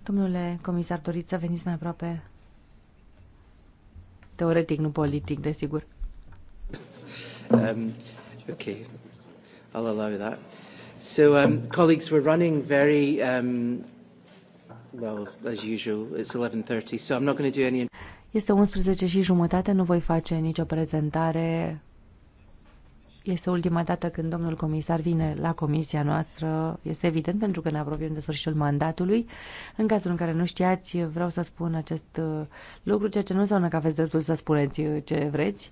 Domnule comisar, doriți să veniți mai aproape? Teoretic, nu politic, desigur. Um, ok, I'll allow that. So, um, colleagues, we're running very, um, well, as usual, it's 11.30, so I'm not going to do any... Este 11 și jumătate, nu voi face nicio prezentare. Este ultima dată când domnul comisar vine la comisia noastră. Este evident pentru că ne apropiem de sfârșitul mandatului. În cazul în care nu știați, vreau să spun acest uh, lucru, ceea ce nu înseamnă că aveți dreptul să spuneți uh, ce vreți.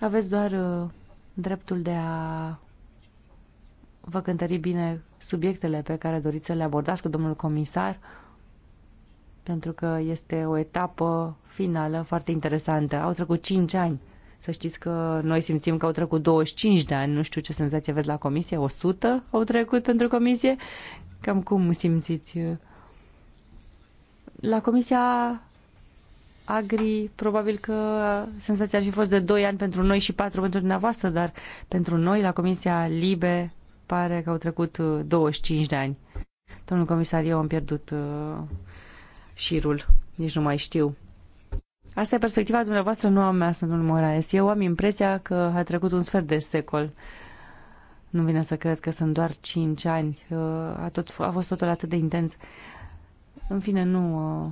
Aveți doar uh, dreptul de a vă cântări bine subiectele pe care doriți să le abordați cu domnul comisar pentru că este o etapă finală foarte interesantă. Au trecut 5 ani. Să știți că noi simțim că au trecut 25 de ani, nu știu ce senzație aveți la comisie, 100 au trecut pentru comisie. Cam cum simțiți? La comisia Agri, probabil că senzația ar fi fost de 2 ani pentru noi și 4 pentru dumneavoastră, dar pentru noi, la Comisia Libe, pare că au trecut 25 de ani. Domnul comisar, eu am pierdut uh, șirul, nici nu mai știu. Asta e perspectiva dumneavoastră, nu a mea, Sfântul Moraes. Eu am impresia că a trecut un sfert de secol. Nu vine să cred că sunt doar 5 ani. Uh, a, tot, a fost totul atât de intens. În fine, nu uh,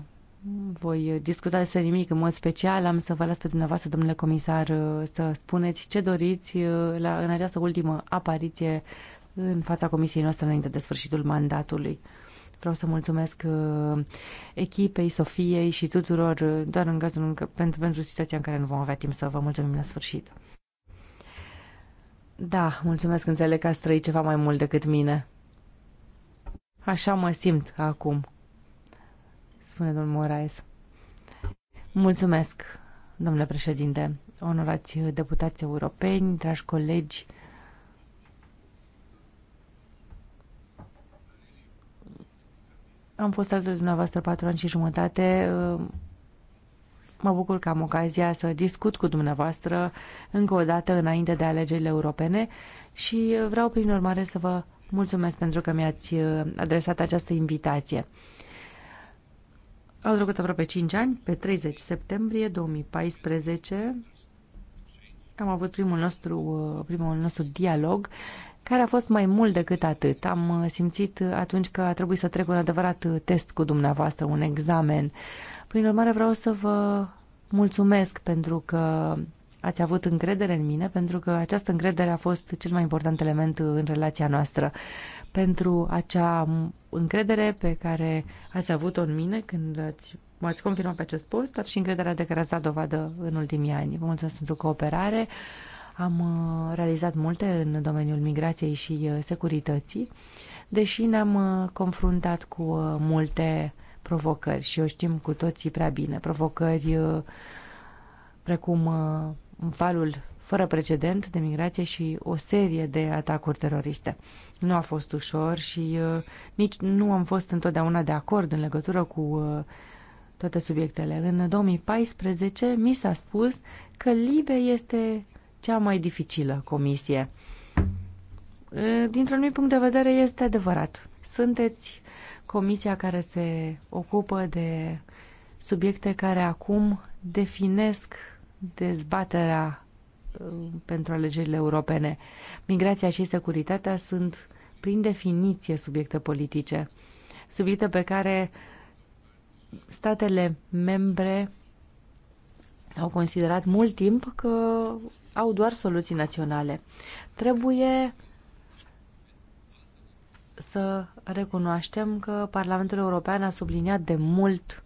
voi discuta despre nimic în mod special. Am să vă las pe dumneavoastră, domnule comisar, uh, să spuneți ce doriți la, în această ultimă apariție în fața comisiei noastre înainte de sfârșitul mandatului. Vreau să mulțumesc uh, echipei, Sofiei și tuturor, uh, doar în cazul încă, pentru, pentru situația în care nu vom avea timp să vă mulțumim la sfârșit. Da, mulțumesc, înțeleg că ați trăit ceva mai mult decât mine. Așa mă simt acum, spune domnul Moraes. Mulțumesc, domnule președinte, onorați deputați europeni, dragi colegi, Am fost alături de dumneavoastră patru ani și jumătate. Mă bucur că am ocazia să discut cu dumneavoastră încă o dată înainte de alegerile europene și vreau prin urmare să vă mulțumesc pentru că mi-ați adresat această invitație. Au trecut aproape 5 ani, pe 30 septembrie 2014 am avut primul nostru, primul nostru dialog care a fost mai mult decât atât. Am uh, simțit uh, atunci că a trebuit să trec un adevărat uh, test cu dumneavoastră, un examen. Prin urmare, vreau să vă mulțumesc pentru că ați avut încredere în mine, pentru că această încredere a fost cel mai important element în relația noastră. Pentru acea încredere pe care ați avut-o în mine când ați, m-ați confirmat pe acest post, dar și încrederea de care ați dat dovadă în ultimii ani. Vă mulțumesc pentru cooperare. Am uh, realizat multe în domeniul migrației și uh, securității, deși ne-am uh, confruntat cu multe provocări și o știm cu toții prea bine. Provocări precum valul fără precedent de migrație și o serie de atacuri teroriste. Nu a fost ușor și nici nu am fost întotdeauna de acord în legătură cu toate subiectele. În 2014 mi s-a spus că Libe este cea mai dificilă comisie. Dintr-un punct de vedere este adevărat. Sunteți comisia care se ocupă de subiecte care acum definesc dezbaterea pentru alegerile europene. Migrația și securitatea sunt, prin definiție, subiecte politice. Subiecte pe care statele membre au considerat mult timp că au doar soluții naționale. Trebuie să recunoaștem că Parlamentul European a subliniat de mult,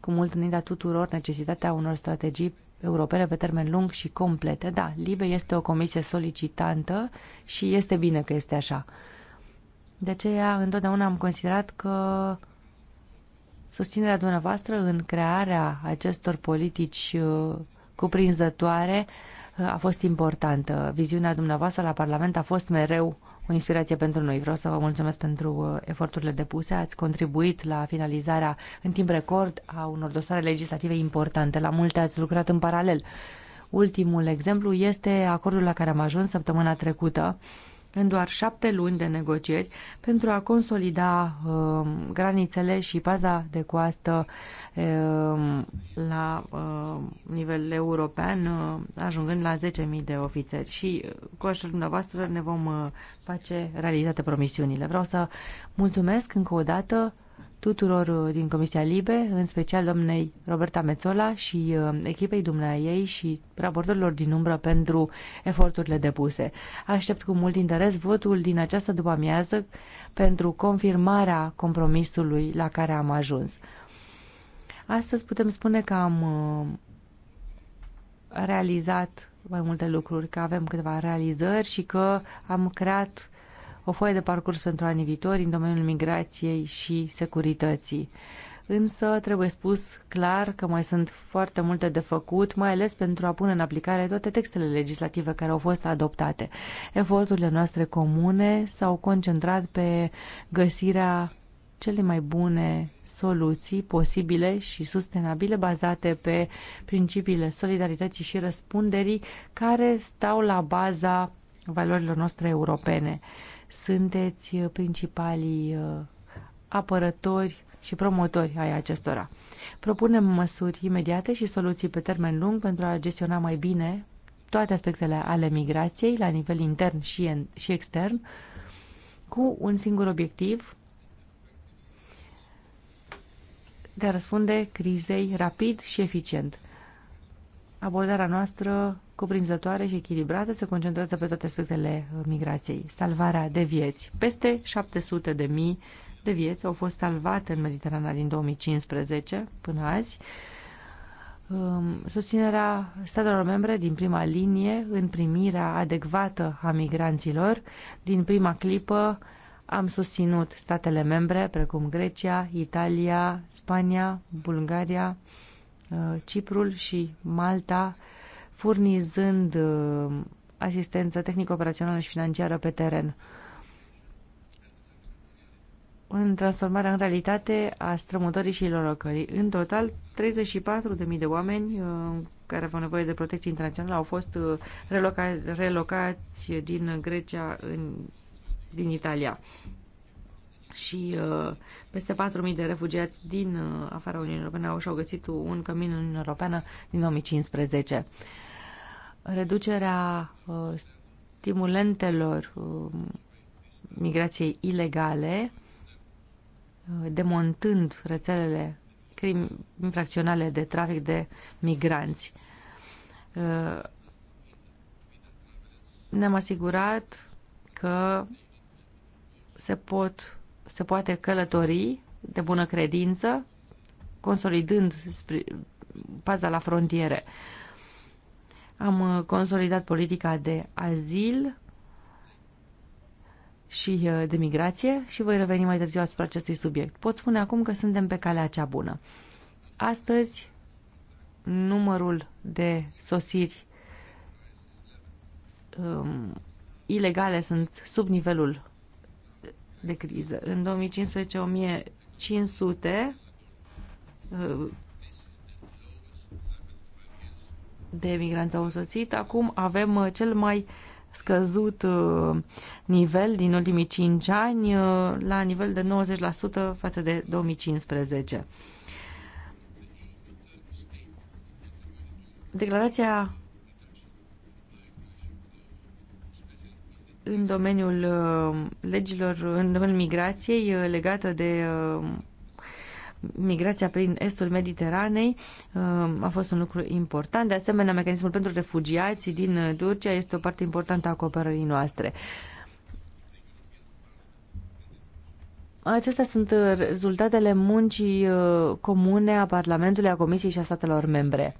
cu mult înaintea tuturor, necesitatea unor strategii europene pe termen lung și complete. Da, LIBE este o comisie solicitantă și este bine că este așa. De aceea, întotdeauna am considerat că susținerea dumneavoastră în crearea acestor politici uh, cuprinzătoare uh, a fost importantă. Viziunea dumneavoastră la Parlament a fost mereu o inspirație pentru noi. Vreau să vă mulțumesc pentru uh, eforturile depuse. Ați contribuit la finalizarea în timp record a unor dosare legislative importante. La multe ați lucrat în paralel. Ultimul exemplu este acordul la care am ajuns săptămâna trecută în doar șapte luni de negocieri pentru a consolida uh, granițele și paza de coastă uh, la uh, nivel european, uh, ajungând la 10.000 de ofițeri. Și uh, cu așa dumneavoastră ne vom uh, face realitate promisiunile. Vreau să mulțumesc încă o dată tuturor uh, din Comisia Libe, în special domnei Roberta Mețola și uh, echipei ei și raportorilor din umbră pentru eforturile depuse. Aștept cu mult interes votul din această după-amiază pentru confirmarea compromisului la care am ajuns. Astăzi putem spune că am uh, realizat mai multe lucruri, că avem câteva realizări și că am creat o foaie de parcurs pentru anii viitori în domeniul migrației și securității. Însă trebuie spus clar că mai sunt foarte multe de făcut, mai ales pentru a pune în aplicare toate textele legislative care au fost adoptate. Eforturile noastre comune s-au concentrat pe găsirea cele mai bune soluții posibile și sustenabile bazate pe principiile solidarității și răspunderii care stau la baza valorilor noastre europene sunteți uh, principalii uh, apărători și promotori ai acestora. Propunem măsuri imediate și soluții pe termen lung pentru a gestiona mai bine toate aspectele ale migrației, la nivel intern și, în, și extern, cu un singur obiectiv de a răspunde crizei rapid și eficient. Abordarea noastră cuprinzătoare și echilibrată, se concentrează pe toate aspectele uh, migrației. Salvarea de vieți. Peste 700 de mii de vieți au fost salvate în Mediterana din 2015 până azi. Um, susținerea statelor membre din prima linie în primirea adecvată a migranților. Din prima clipă am susținut statele membre precum Grecia, Italia, Spania, Bulgaria, uh, Ciprul și Malta furnizând uh, asistență tehnico-operațională și financiară pe teren. În transformarea în realitate a strămutării și lorocării, în total 34.000 de oameni uh, care aveau nevoie de protecție internațională au fost uh, reloca relocați din Grecia în, din Italia și uh, peste 4.000 de refugiați din uh, afara Uniunii Europene au și-au găsit un cămin în Uniunea Europeană din 2015 reducerea uh, stimulentelor uh, migrației ilegale, uh, demontând rețelele infracționale de trafic de migranți. Ne-am asigurat că se, pot, se poate călători de bună credință, consolidând paza la frontiere. Uh, am uh, consolidat politica de azil și uh, de migrație și voi reveni mai târziu asupra acestui subiect. Pot spune acum că suntem pe calea cea bună. Astăzi, numărul de sosiri um, ilegale sunt sub nivelul de criză. În 2015, 1500 de migranți au însoțit. Acum avem uh, cel mai scăzut uh, nivel din ultimii 5 ani uh, la nivel de 90% față de 2015. Declarația în domeniul legilor în domeniul migrației legată de migrația prin estul Mediteranei uh, a fost un lucru important. De asemenea, mecanismul pentru refugiați din uh, Turcia este o parte importantă a cooperării noastre. Acestea sunt uh, rezultatele muncii comune a Parlamentului, a Comisiei și a statelor membre.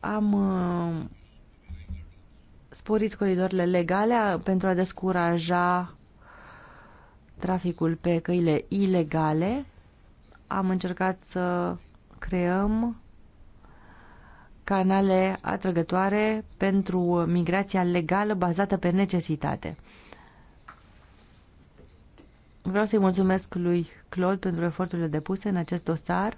Am sporit coridorile legale pentru a descuraja traficul pe căile ilegale am încercat să creăm canale atrăgătoare pentru migrația legală bazată pe necesitate. Vreau să-i mulțumesc lui Claude pentru eforturile depuse în acest dosar.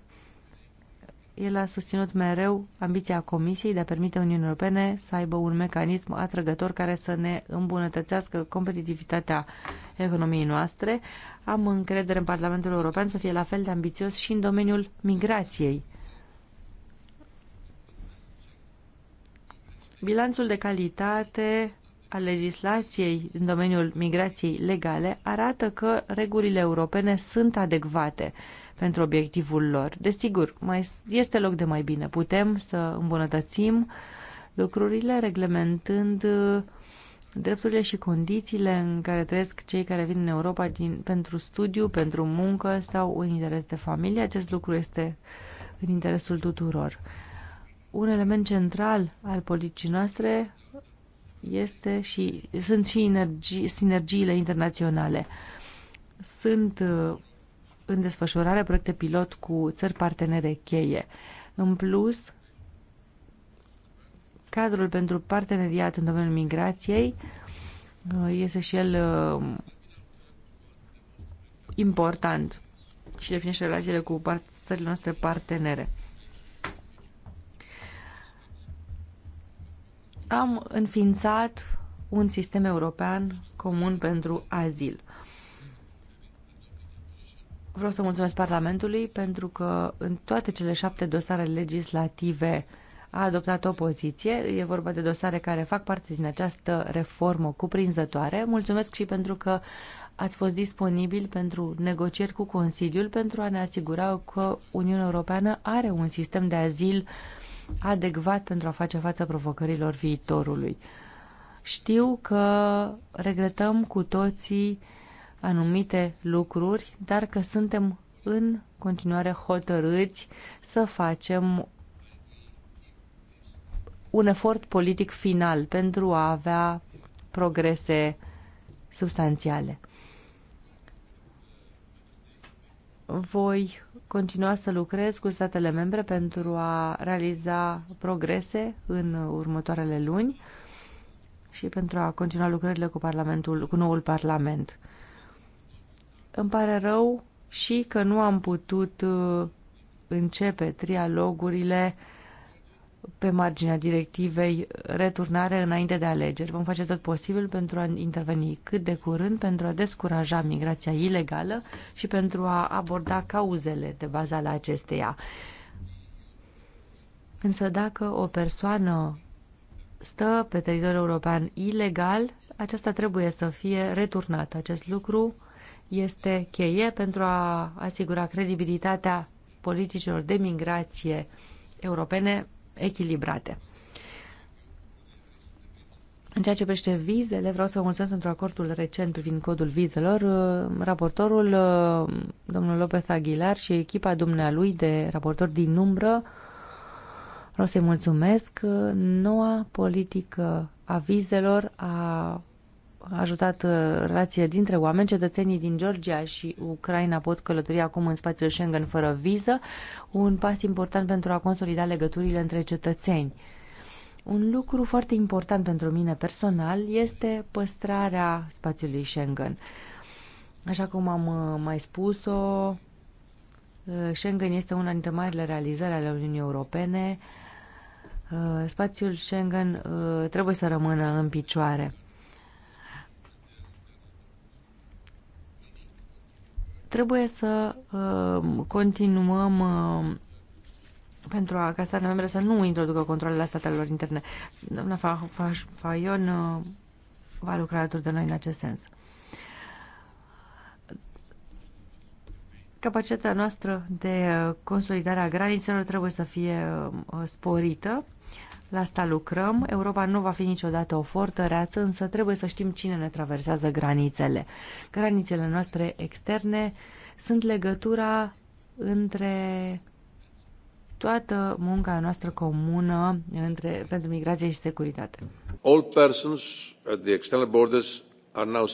El a susținut mereu ambiția Comisiei de a permite Uniunii Europene să aibă un mecanism atrăgător care să ne îmbunătățească competitivitatea economiei noastre. Am încredere în Parlamentul European să fie la fel de ambițios și în domeniul migrației. Bilanțul de calitate al legislației în domeniul migrației legale arată că regulile europene sunt adecvate pentru obiectivul lor. Desigur, mai este loc de mai bine. Putem să îmbunătățim lucrurile reglementând uh, drepturile și condițiile în care trăiesc cei care vin în Europa din, pentru studiu, pentru muncă sau în interes de familie. Acest lucru este în interesul tuturor. Un element central al politicii noastre este și, sunt și energi, sinergiile internaționale. Sunt uh, în desfășurare proiecte pilot cu țări partenere cheie. În plus, Cadrul pentru parteneriat în domeniul migrației uh, este și el uh, important și definește relațiile cu țările noastre partenere. Am înființat un sistem european comun pentru azil. Vreau să mulțumesc Parlamentului pentru că în toate cele șapte dosare legislative uh, a adoptat o poziție. E vorba de dosare care fac parte din această reformă cuprinzătoare. Mulțumesc și pentru că ați fost disponibil pentru negocieri cu Consiliul pentru a ne asigura că Uniunea Europeană are un sistem de azil adecvat pentru a face față provocărilor viitorului. Știu că regretăm cu toții anumite lucruri, dar că suntem în continuare hotărâți să facem un efort politic final pentru a avea progrese substanțiale. Voi continua să lucrez cu statele membre pentru a realiza progrese în următoarele luni și pentru a continua lucrările cu, parlamentul, cu noul Parlament. Îmi pare rău și că nu am putut uh, începe trialogurile uh, pe marginea directivei returnare înainte de alegeri. Vom face tot posibil pentru a interveni cât de curând, pentru a descuraja migrația ilegală și pentru a aborda cauzele de bază ale acesteia. Însă dacă o persoană stă pe teritoriul european ilegal, aceasta trebuie să fie returnată. Acest lucru este cheie pentru a asigura credibilitatea politicilor de migrație europene echilibrate. În ceea ce privește vizele, vreau să vă mulțumesc pentru acordul recent privind codul vizelor. Raportorul, domnul Lopez Aguilar și echipa dumnealui de raportor din umbră, vreau să-i mulțumesc. Noua politică a vizelor a ajutat uh, relația dintre oameni. Cetățenii din Georgia și Ucraina pot călători acum în spațiul Schengen fără viză, un pas important pentru a consolida legăturile între cetățeni. Un lucru foarte important pentru mine personal este păstrarea spațiului Schengen. Așa cum am uh, mai spus-o, uh, Schengen este una dintre marile realizări ale Uniunii Europene. Spațiul Schengen trebuie să rămână în picioare. Trebuie să uh, continuăm uh, pentru a, ca statele membre să nu introducă controlele la statelor interne. Doamna Fajon uh, va lucra alături de noi în acest sens. Capacitatea noastră de consolidare a granițelor trebuie să fie sporită la asta lucrăm. Europa nu va fi niciodată o fortăreață, însă trebuie să știm cine ne traversează granițele. Granițele noastre externe sunt legătura între toată munca noastră comună între, pentru migrație și securitate. All persons at the external borders are now...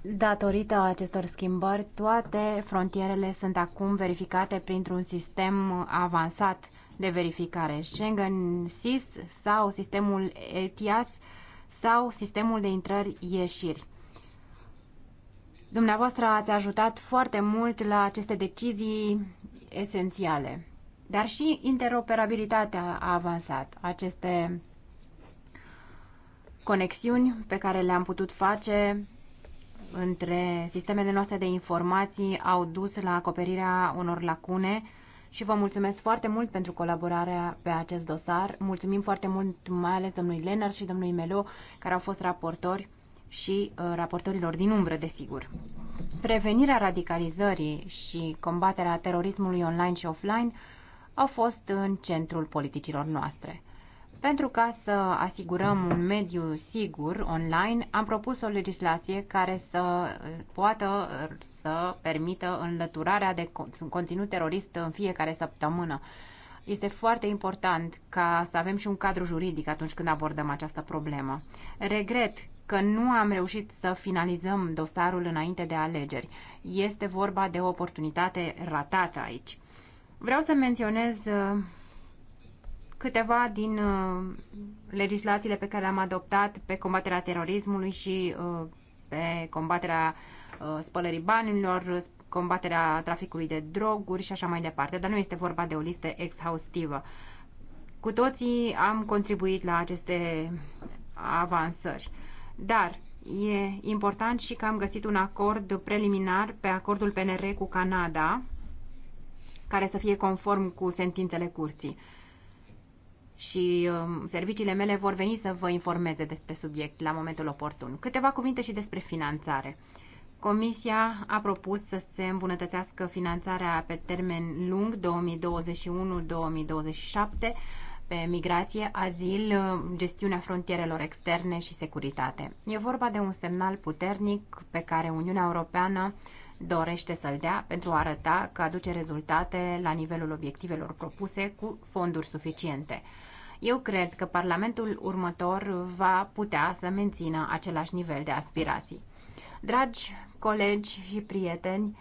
Datorită acestor schimbări, toate frontierele sunt acum verificate printr-un sistem avansat de verificare, Schengen SIS sau sistemul ETIAS sau sistemul de intrări-ieșiri. Dumneavoastră ați ajutat foarte mult la aceste decizii esențiale, dar și interoperabilitatea a avansat. Aceste conexiuni pe care le-am putut face între sistemele noastre de informații au dus la acoperirea unor lacune și vă mulțumesc foarte mult pentru colaborarea pe acest dosar. Mulțumim foarte mult mai ales domnului Lenar și domnului Melo, care au fost raportori și uh, raportorilor din umbră, desigur. Prevenirea radicalizării și combaterea terorismului online și offline au fost în centrul politicilor noastre. Pentru ca să asigurăm un mediu sigur online, am propus o legislație care să poată să permită înlăturarea de conținut terorist în fiecare săptămână. Este foarte important ca să avem și un cadru juridic atunci când abordăm această problemă. Regret că nu am reușit să finalizăm dosarul înainte de alegeri. Este vorba de o oportunitate ratată aici. Vreau să menționez câteva din uh, legislațiile pe care le-am adoptat pe combaterea terorismului și uh, pe combaterea uh, spălării banilor, combaterea traficului de droguri și așa mai departe, dar nu este vorba de o listă exhaustivă. Cu toții am contribuit la aceste avansări, dar e important și că am găsit un acord preliminar pe acordul PNR cu Canada, care să fie conform cu sentințele curții și um, serviciile mele vor veni să vă informeze despre subiect la momentul oportun. Câteva cuvinte și despre finanțare. Comisia a propus să se îmbunătățească finanțarea pe termen lung 2021-2027 pe migrație, azil, gestiunea frontierelor externe și securitate. E vorba de un semnal puternic pe care Uniunea Europeană dorește să-l dea pentru a arăta că aduce rezultate la nivelul obiectivelor propuse cu fonduri suficiente. Eu cred că Parlamentul următor va putea să mențină același nivel de aspirații. Dragi colegi și prieteni,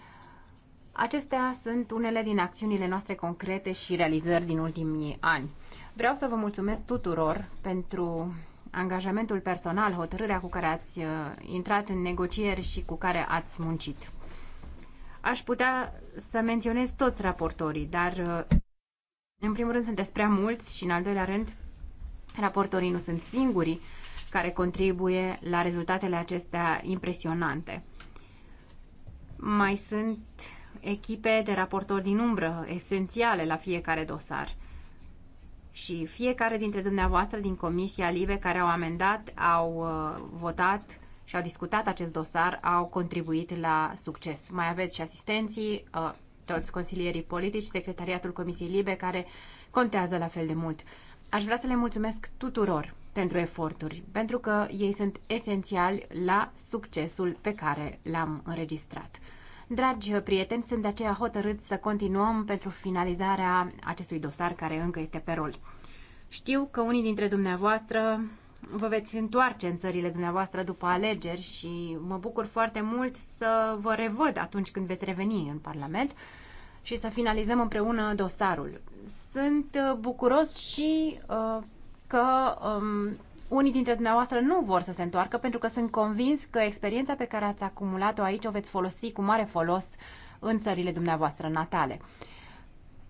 acestea sunt unele din acțiunile noastre concrete și realizări din ultimii ani. Vreau să vă mulțumesc tuturor pentru angajamentul personal, hotărârea cu care ați uh, intrat în negocieri și cu care ați muncit. Aș putea să menționez toți raportorii, dar uh, în primul rând, sunteți prea mulți și, în al doilea rând, raportorii nu sunt singurii care contribuie la rezultatele acestea impresionante. Mai sunt echipe de raportori din umbră, esențiale la fiecare dosar. Și fiecare dintre dumneavoastră din Comisia Live care au amendat, au uh, votat și au discutat acest dosar, au contribuit la succes. Mai aveți și asistenții, uh, toți consilierii politici, secretariatul Comisiei Libe, care contează la fel de mult. Aș vrea să le mulțumesc tuturor pentru eforturi, pentru că ei sunt esențiali la succesul pe care l-am înregistrat. Dragi prieteni, sunt de aceea hotărât să continuăm pentru finalizarea acestui dosar care încă este pe rol. Știu că unii dintre dumneavoastră vă veți întoarce în țările dumneavoastră după alegeri și mă bucur foarte mult să vă revăd atunci când veți reveni în Parlament și să finalizăm împreună dosarul. Sunt uh, bucuros și uh, că um, unii dintre dumneavoastră nu vor să se întoarcă pentru că sunt convins că experiența pe care ați acumulat-o aici o veți folosi cu mare folos în țările dumneavoastră natale.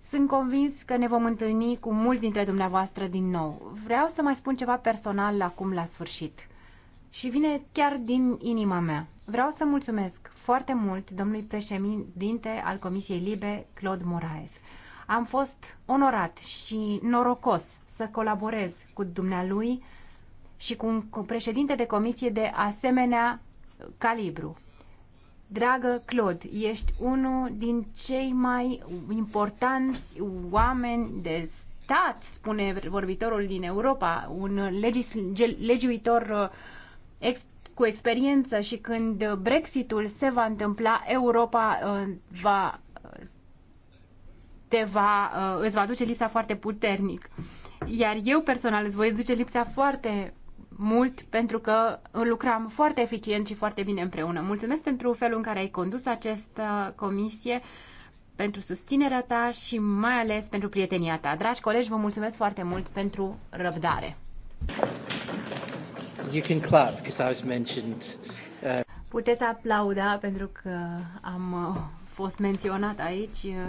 Sunt convins că ne vom întâlni cu mulți dintre dumneavoastră din nou. Vreau să mai spun ceva personal acum la sfârșit și vine chiar din inima mea. Vreau să mulțumesc foarte mult domnului președinte al Comisiei Libe, Claude Moraes. Am fost onorat și norocos să colaborez cu dumnealui și cu un președinte de comisie de asemenea calibru. Dragă Claude, ești unul din cei mai importanți oameni de stat, spune vorbitorul din Europa, un legiuitor uh, ex- cu experiență și când Brexitul se va întâmpla, Europa uh, va, te va, uh, îți va duce lipsa foarte puternic. Iar eu personal îți voi duce lipsa foarte mult pentru că lucram foarte eficient și foarte bine împreună. Mulțumesc pentru felul în care ai condus această comisie, pentru susținerea ta și mai ales pentru prietenia ta. Dragi colegi, vă mulțumesc foarte mult pentru răbdare. You can clap because I was mentioned. Uh... Puteți aplauda pentru că am uh, fost menționat aici. Uh,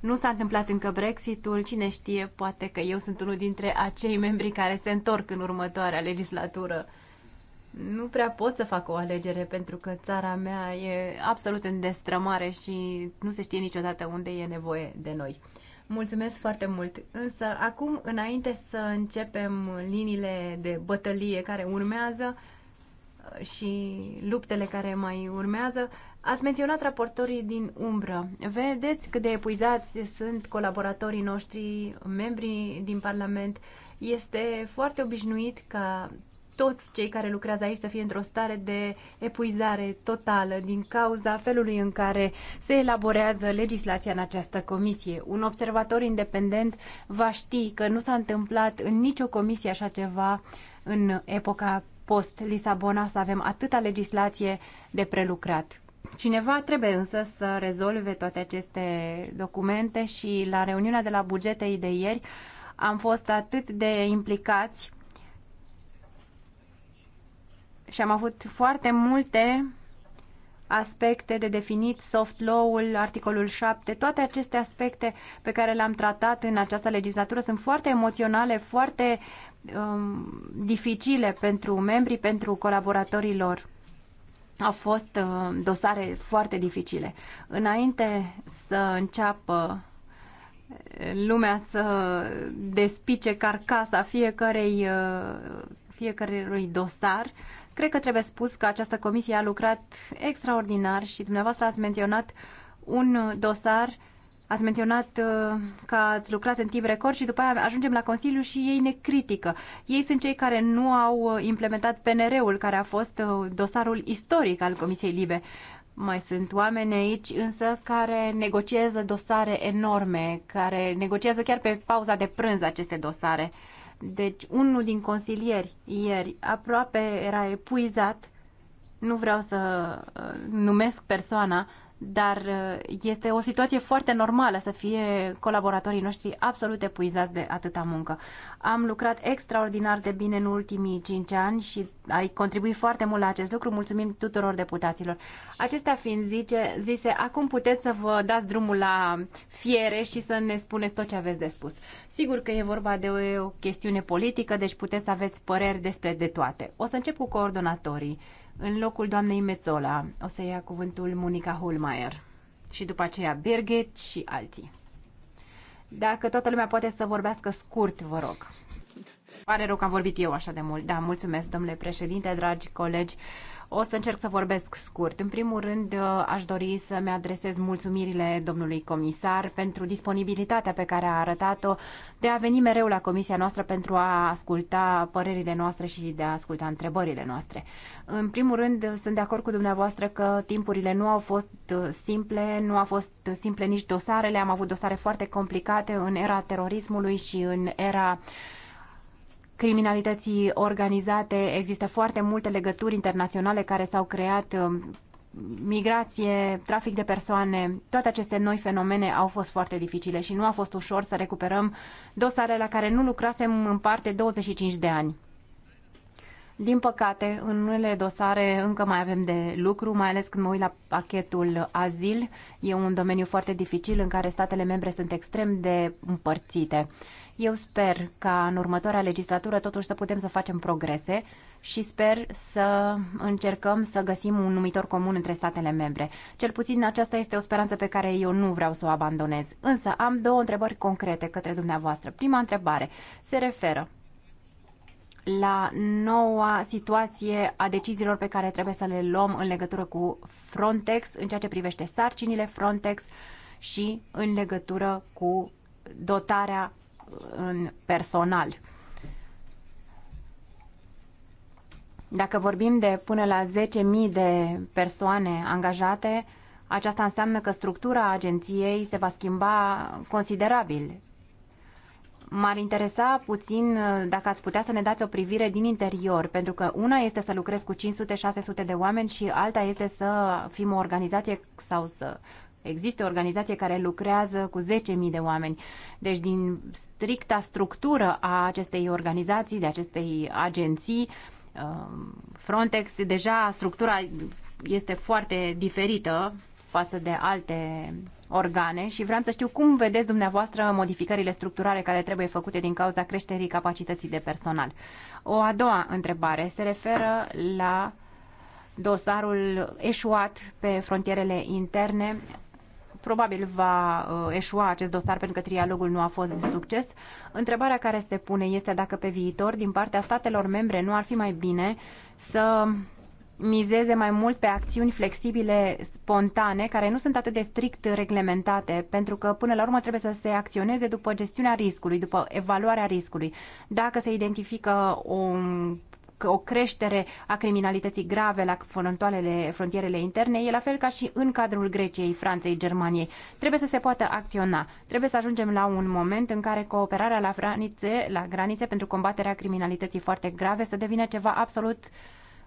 nu s-a întâmplat încă Brexitul, cine știe, poate că eu sunt unul dintre acei membri care se întorc în următoarea legislatură. Nu prea pot să fac o alegere pentru că țara mea e absolut în destrămare și nu se știe niciodată unde e nevoie de noi. Mulțumesc foarte mult. Însă, acum, înainte să începem liniile de bătălie care urmează uh, și luptele care mai urmează, ați menționat raportorii din umbră. Vedeți cât de epuizați sunt colaboratorii noștri, membrii din Parlament. Este foarte obișnuit ca toți cei care lucrează aici să fie într-o stare de epuizare totală din cauza felului în care se elaborează legislația în această comisie. Un observator independent va ști că nu s-a întâmplat în nicio comisie așa ceva în epoca post-Lisabona să avem atâta legislație de prelucrat. Cineva trebuie însă să rezolve toate aceste documente și la reuniunea de la bugetei de ieri am fost atât de implicați și am avut foarte multe aspecte de definit, soft law-ul, articolul 7, toate aceste aspecte pe care le-am tratat în această legislatură sunt foarte emoționale, foarte um, dificile pentru membrii, pentru colaboratorii lor. Au fost uh, dosare foarte dificile. Înainte să înceapă uh, lumea să despice carcasa fiecărei, uh, fiecărui dosar, uh, Cred că trebuie spus că această comisie a lucrat extraordinar și dumneavoastră ați menționat un dosar Ați menționat uh, că ați lucrat în timp record și după aia ajungem la Consiliu și ei ne critică. Ei sunt cei care nu au uh, implementat PNR-ul, care a fost uh, dosarul istoric al Comisiei Libe. Mai sunt oameni aici însă care negociază dosare enorme, care negociază chiar pe pauza de prânz aceste dosare. Deci unul din consilieri ieri aproape era epuizat, nu vreau să uh, numesc persoana, dar uh, este o situație foarte normală să fie colaboratorii noștri absolut epuizați de atâta muncă. Am lucrat extraordinar de bine în ultimii 5 ani și ai contribuit foarte mult la acest lucru. Mulțumim tuturor deputaților. Acestea fiind zice, zise, acum puteți să vă dați drumul la fiere și să ne spuneți tot ce aveți de spus. Sigur că e vorba de o chestiune politică, deci puteți să aveți păreri despre de toate. O să încep cu coordonatorii. În locul doamnei Mețola o să ia cuvântul Monica Holmeier și după aceea Birgit și alții. Dacă toată lumea poate să vorbească scurt, vă rog. Pare rău că am vorbit eu așa de mult. Da, mulțumesc, domnule președinte, dragi colegi. Uh, o să încerc să vorbesc scurt. În primul rând, aș dori să-mi adresez mulțumirile domnului comisar pentru disponibilitatea pe care a arătat-o de a veni mereu la comisia noastră pentru a asculta părerile noastre și de a asculta întrebările noastre. În primul rând, sunt de acord cu dumneavoastră că timpurile nu au fost simple, nu au fost simple nici dosarele. Am avut dosare foarte complicate în era terorismului și în era uh, criminalității organizate. Există foarte multe legături internaționale care s-au creat um, migrație, trafic de persoane, toate aceste noi fenomene au fost foarte dificile și nu a fost ușor să recuperăm dosare la care nu lucrasem în parte 25 de ani. Din păcate, în unele dosare încă mai avem de lucru, mai ales când mă uit la pachetul azil. E un domeniu foarte dificil în care statele membre sunt extrem de împărțite. Eu sper ca în următoarea legislatură totuși să putem să facem progrese și sper să încercăm să găsim un numitor comun între statele membre. Cel puțin aceasta este o speranță pe care eu nu vreau să o abandonez. Însă am două întrebări concrete către dumneavoastră. Prima întrebare se referă la noua situație a deciziilor pe care trebuie să le luăm în legătură cu Frontex, în ceea ce privește sarcinile Frontex și în legătură cu dotarea în personal. Dacă vorbim de până la 10.000 de persoane angajate, aceasta înseamnă că structura agenției se va schimba considerabil. M-ar interesa puțin uh, dacă ați putea să ne dați o privire din interior, pentru că una este să lucrez cu 500-600 de oameni și alta este să fim o organizație sau să Există o organizație care lucrează cu 10.000 de oameni. Deci din stricta structură a acestei organizații, de acestei agenții, um, Frontex, deja structura este foarte diferită față de alte organe și vreau să știu cum vedeți dumneavoastră modificările structurale care trebuie făcute din cauza creșterii capacității de personal. O a doua întrebare se referă la dosarul eșuat pe frontierele interne probabil va uh, eșua acest dosar pentru că trialogul nu a fost de succes. Întrebarea care se pune este dacă pe viitor, din partea statelor membre, nu ar fi mai bine să mizeze mai mult pe acțiuni flexibile, spontane, care nu sunt atât de strict reglementate, pentru că până la urmă trebuie să se acționeze după gestiunea riscului, după evaluarea riscului. Dacă se identifică un o creștere a criminalității grave la frontoarele, frontierele interne e la fel ca și în cadrul Greciei, Franței, Germaniei. Trebuie să se poată acționa. Trebuie să ajungem la un moment în care cooperarea la granițe, la granițe pentru combaterea criminalității foarte grave să devină ceva absolut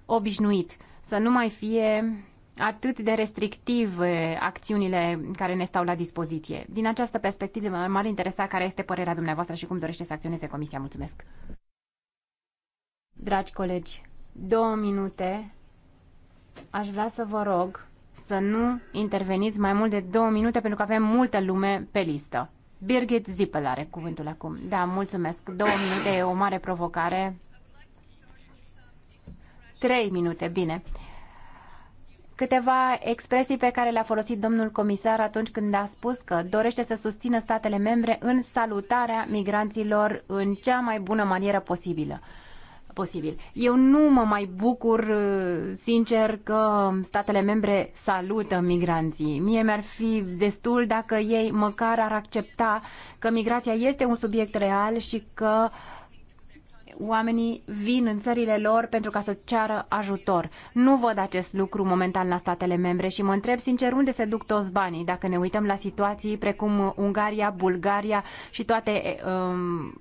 obișnuit. Să nu mai fie atât de restrictiv eh, acțiunile care ne stau la dispoziție. Din această perspectivă, m-ar interesa care este părerea dumneavoastră și cum dorește să acționeze Comisia. Mulțumesc! Dragi colegi, două minute. Aș vrea să vă rog să nu interveniți mai mult de două minute pentru că avem multă lume pe listă. Birgit Zippel are cuvântul acum. Da, mulțumesc. Două minute e o mare provocare. Trei minute, bine câteva expresii pe care le-a folosit domnul comisar atunci când a spus că dorește să susțină statele membre în salutarea migranților în cea mai bună manieră posibilă posibil. Eu nu mă mai bucur, uh, sincer, că statele membre salută migranții. Mie mi-ar fi destul dacă ei măcar ar accepta că migrația este un subiect real și că oamenii vin în țările lor pentru ca să ceară ajutor. Nu văd acest lucru momentan la statele membre și mă întreb sincer unde se duc toți banii dacă ne uităm la situații precum Ungaria, Bulgaria și toate um,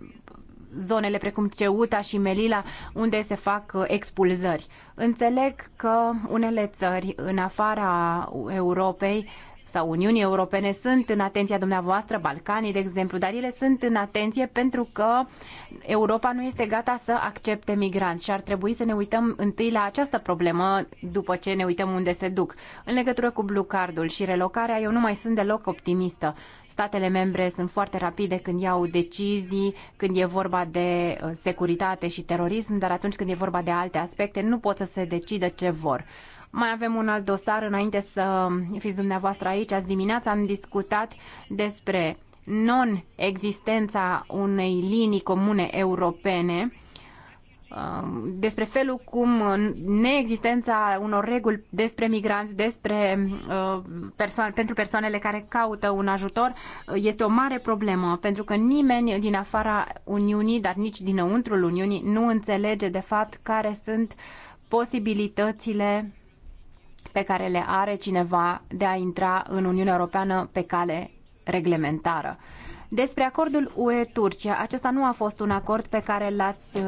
zonele precum Ceuta și Melila, unde se fac uh, expulzări. Înțeleg că unele țări în afara Europei sau Uniunii Europene sunt în atenția dumneavoastră, Balcanii, de exemplu, dar ele sunt în atenție pentru că Europa nu este gata să accepte migranți și ar trebui să ne uităm întâi la această problemă după ce ne uităm unde se duc. În legătură cu blue cardul și relocarea, eu nu mai sunt deloc optimistă. Statele membre sunt foarte rapide când iau decizii, când e vorba de uh, securitate și terorism, dar atunci când e vorba de alte aspecte nu pot să se decidă ce vor. Mai avem un alt dosar înainte să fiți dumneavoastră aici. Azi dimineața am discutat despre non-existența unei linii comune europene Um, despre felul cum uh, neexistența unor reguli despre migranți, despre uh, persoane, pentru persoanele care caută un ajutor uh, este o mare problemă, pentru că nimeni din afara Uniunii, dar nici dinăuntrul Uniunii, nu înțelege de fapt care sunt posibilitățile pe care le are cineva de a intra în Uniunea Europeană pe cale reglementară. Despre acordul UE-Turcia, acesta nu a fost un acord pe care l-ați uh,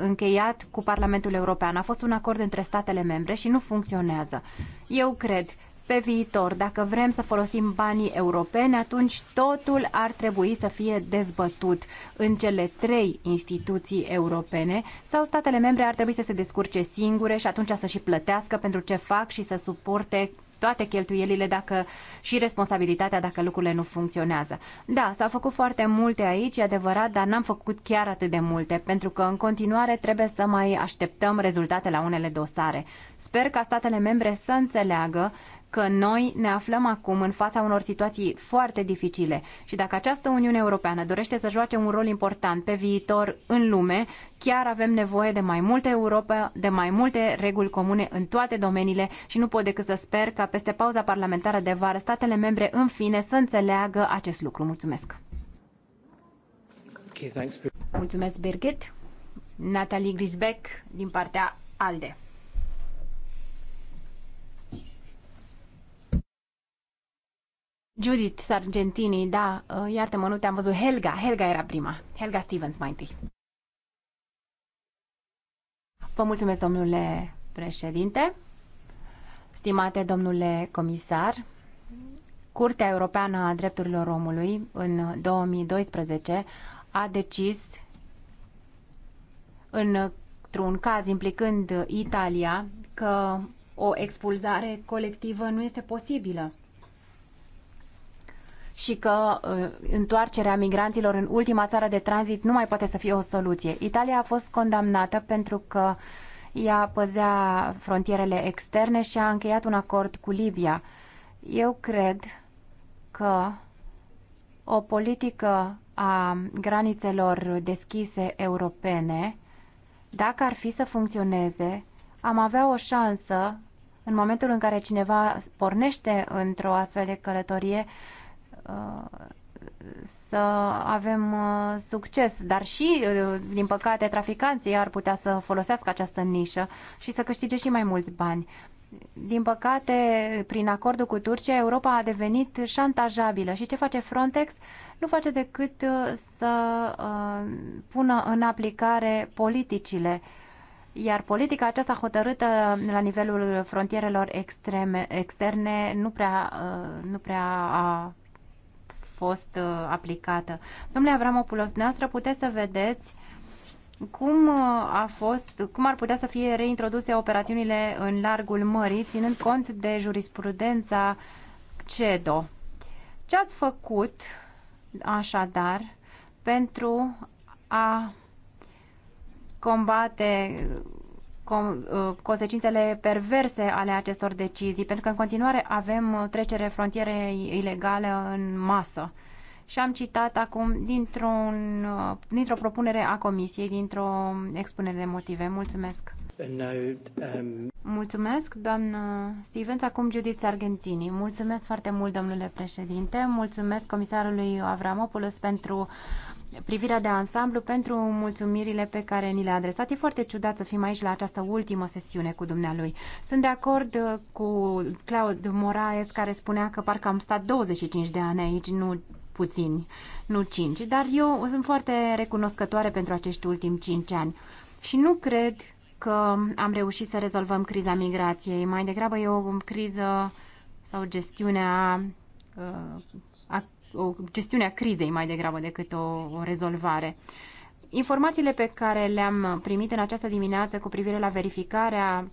încheiat cu Parlamentul European. A fost un acord între statele membre și nu funcționează. Eu cred pe viitor, dacă vrem să folosim banii europeni, atunci totul ar trebui să fie dezbătut în cele trei instituții europene sau statele membre ar trebui să se descurce singure și atunci să și plătească pentru ce fac și să suporte toate cheltuielile dacă, și responsabilitatea dacă lucrurile nu funcționează. Da, s-au făcut foarte multe aici, e adevărat, dar n-am făcut chiar atât de multe, pentru că în continuare trebuie să mai așteptăm rezultate la unele dosare. Sper ca statele membre să înțeleagă că noi ne aflăm acum în fața unor situații foarte dificile și dacă această Uniune Europeană dorește să joace un rol important pe viitor în lume, chiar avem nevoie de mai multă Europa, de mai multe reguli comune în toate domeniile și nu pot decât să sper ca peste pauza parlamentară de vară statele membre în fine să înțeleagă acest lucru. Mulțumesc! Okay, Mulțumesc, Birgit! Natalie Grisbeck din partea ALDE. Judith Sargentini, da, uh, iartă-mă, nu te-am văzut. Helga, Helga era prima. Helga Stevens mai întâi. Vă mulțumesc, domnule președinte. Stimate domnule comisar, Curtea Europeană a Drepturilor Omului în 2012 a decis într-un caz implicând Italia că o expulzare colectivă nu este posibilă și că uh, întoarcerea migranților în ultima țară de tranzit nu mai poate să fie o soluție. Italia a fost condamnată pentru că ea păzea frontierele externe și a încheiat un acord cu Libia. Eu cred că o politică a granițelor deschise europene, dacă ar fi să funcționeze, am avea o șansă în momentul în care cineva pornește într-o astfel de călătorie să avem uh, succes, dar și, uh, din păcate, traficanții ar putea să folosească această nișă și să câștige și mai mulți bani. Din păcate, prin acordul cu Turcia, Europa a devenit șantajabilă și ce face Frontex? Nu face decât uh, să pună în aplicare politicile iar politica aceasta hotărâtă la nivelul frontierelor extreme, externe nu prea, nu prea a fost uh, aplicată. Domnule Avramopoulos, dumneavoastră puteți să vedeți cum uh, a fost, cum ar putea să fie reintroduse operațiunile în largul mării, ținând cont de jurisprudența CEDO? Ce ați făcut așadar pentru a combate Uh, consecințele perverse ale acestor decizii, pentru că în continuare avem uh, trecere frontiere ilegală în masă. Și am citat acum dintr o uh, dintr-o propunere a Comisiei, dintr-o expunere de motive. Mulțumesc! Um, Mulțumesc, doamnă Stevens. Acum Judith Argentini. Mulțumesc foarte mult, domnule președinte. Mulțumesc comisarului Avramopoulos pentru uh, privirea de ansamblu pentru mulțumirile pe care ni le-a adresat. E foarte ciudat să fim aici la această ultimă sesiune cu dumnealui. Sunt de acord uh, cu Claud Moraes care spunea că parcă am stat 25 de ani aici, nu puțini, nu 5, dar eu sunt foarte recunoscătoare pentru acești ultimi 5 ani și nu cred că am reușit să rezolvăm criza migrației. Mai degrabă e o criză sau gestiunea uh, o gestiune a crizei mai degrabă decât o, o rezolvare. Informațiile pe care le-am primit în această dimineață cu privire la verificarea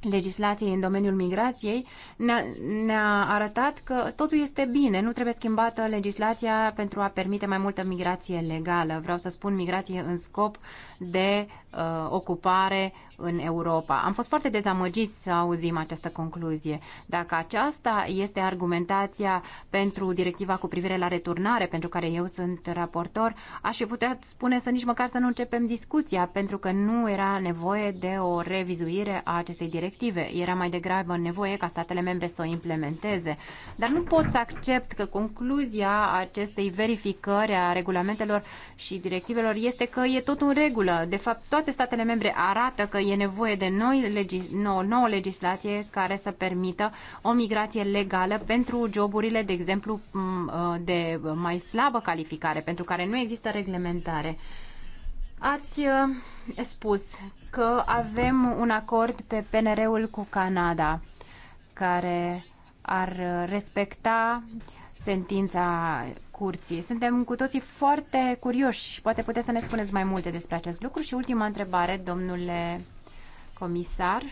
legislației în domeniul migrației ne-a, ne arătat că totul este bine, nu trebuie schimbată legislația pentru a permite mai multă migrație legală. Vreau să spun migrație în scop de uh, ocupare în Europa. Am fost foarte dezamăgiți să auzim această concluzie. Dacă aceasta este argumentația pentru directiva cu privire la returnare, pentru care eu sunt raportor, aș fi putea spune să nici măcar să nu începem discuția, pentru că nu era nevoie de o revizuire a acestei directive. Era mai degrabă nevoie ca statele membre să o implementeze. Dar nu pot să accept că concluzia acestei verificări a regulamentelor și directivelor este că e tot în regulă. De fapt, toate toate statele membre arată că e nevoie de noi legi, nou, nouă legislație care să permită o migrație legală pentru joburile, de exemplu, uh, de mai slabă calificare, pentru care nu există reglementare. Ați uh, spus că avem un acord pe PNR-ul cu Canada care ar respecta sentința curții. Suntem cu toții foarte curioși și poate puteți să ne spuneți mai multe despre acest lucru. Și ultima întrebare, domnule comisar.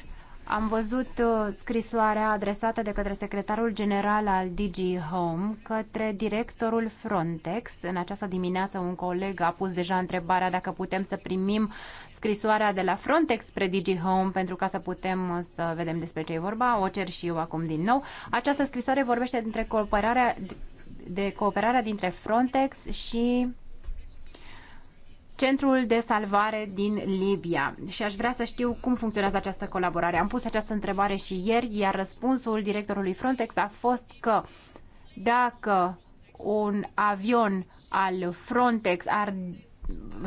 Am văzut uh, scrisoarea adresată de către secretarul general al DG Home către directorul Frontex. În această dimineață un coleg a pus deja întrebarea dacă putem să primim scrisoarea de la Frontex spre DG Home pentru ca să putem uh, să vedem despre ce e vorba. O cer și eu acum din nou. Această scrisoare vorbește între cooperarea de cooperarea dintre Frontex și Centrul de Salvare din Libia. Și aș vrea să știu cum funcționează această colaborare. Am pus această întrebare și ieri, iar răspunsul directorului Frontex a fost că dacă un avion al Frontex ar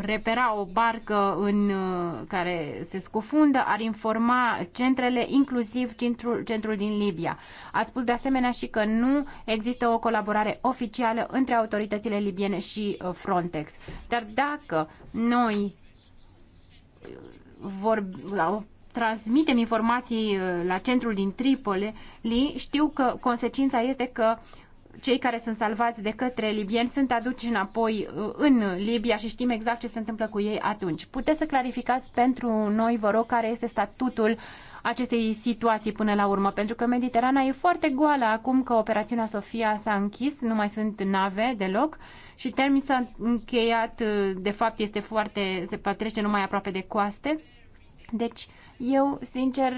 repera o barcă în uh, care se scufundă, ar informa centrele, inclusiv centrul, centrul din Libia. A spus de asemenea și că nu există o colaborare oficială între autoritățile libiene și uh, Frontex. Dar dacă noi uh, vor, transmitem informații la centrul din Tripoli, știu că consecința este că cei care sunt salvați de către libieni sunt aduci înapoi uh, în Libia și știm exact ce se întâmplă cu ei atunci. Puteți să clarificați pentru noi, vă rog, care este statutul acestei situații până la urmă, pentru că Mediterana e foarte goală acum că operațiunea Sofia s-a închis, nu mai sunt nave deloc și termin s-a încheiat, uh, de fapt este foarte, se petrece numai aproape de coaste. Deci, eu, sincer,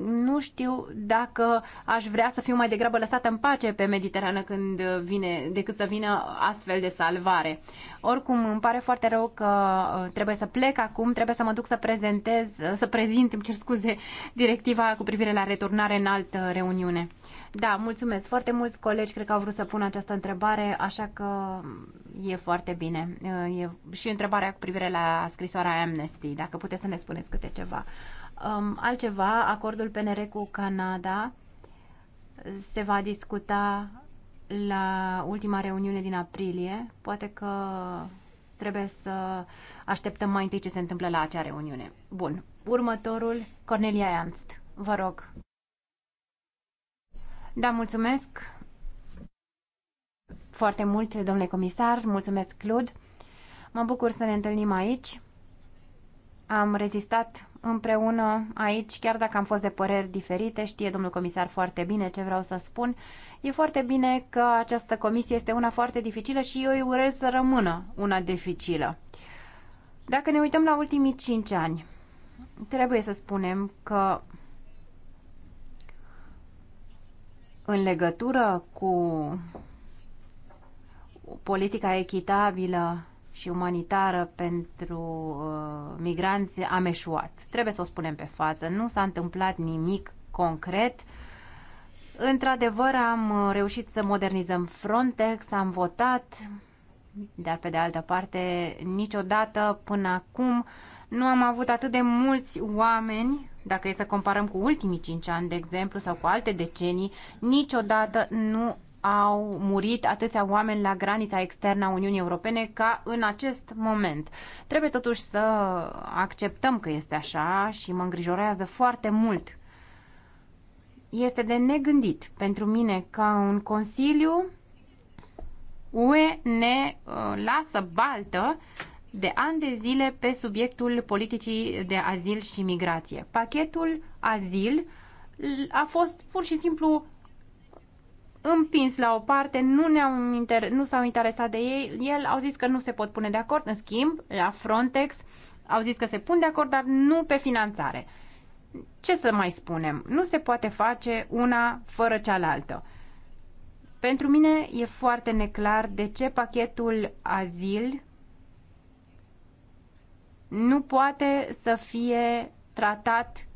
nu știu dacă aș vrea să fiu mai degrabă lăsată în pace pe Mediterană când vine, decât să vină astfel de salvare. Oricum, îmi pare foarte rău că uh, trebuie să plec acum, trebuie să mă duc să prezentez, uh, să prezint, îmi cer scuze, directiva cu privire la returnare în altă reuniune. Da, mulțumesc. Foarte mulți colegi cred că au vrut să pună această întrebare, așa că mm, e foarte bine. Uh, e și întrebarea cu privire la scrisoarea Amnesty, dacă puteți să ne spuneți câte ceva. Um, altceva, acordul PNR cu Canada se va discuta la ultima reuniune din aprilie. Poate că trebuie să așteptăm mai întâi ce se întâmplă la acea reuniune. Bun. Următorul, Cornelia Ernst. Vă rog. Da, mulțumesc foarte mult, domnule comisar. Mulțumesc, Claude. Mă bucur să ne întâlnim aici. Am rezistat împreună aici, chiar dacă am fost de păreri diferite, știe domnul comisar foarte bine ce vreau să spun, e foarte bine că această comisie este una foarte dificilă și eu îi urez să rămână una dificilă. Dacă ne uităm la ultimii cinci ani, trebuie să spunem că în legătură cu politica echitabilă și umanitară pentru uh, migranți a meșuat. Trebuie să o spunem pe față. Nu s-a întâmplat nimic concret. Într-adevăr, am uh, reușit să modernizăm Frontex, am votat, dar pe de altă parte, niciodată până acum nu am avut atât de mulți oameni, dacă e să comparăm cu ultimii 5 ani, de exemplu, sau cu alte decenii, niciodată nu au murit atâția oameni la granița externă a Uniunii Europene ca în acest moment. Trebuie totuși să acceptăm că este așa și mă îngrijorează foarte mult. Este de negândit pentru mine ca un consiliu UE ne uh, lasă baltă de ani de zile pe subiectul politicii de azil și migrație. Pachetul azil a fost pur și simplu împins la o parte, nu, ne-au inter- nu s-au interesat de ei, el au zis că nu se pot pune de acord, în schimb, la Frontex au zis că se pun de acord, dar nu pe finanțare. Ce să mai spunem? Nu se poate face una fără cealaltă. Pentru mine e foarte neclar de ce pachetul azil nu poate să fie tratat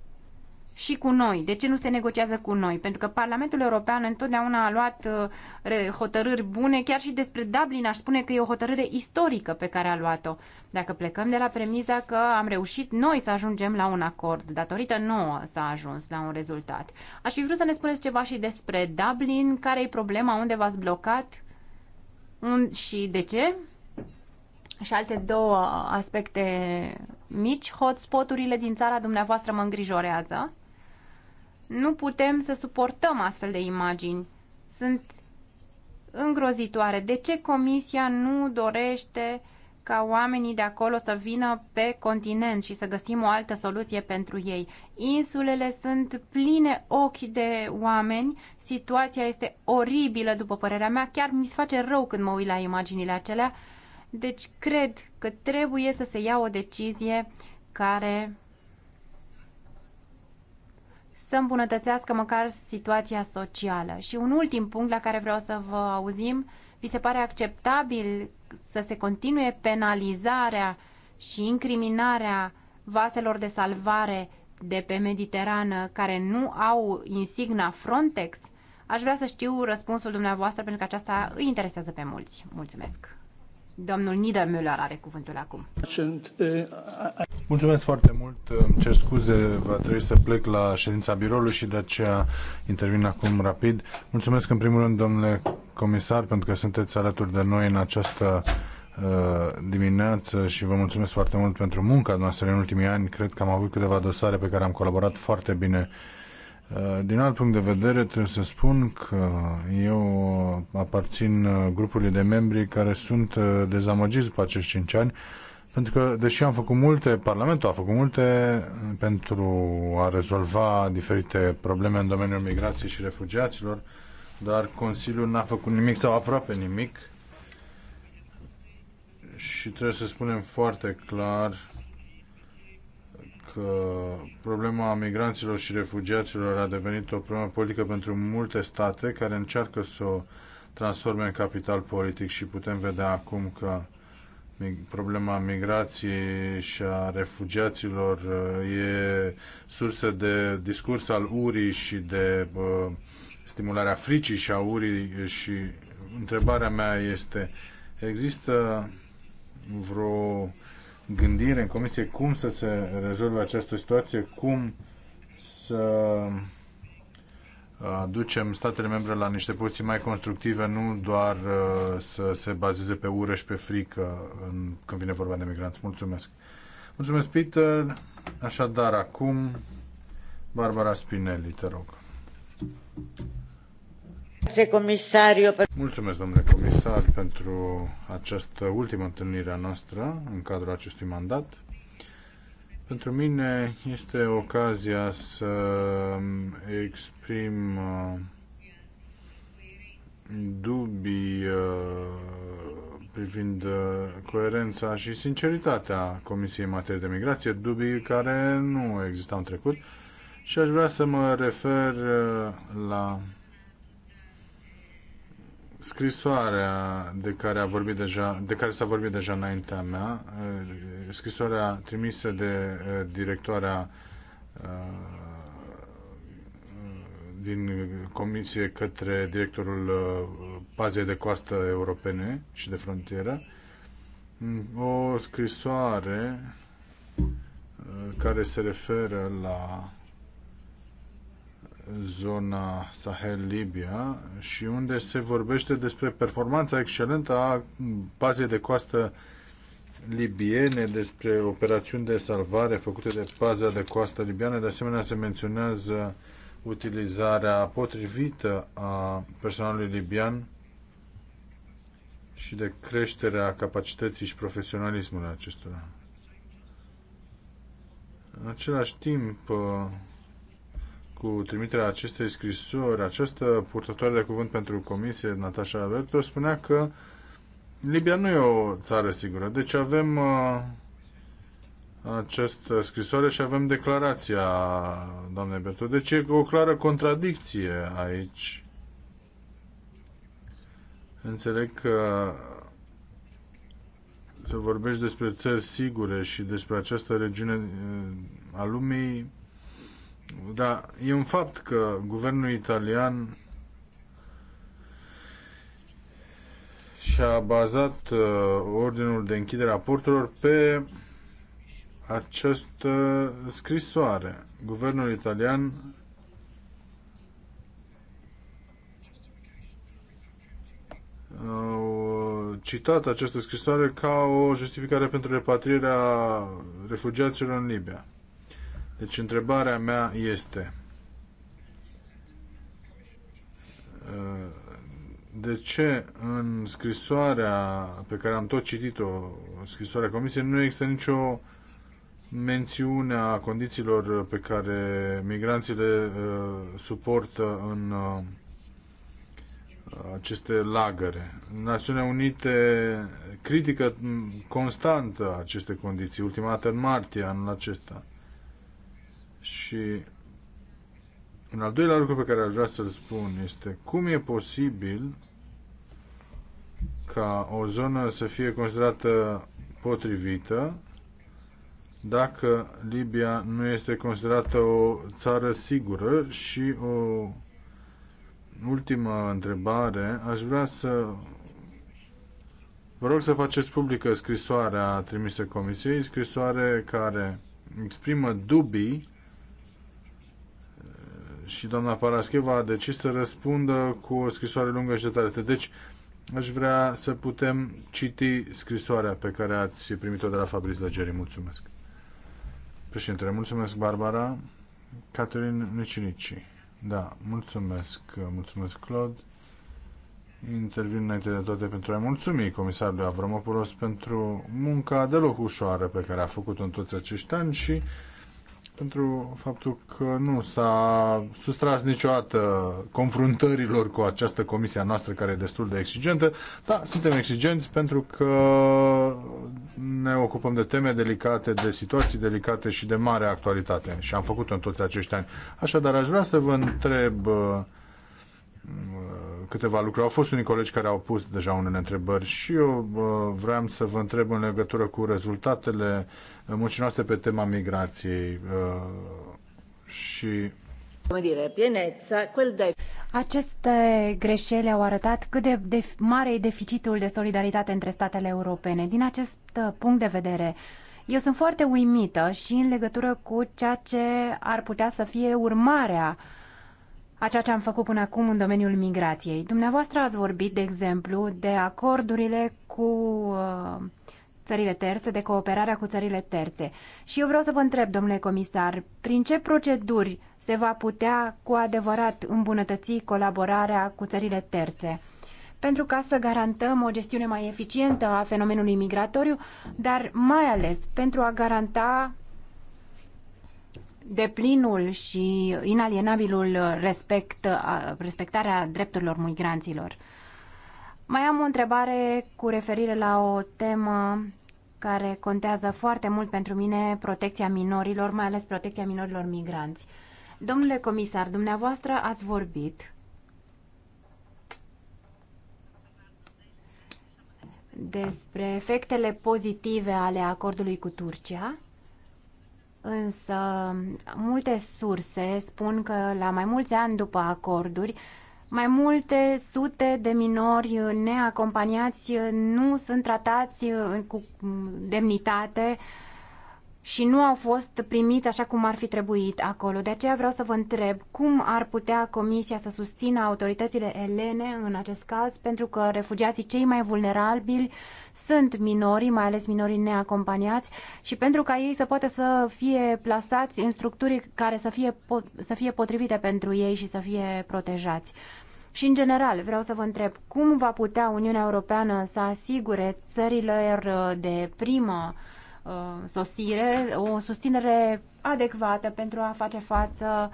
și cu noi. De ce nu se negociază cu noi? Pentru că Parlamentul European întotdeauna a luat uh, hotărâri bune, chiar și despre Dublin aș spune că e o hotărâre istorică pe care a luat-o. Dacă plecăm de la premiza că am reușit noi să ajungem la un acord, datorită nouă s-a ajuns la un rezultat. Aș fi vrut să ne spuneți ceva și despre Dublin, care e problema, unde v-ați blocat un, și de ce? Și alte două aspecte mici, hotspoturile din țara dumneavoastră mă îngrijorează. Nu putem să suportăm astfel de imagini. Sunt îngrozitoare. De ce Comisia nu dorește ca oamenii de acolo să vină pe continent și să găsim o altă soluție pentru ei? Insulele sunt pline ochi de oameni. Situația este oribilă, după părerea mea. Chiar mi se face rău când mă uit la imaginile acelea. Deci cred că trebuie să se ia o decizie care să îmbunătățească măcar situația socială. Și un ultim punct la care vreau să vă auzim, vi se pare acceptabil să se continue penalizarea și incriminarea vaselor de salvare de pe Mediterană care nu au insigna Frontex? Aș vrea să știu răspunsul dumneavoastră pentru că aceasta îi interesează pe mulți. Mulțumesc! Domnul Niedermüller are cuvântul acum. Uh, mulțumesc foarte mult. Îmi cer scuze, va trebui să plec la ședința biroului și de aceea intervin acum rapid. Mulțumesc în primul rând, domnule comisar, pentru că sunteți alături de noi în această uh, dimineață și vă mulțumesc foarte mult pentru munca noastră în ultimii ani. Cred că am avut câteva dosare pe care am colaborat foarte bine uh, Uh, din alt punct de vedere, trebuie să spun că eu aparțin uh, grupului de membri care sunt uh, dezamăgiți după acești 5 ani, pentru că, deși am făcut multe, Parlamentul a făcut multe pentru a rezolva diferite probleme în domeniul migrației și refugiaților, dar Consiliul n-a făcut nimic sau aproape nimic. Și trebuie să spunem foarte clar că problema migranților și refugiaților a devenit o problemă politică pentru multe state care încearcă să o transforme în capital politic și putem vedea acum că problema migrației și a refugiaților uh, e sursă de discurs al urii și de uh, stimularea fricii și a urii și întrebarea mea este există vreo gândire în comisie cum să se rezolve această situație, cum să uh, aducem statele membre la niște poziții mai constructive, nu doar uh, să se bazeze pe ură și pe frică în, când vine vorba de migranți. Mulțumesc! Mulțumesc, Peter! Așadar, acum Barbara Spinelli, te rog. Mulțumesc, domnule comisar, pentru această ultimă întâlnire a noastră în cadrul acestui mandat. Pentru mine este ocazia să exprim uh, dubii uh, privind uh, coerența și sinceritatea Comisiei materie de migrație, dubii care nu existau în trecut și aș vrea să mă refer la scrisoarea de care, a vorbit deja, de care s-a vorbit deja înaintea mea, scrisoarea trimisă de directoarea din comisie către directorul pazei de coastă europene și de frontieră, o scrisoare care se referă la zona Sahel-Libia și unde se vorbește despre performanța excelentă a bazei de coastă libiene, despre operațiuni de salvare făcute de paza de coastă libiană. De asemenea, se menționează utilizarea potrivită a personalului libian și de creșterea capacității și profesionalismului acestora. În același timp, cu trimiterea acestei scrisori, această purtătoare de cuvânt pentru comisie, Natasha Alberto, spunea că Libia nu e o țară sigură. Deci avem uh, această scrisoare și avem declarația doamnei Bertu. Deci e o clară contradicție aici. Înțeleg că să vorbești despre țări sigure și despre această regiune uh, a lumii da, e un fapt că guvernul italian și-a bazat uh, ordinul de închidere a porturilor pe această scrisoare. Guvernul italian au uh, citat această scrisoare ca o justificare pentru repatrierea refugiaților în Libia. Deci întrebarea mea este uh, de ce în scrisoarea pe care am tot citit-o, scrisoarea Comisiei, nu există nicio mențiune a condițiilor pe care migranții le uh, suportă în uh, aceste lagăre. Națiunea Unite critică constant aceste condiții, ultima dată în martie anul acesta. Și un al doilea lucru pe care aș vrea să-l spun este cum e posibil ca o zonă să fie considerată potrivită dacă Libia nu este considerată o țară sigură și o ultimă întrebare, aș vrea să vă rog să faceți publică scrisoarea trimisă Comisiei, scrisoare care exprimă dubii și doamna Parascheva a decis să răspundă cu o scrisoare lungă și detaliată. Deci, aș vrea să putem citi scrisoarea pe care ați primit-o de la Fabriz Lăgeri. Mulțumesc. Președintele, mulțumesc, Barbara. Catherine Nicinici. Da, mulțumesc, mulțumesc, Claude. Intervin înainte de toate pentru a mulțumi comisarului Avramopoulos pentru munca deloc ușoară pe care a făcut-o în toți acești ani și pentru faptul că nu s-a sustras niciodată confruntărilor cu această comisie a noastră care e destul de exigentă. Da, suntem exigenți pentru că ne ocupăm de teme delicate, de situații delicate și de mare actualitate și am făcut-o în toți acești ani. Așadar, aș vrea să vă întreb uh, câteva lucruri. Au fost unii colegi care au pus deja unele întrebări și eu vreau să vă întreb în legătură cu rezultatele muncii noastre pe tema migrației uh, și aceste greșeli au arătat cât de, de mare e deficitul de solidaritate între statele europene. Din acest uh, punct de vedere, eu sunt foarte uimită și în legătură cu ceea ce ar putea să fie urmarea uh, a ceea ce am făcut până acum în domeniul migrației. Dumneavoastră ați vorbit, de exemplu, de acordurile cu uh, țările terțe, de cooperarea cu țările terțe. Și eu vreau să vă întreb, domnule comisar, prin ce proceduri se va putea cu adevărat îmbunătăți colaborarea cu țările terțe? pentru ca să garantăm o gestiune mai eficientă a fenomenului migratoriu, dar mai ales pentru a garanta deplinul și inalienabilul respect, respectarea drepturilor migranților. Mai am o întrebare cu referire la o temă care contează foarte mult pentru mine, protecția minorilor, mai ales protecția minorilor migranți. Domnule comisar, dumneavoastră ați vorbit despre efectele pozitive ale acordului cu Turcia Însă multe surse spun că la mai mulți ani după acorduri, mai multe sute de minori neacompaniați nu sunt tratați uh, cu demnitate și nu au fost primiți așa cum ar fi trebuit acolo. De aceea vreau să vă întreb cum ar putea Comisia să susțină autoritățile elene în acest caz, pentru că refugiații cei mai vulnerabili sunt minorii, mai ales minorii neacompaniați, și pentru ca ei să poată să fie plasați în structuri care să fie, să fie potrivite pentru ei și să fie protejați. Și, în general, vreau să vă întreb cum va putea Uniunea Europeană să asigure țărilor de primă Uh, sosire, o susținere adecvată pentru a face față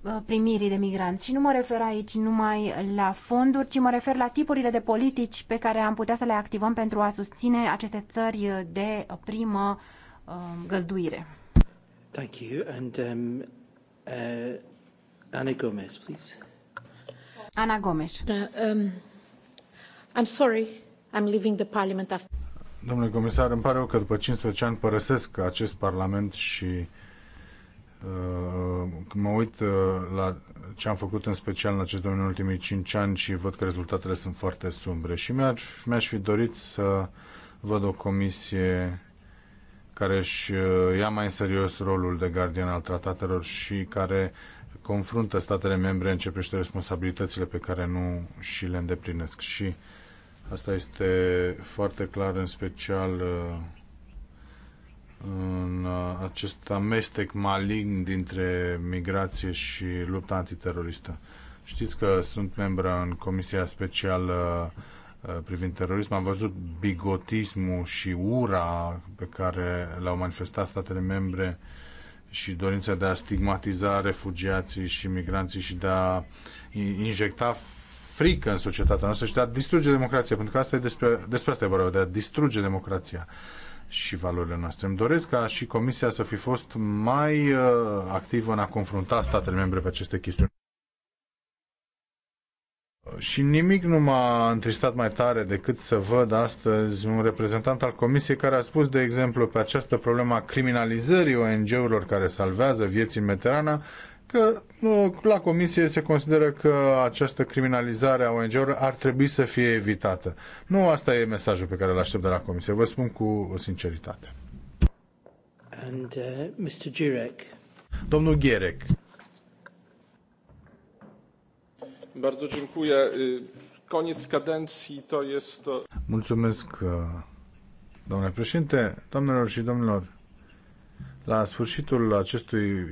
uh, primirii de migranți. Și nu mă refer aici numai la fonduri, ci mă refer la tipurile de politici pe care am putea să le activăm pentru a susține aceste țări de primă uh, găzduire. Thank you. And um, uh, Ana Gomez, please. Ana Gomes. Uh, um, I'm sorry, I'm leaving the parliament after. Domnule comisar, îmi pare rău că după 15 ani părăsesc acest Parlament și uh, mă uit uh, la ce am făcut în special în acest domeniu în ultimii 5 ani și văd că rezultatele sunt foarte sumbre și mi-aș, mi fi dorit să văd o comisie care își uh, ia mai în serios rolul de gardian al tratatelor și care confruntă statele membre începește responsabilitățile pe care nu și le îndeplinesc. Și Asta este foarte clar, în special uh, în uh, acest amestec malign dintre migrație și lupta antiteroristă. Știți că sunt membră în Comisia Specială uh, privind terorism. Am văzut bigotismul și ura pe care l-au manifestat statele membre și dorința de a stigmatiza refugiații și migranții și de a injecta frică în societatea noastră și de a distruge democrația, pentru că asta e despre, despre asta e vorba, de a distruge democrația și valorile noastre. Îmi doresc ca și Comisia să fi fost mai uh, activă în a confrunta statele membre pe aceste chestiuni. Și nimic nu m-a întristat mai tare decât să văd astăzi un reprezentant al Comisiei care a spus, de exemplu, pe această problemă a criminalizării ONG-urilor care salvează vieți în Meterana, că la comisie se consideră că această criminalizare a ONG-urilor ar trebui să fie evitată. Nu asta e mesajul pe care îl aștept de la comisie. Vă spun cu sinceritate. And, uh, Mr. Girek. Domnul Gierek. Bardzo dziękuję. Koniec kadencji to jest... Mulțumesc, uh, domnule președinte, domnilor și domnilor la sfârșitul acestui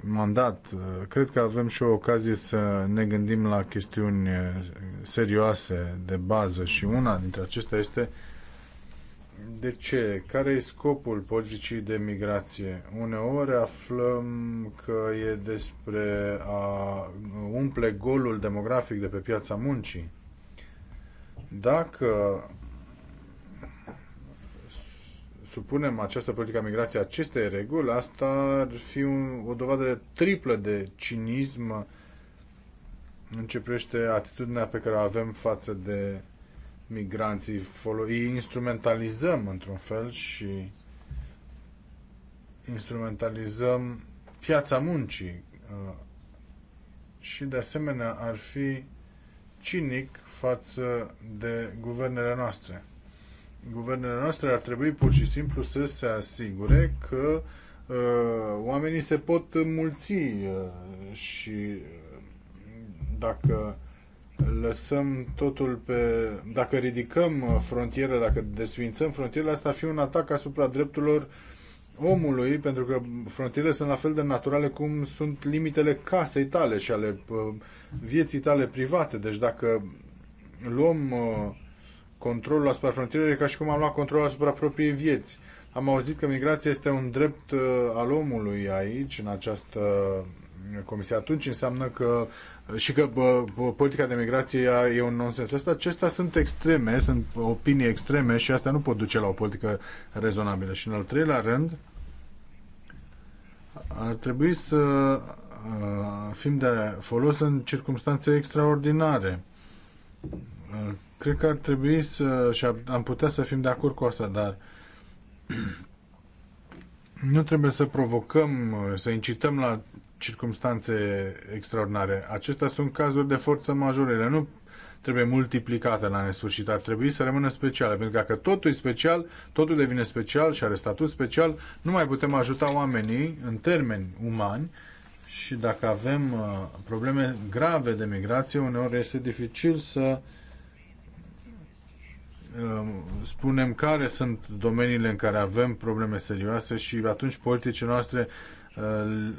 mandat, uh, cred că avem și o ocazie să ne gândim la chestiuni uh, serioase de bază și una dintre acestea este de ce? Care e scopul politicii de migrație? Uneori aflăm că e despre a umple golul demografic de pe piața muncii. Dacă supunem această politică a migrației acestei reguli, asta ar fi un, o dovadă triplă de cinism în ce privește atitudinea pe care o avem față de migranții. Îi instrumentalizăm într-un fel și instrumentalizăm piața muncii uh, și de asemenea ar fi cinic față de guvernele noastre guvernele noastre ar trebui pur și simplu să se asigure că uh, oamenii se pot mulți uh, și uh, dacă lăsăm totul pe... dacă ridicăm frontieră, dacă desfințăm frontierele, asta ar fi un atac asupra drepturilor omului, pentru că frontierele sunt la fel de naturale cum sunt limitele casei tale și ale uh, vieții tale private. Deci dacă luăm uh, controlul asupra frontierei ca și cum am luat controlul asupra propriei vieți. Am auzit că migrația este un drept uh, al omului aici, în această uh, comisie. Atunci înseamnă că uh, și că bă, politica de migrație e un nonsens. Asta, acestea sunt extreme, sunt opinii extreme și asta nu pot duce la o politică rezonabilă. Și în al treilea rând, ar trebui să fim de folos în circunstanțe extraordinare Cred că ar trebui să, și am putea să fim de acord cu asta, dar nu trebuie să provocăm, să incităm la circumstanțe extraordinare. Acestea sunt cazuri de forță majoră. Ele nu trebuie multiplicate la nesfârșit. Ar trebui să rămână speciale, pentru că dacă totul e special, totul devine special și are statut special, nu mai putem ajuta oamenii în termeni umani și dacă avem uh, probleme grave de migrație, uneori este dificil să uh, Ehm, spunem care sunt domeniile în care avem probleme serioase și atunci politicile noastre eh, eh,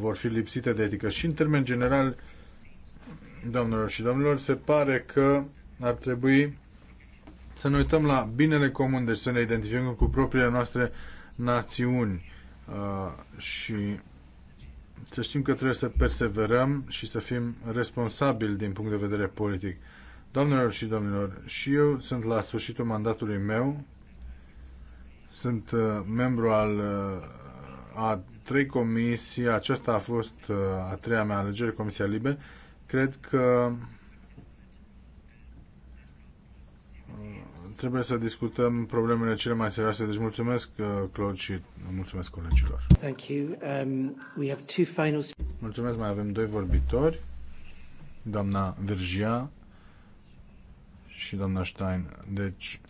vor fi lipsite de etică. Și în termen general, doamnelor și domnilor, se pare că ar trebui să ne uităm la binele comun, deci să ne identificăm cu propriile noastre națiuni eh, și să știm că trebuie să perseverăm și să fim responsabili din punct de vedere politic. Doamnelor și domnilor, și eu sunt la sfârșitul mandatului meu, sunt uh, membru al uh, a trei comisii, aceasta a fost uh, a treia mea alegere, Comisia Libe, cred că trebuie să discutăm problemele cele mai serioase. Deci mulțumesc, Claude, și mulțumesc colegilor. Thank you. Um, we have two final... Mulțumesc, mai avem doi vorbitori, doamna Virgia și doamna Stein. Deci,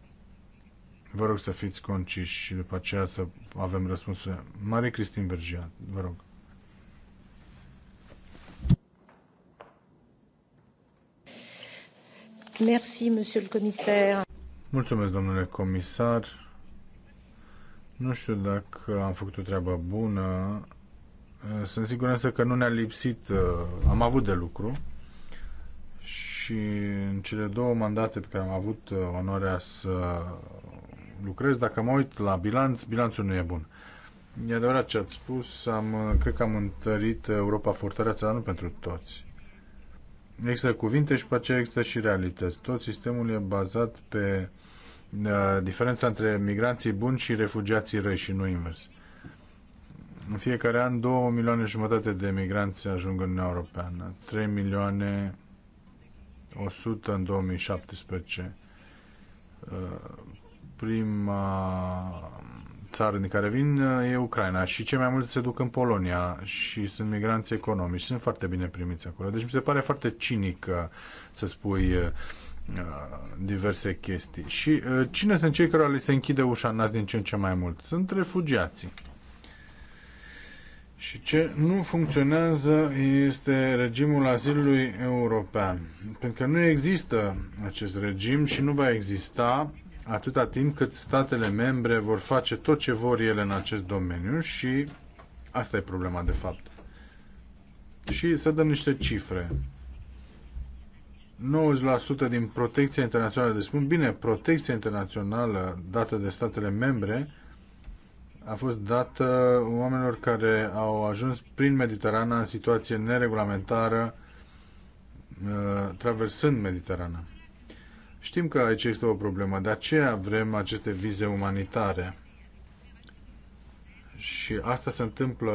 vă rog să fiți conciși și după aceea să avem răspunsurile. Marie Cristin Vergia, vă rog. Merci, monsieur le commissaire. Mulțumesc, domnule comisar. Nu știu dacă am făcut o treabă bună. Sunt siguranță că nu ne-a lipsit, uh, am avut de lucru și în cele două mandate pe care am avut uh, onoarea să lucrez, dacă mă uit la bilanț, bilanțul nu e bun. E adevărat ce ați spus, am, uh, cred că am întărit Europa fortăreața, dar nu pentru toți. Există cuvinte și pe aceea există și realități. Tot sistemul e bazat pe uh, diferența între migranții buni și refugiații răi și nu invers. În fiecare an, 2 milioane jumătate de migranți ajung în Uniunea Europeană, 3 milioane 100 în 2017 uh, prima țară din care vin uh, e Ucraina și cei mai mulți se duc în Polonia și sunt migranți economici sunt foarte bine primiți acolo. Deci mi se pare foarte cinic uh, să spui diverse chestii. Și cine sunt cei care li se închide ușa în nas din ce în ce mai mult? Sunt refugiații. Și ce nu funcționează este regimul azilului european. Pentru că nu există acest regim și nu va exista atâta timp cât statele membre vor face tot ce vor ele în acest domeniu și asta e problema de fapt. Și să dăm niște cifre. 90% din protecția internațională, deci spun bine, protecția internațională dată de statele membre a fost dată oamenilor care au ajuns prin Mediterana în situație neregulamentară, uh, traversând Mediterana. Știm că aici este o problemă, de aceea vrem aceste vize umanitare. Și asta se întâmplă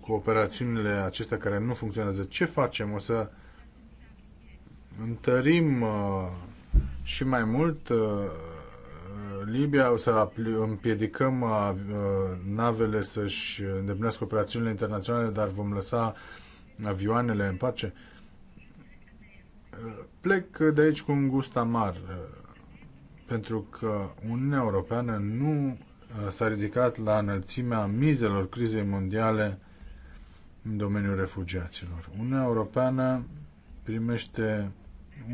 cu operațiunile acestea care nu funcționează. Ce facem? O să întărim uh, și mai mult uh, Libia, să împiedicăm uh, uh, navele să-și îndeplinească operațiunile internaționale, dar vom lăsa avioanele în pace? Uh, plec de aici cu un gust amar, pentru că Uniunea Europeană nu s-a ridicat la înălțimea mizelor crizei mondiale în domeniul refugiaților. Uniunea Europeană primește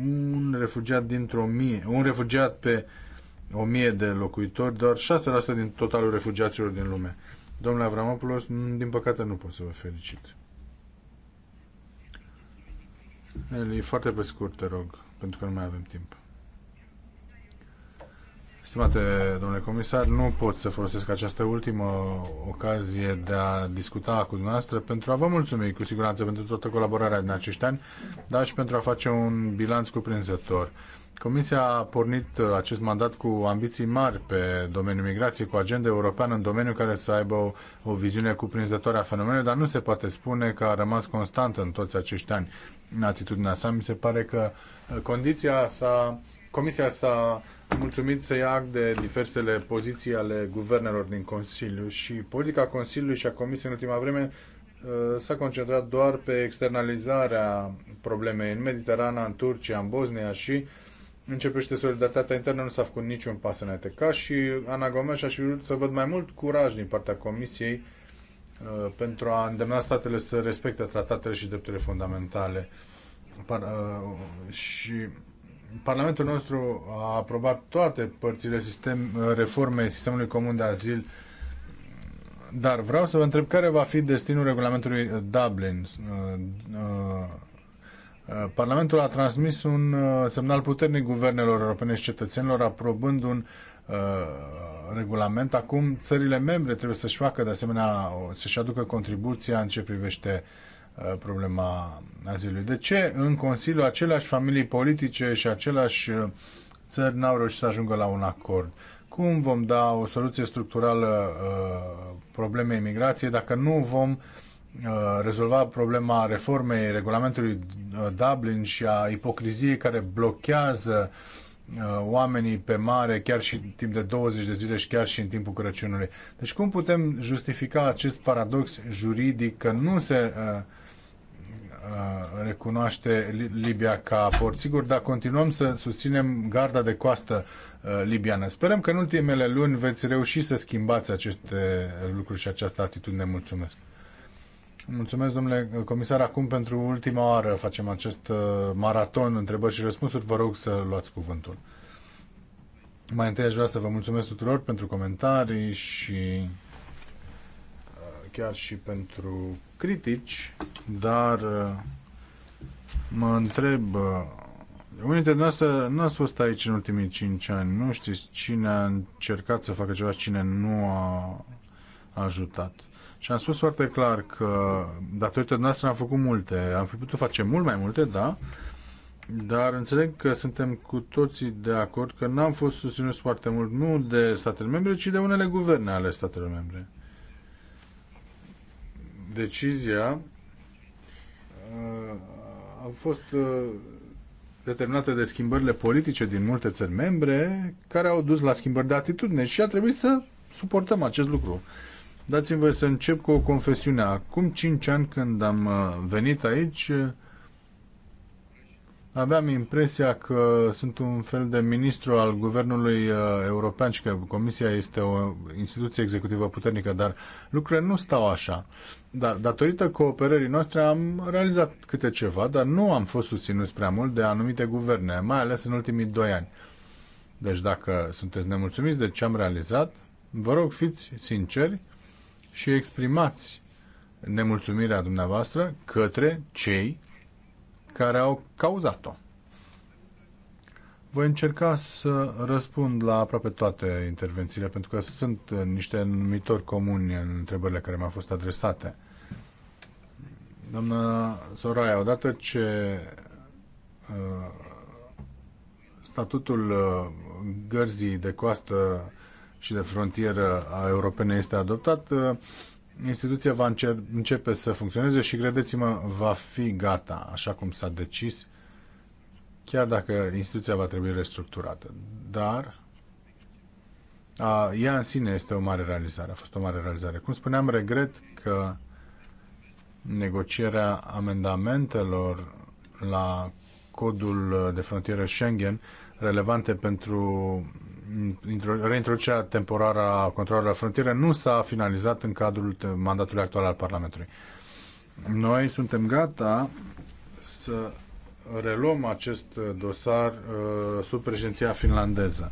un refugiat dintr-o mie, un refugiat pe uh, 1000 de locuitori, doar 6% din totalul refugiaților din lume. Domnule Avramopoulos, din păcate nu pot să vă felicit. e foarte pe scurt, te rog, pentru că nu mai avem timp. Stimate domnule comisar, nu pot să folosesc această ultimă ocazie de a discuta cu dumneavoastră pentru a vă mulțumi cu siguranță pentru toată colaborarea din acești ani, dar și pentru a face un bilanț cuprinzător. Comisia a pornit uh, acest mandat cu ambiții mari pe domeniul migrației, cu agenda europeană în domeniu care să aibă o, o viziune cuprinzătoare a fenomenului, dar nu se poate spune că a rămas constantă în toți acești ani în atitudinea sa. Mi se pare că uh, condiția s-a, Comisia s-a mulțumit să ia act de diversele poziții ale guvernelor din Consiliu și politica Consiliului și a Comisiei în ultima vreme uh, s-a concentrat doar pe externalizarea problemei în Mediterana, în Turcia, în Bosnia și începește solidaritatea internă, nu s-a făcut niciun pas în ATK și Ana Gomes, aș fi vrut să văd mai mult curaj din partea Comisiei uh, pentru a îndemna statele să respecte tratatele și drepturile fundamentale. Par, uh, și Parlamentul nostru a aprobat toate părțile sistem, uh, reforme sistemului comun de azil, dar vreau să vă întreb care va fi destinul regulamentului Dublin. Uh, Uh, Parlamentul a transmis un uh, semnal puternic guvernelor europene și cetățenilor aprobând un uh, regulament. Acum țările membre trebuie să-și facă de asemenea, să-și aducă contribuția în ce privește uh, problema azilului. De ce în Consiliu aceleași familii politice și aceleași țări n-au reușit să ajungă la un acord? Cum vom da o soluție structurală uh, problemei migrației dacă nu vom uh, Uh, rezolva problema reformei regulamentului uh, Dublin și a ipocriziei care blochează uh, oamenii pe mare chiar și în timp de 20 de zile și chiar și în timpul Crăciunului. Deci cum putem justifica acest paradox juridic că nu se uh, recunoaște Libia ca port sigur, dar continuăm să susținem garda de coastă libiană. Sperăm că în ultimele luni veți reuși să schimbați aceste lucruri și această atitudine. Mulțumesc! Mulțumesc, domnule comisar. Acum, pentru ultima oară, facem acest uh, maraton întrebări și răspunsuri. Vă rog să luați cuvântul. Mai întâi aș vrea să vă mulțumesc tuturor pentru comentarii și uh, chiar și pentru critici, dar uh, mă întreb, unii dintre noastre nu ați fost aici în ultimii 5 ani, nu știți cine a încercat să facă ceva, cine nu a ajutat. Și am spus foarte clar că datorită noastră am făcut multe. Am fi putut face mult mai multe, da, dar înțeleg că suntem cu toții de acord că n-am fost susținuți foarte mult nu de statele membre, ci de unele guverne ale statelor membre. Decizia uh, a fost uh, determinată de schimbările politice din multe țări membre, care au dus la schimbări de atitudine și a trebuit să suportăm acest lucru. Dați-mi voi să încep cu o confesiune. Acum 5 ani când am uh, venit aici, uh, aveam impresia că sunt un fel de ministru al guvernului uh, european și că Comisia este o instituție executivă puternică, dar lucrurile nu stau așa. Dar datorită cooperării noastre am realizat câte ceva, dar nu am fost susținut prea mult de anumite guverne, mai ales în ultimii doi ani. Deci dacă sunteți nemulțumiți de ce am realizat, vă rog fiți sinceri și exprimați nemulțumirea dumneavoastră către cei care au cauzat-o. Voi încerca să răspund la aproape toate intervențiile, pentru că sunt niște numitori comuni în întrebările care mi-au fost adresate. Doamna Soraya, odată ce uh, statutul uh, gărzii de coastă și de frontieră a europene este adoptat, uh, instituția va începe să funcționeze și, credeți-mă, va fi gata, așa cum s-a decis, chiar dacă instituția va trebui restructurată. Dar a, ea în sine este o mare realizare, a fost o mare realizare. Cum spuneam, regret că negocierea amendamentelor la codul de frontieră Schengen relevante pentru reintroducerea temporară a controlului la frontieră nu s-a finalizat în cadrul mandatului actual al Parlamentului. Noi suntem gata să reluăm acest dosar uh, sub președinția finlandeză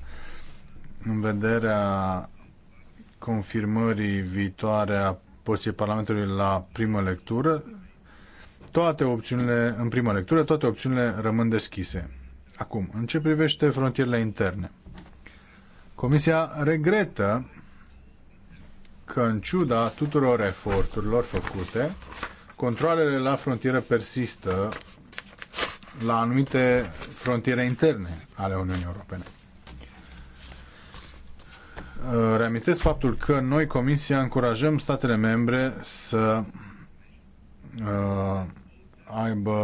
în vederea confirmării viitoare a poziției Parlamentului la primă lectură, toate opțiunile, în primă lectură, toate opțiunile rămân deschise. Acum, în ce privește frontierele interne, Comisia regretă că în ciuda tuturor eforturilor făcute, controlele la frontieră persistă la anumite frontiere interne ale Uniunii Europene. Uh, reamintesc faptul că noi, Comisia, încurajăm statele membre să uh, aibă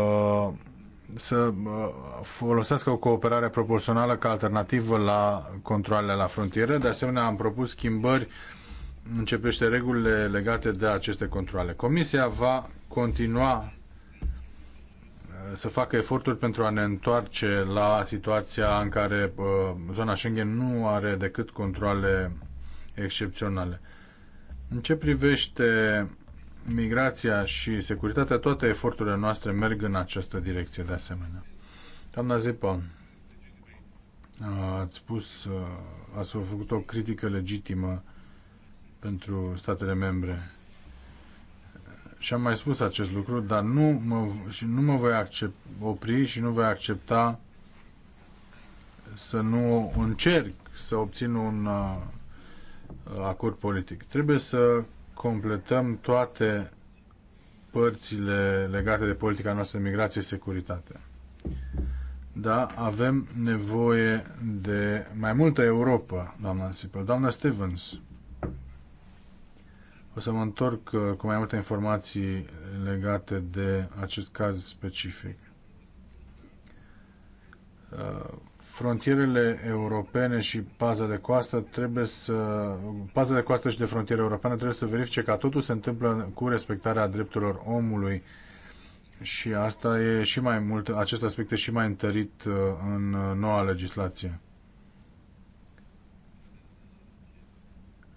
să uh, folosească o cooperare proporțională ca alternativă la controlele la frontieră. De asemenea, am propus schimbări privește regulile legate de aceste controle. Comisia va continua uh, să facă eforturi pentru a ne întoarce la situația în care uh, zona Schengen nu are decât controle excepționale. În ce privește migrația și securitatea, toate eforturile noastre merg în această direcție de asemenea. Doamna Zipa, ați spus, uh, ați făcut o critică legitimă pentru statele membre. Și am mai spus acest lucru, dar nu mă, și nu mă voi accept, opri și nu voi accepta să nu încerc să obțin un uh, acord politic. Trebuie să completăm toate părțile legate de politica noastră de migrație și securitate. Da, avem nevoie de mai multă Europa, doamna Sipel. Doamna Stevens, o să mă întorc uh, cu mai multe informații legate de acest caz specific. Uh, frontierele europene și paza de coastă trebuie să paza de coastă și de frontiere europeană trebuie să verifice ca totul se întâmplă cu respectarea drepturilor omului și asta e și mai mult acest aspect e și mai întărit uh, în noua legislație.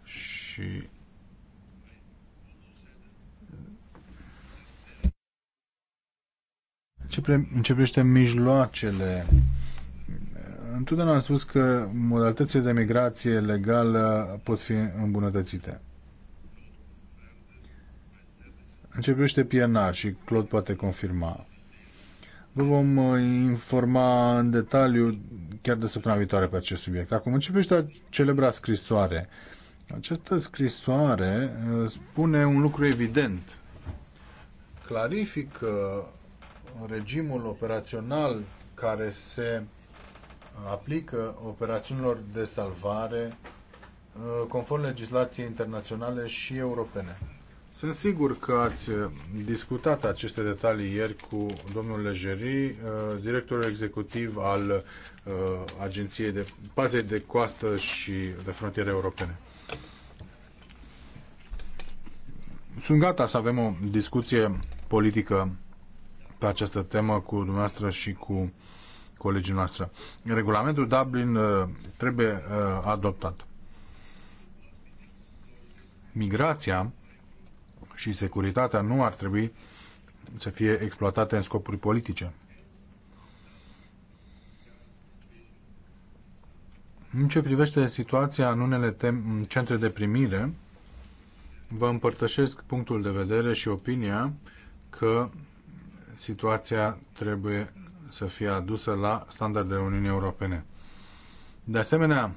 Și ce începește mijloacele Întotdeauna am spus că modalitățile de migrație legală pot fi îmbunătățite. Începește PNR și Claude poate confirma. Vă vom uh, informa în detaliu chiar de săptămâna viitoare pe acest subiect. Acum începește celebra scrisoare. Această scrisoare uh, spune un lucru evident. Clarifică regimul operațional care se aplică operațiunilor de salvare uh, conform legislației internaționale și europene. Sunt sigur că ați uh, discutat aceste detalii ieri cu domnul Lejeri, uh, directorul executiv al Agenției de Pazei de Coastă și de Frontiere Europene. Sunt gata să avem o discuție politică pe această temă cu dumneavoastră și cu colegii noastre. Regulamentul Dublin uh, trebuie uh, adoptat. Migrația și securitatea nu ar trebui să fie exploatate în scopuri politice. În ce privește situația în unele centre de primire, vă împărtășesc punctul de vedere și opinia că situația trebuie să fie adusă la standardele Uniunii Europene. De asemenea,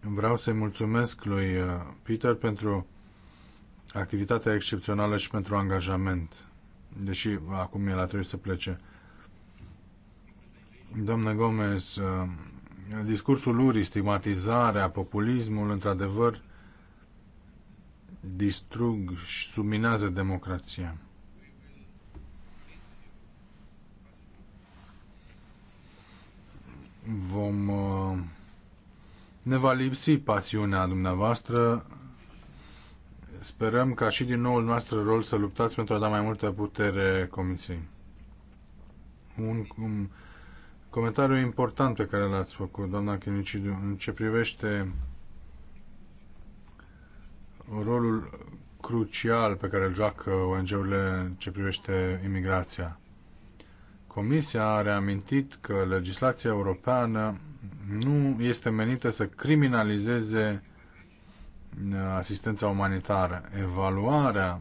vreau să-i mulțumesc lui uh, Peter pentru activitatea excepțională și pentru angajament, deși acum el a trebuit să plece. Domnule Gomez, uh, discursul lui, stigmatizarea, populismul, într-adevăr, distrug și subminează democrația. vom uh, ne va lipsi pasiunea dumneavoastră. Sperăm ca și din noul noastră rol să luptați pentru a da mai multă putere comisiei. Un, un comentariu important pe care l-ați făcut, doamna Chinicidiu, în ce privește rolul crucial pe care îl joacă ONG-urile în ce privește imigrația. Comisia a reamintit că legislația europeană nu este menită să criminalizeze uh, asistența umanitară. Evaluarea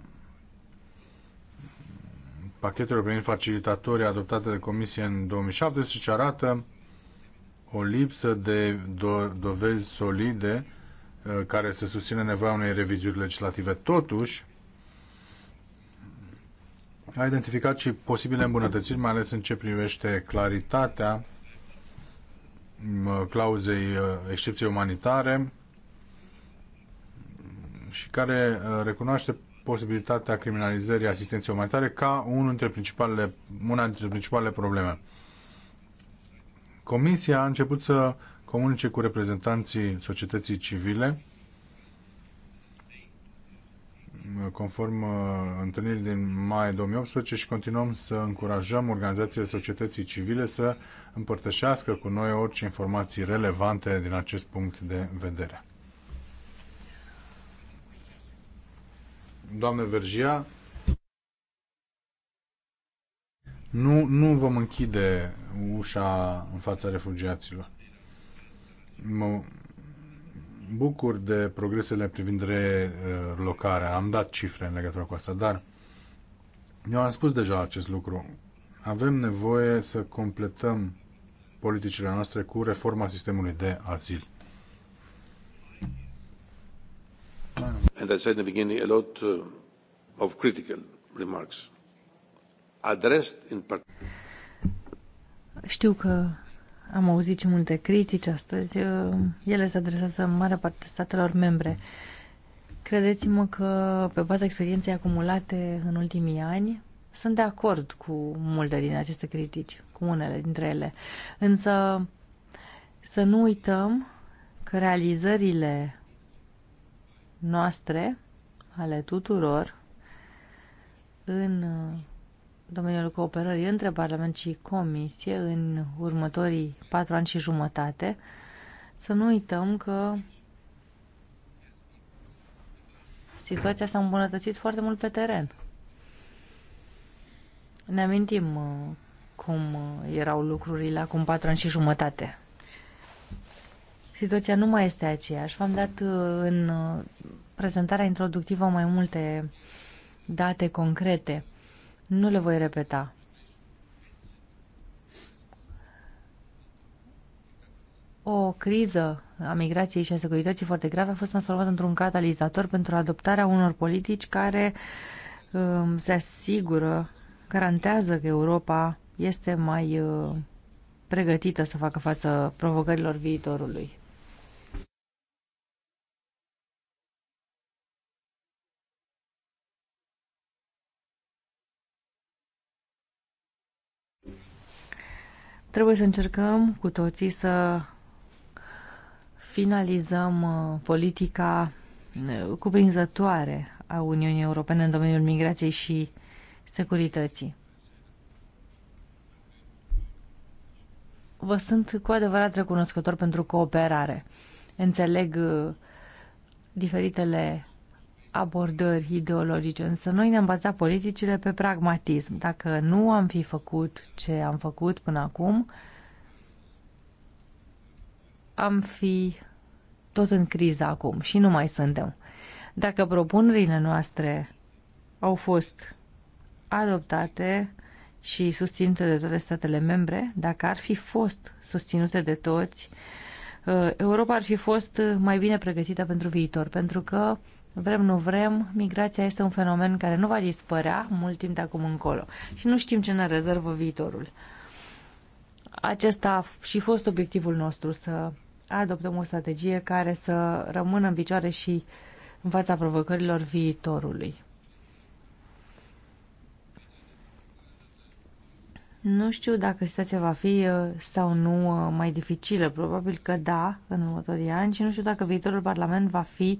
pachetelor privind facilitatorii adoptate de Comisie în 2017 arată o lipsă de do- dovezi solide uh, care să susțină nevoia unei reviziuri legislative. Totuși, a identificat și posibile îmbunătățiri, mai ales în ce privește claritatea clauzei uh, excepției umanitare și care uh, recunoaște posibilitatea criminalizării asistenței umanitare ca unul dintre principalele, una dintre principalele probleme. Comisia a început să comunice cu reprezentanții societății civile conform uh, întâlnirii din mai 2018 și continuăm să încurajăm organizațiile societății civile să împărtășească cu noi orice informații relevante din acest punct de vedere. Doamne Vergia, nu, nu vom închide ușa în fața refugiaților. Mă, bucur de progresele privind relocarea. Am dat cifre în legătură cu asta, dar eu am spus deja acest lucru. Avem nevoie să completăm politicile noastre cu reforma sistemului de azil. And I said in the beginning a lot uh, of critical remarks addressed in particular. Știu că am auzit și multe critici astăzi. Uh, ele se adresează în mare parte statelor membre. Credeți-mă că, pe baza experienței acumulate în ultimii ani, sunt de acord cu multe din aceste critici, cu unele dintre ele. Însă, să nu uităm că realizările noastre, ale tuturor, în domeniul cooperării între Parlament și Comisie în următorii patru ani și jumătate, să nu uităm că situația s-a îmbunătățit foarte mult pe teren. Ne amintim uh, cum uh, erau lucrurile acum patru ani și jumătate. Situația nu mai este aceeași. V-am dat uh, în prezentarea introductivă mai multe date concrete nu le voi repeta. O criză a migrației și a securității foarte grave a fost transformată într-un catalizator pentru adoptarea unor politici care um, se asigură, garantează că Europa este mai uh, pregătită să facă față provocărilor viitorului. Trebuie să încercăm cu toții să finalizăm uh, politica uh, cuprinzătoare a Uniunii Europene în domeniul migrației și securității. Vă sunt cu adevărat recunoscător pentru cooperare. Înțeleg uh, diferitele abordări ideologice, însă noi ne-am bazat politicile pe pragmatism. Dacă nu am fi făcut ce am făcut până acum, am fi tot în criză acum și nu mai suntem. Dacă propunerile noastre au fost adoptate și susținute de toate statele membre, dacă ar fi fost susținute de toți, uh, Europa ar fi fost mai bine pregătită pentru viitor, pentru că Vrem, nu vrem, migrația este un fenomen care nu va dispărea mult timp de acum încolo și nu știm ce ne rezervă viitorul. Acesta a și fost obiectivul nostru, să adoptăm o strategie care să rămână în picioare și în fața provocărilor viitorului. Nu știu dacă situația va fi uh, sau nu uh, mai dificilă. Probabil că da, în următorii ani și nu știu dacă viitorul Parlament va fi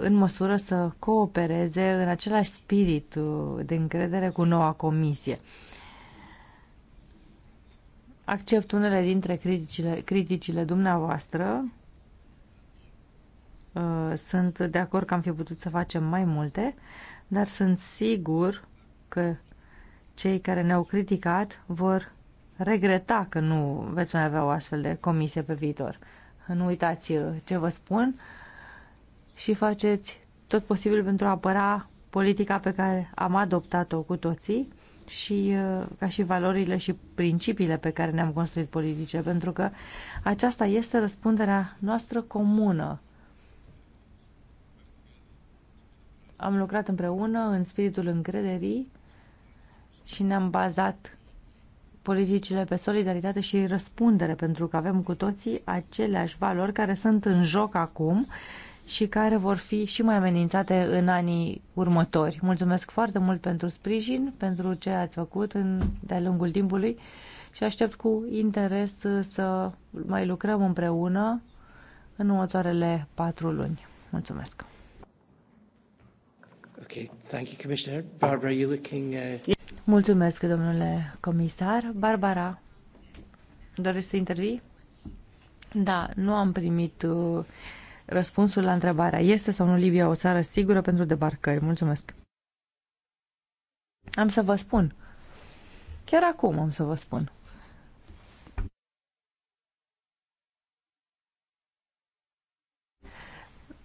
în măsură să coopereze în același spirit uh, de încredere cu noua comisie. Accept unele dintre criticile, criticile dumneavoastră. Uh, sunt de acord că am fi putut să facem mai multe, dar sunt sigur că cei care ne-au criticat vor regreta că nu veți mai avea o astfel de comisie pe viitor. Nu uitați uh, ce vă spun și faceți tot posibil pentru a apăra politica pe care am adoptat-o cu toții și uh, ca și valorile și principiile pe care ne-am construit politice, pentru că aceasta este răspunderea noastră comună. Am lucrat împreună în spiritul încrederii și ne-am bazat politicile pe solidaritate și răspundere, pentru că avem cu toții aceleași valori care sunt în joc acum și care vor fi și mai amenințate în anii următori. Mulțumesc foarte mult pentru sprijin, pentru ce ați făcut în, de-a lungul timpului și aștept cu interes să mai lucrăm împreună în următoarele patru luni. Mulțumesc! Okay, thank you, Commissioner. Barbara, you looking... Uh... Mulțumesc, domnule comisar. Barbara, dorești să intervii? Da, nu am primit uh, răspunsul la întrebarea este sau nu Libia o țară sigură pentru debarcări? Mulțumesc! Am să vă spun. Chiar acum am să vă spun.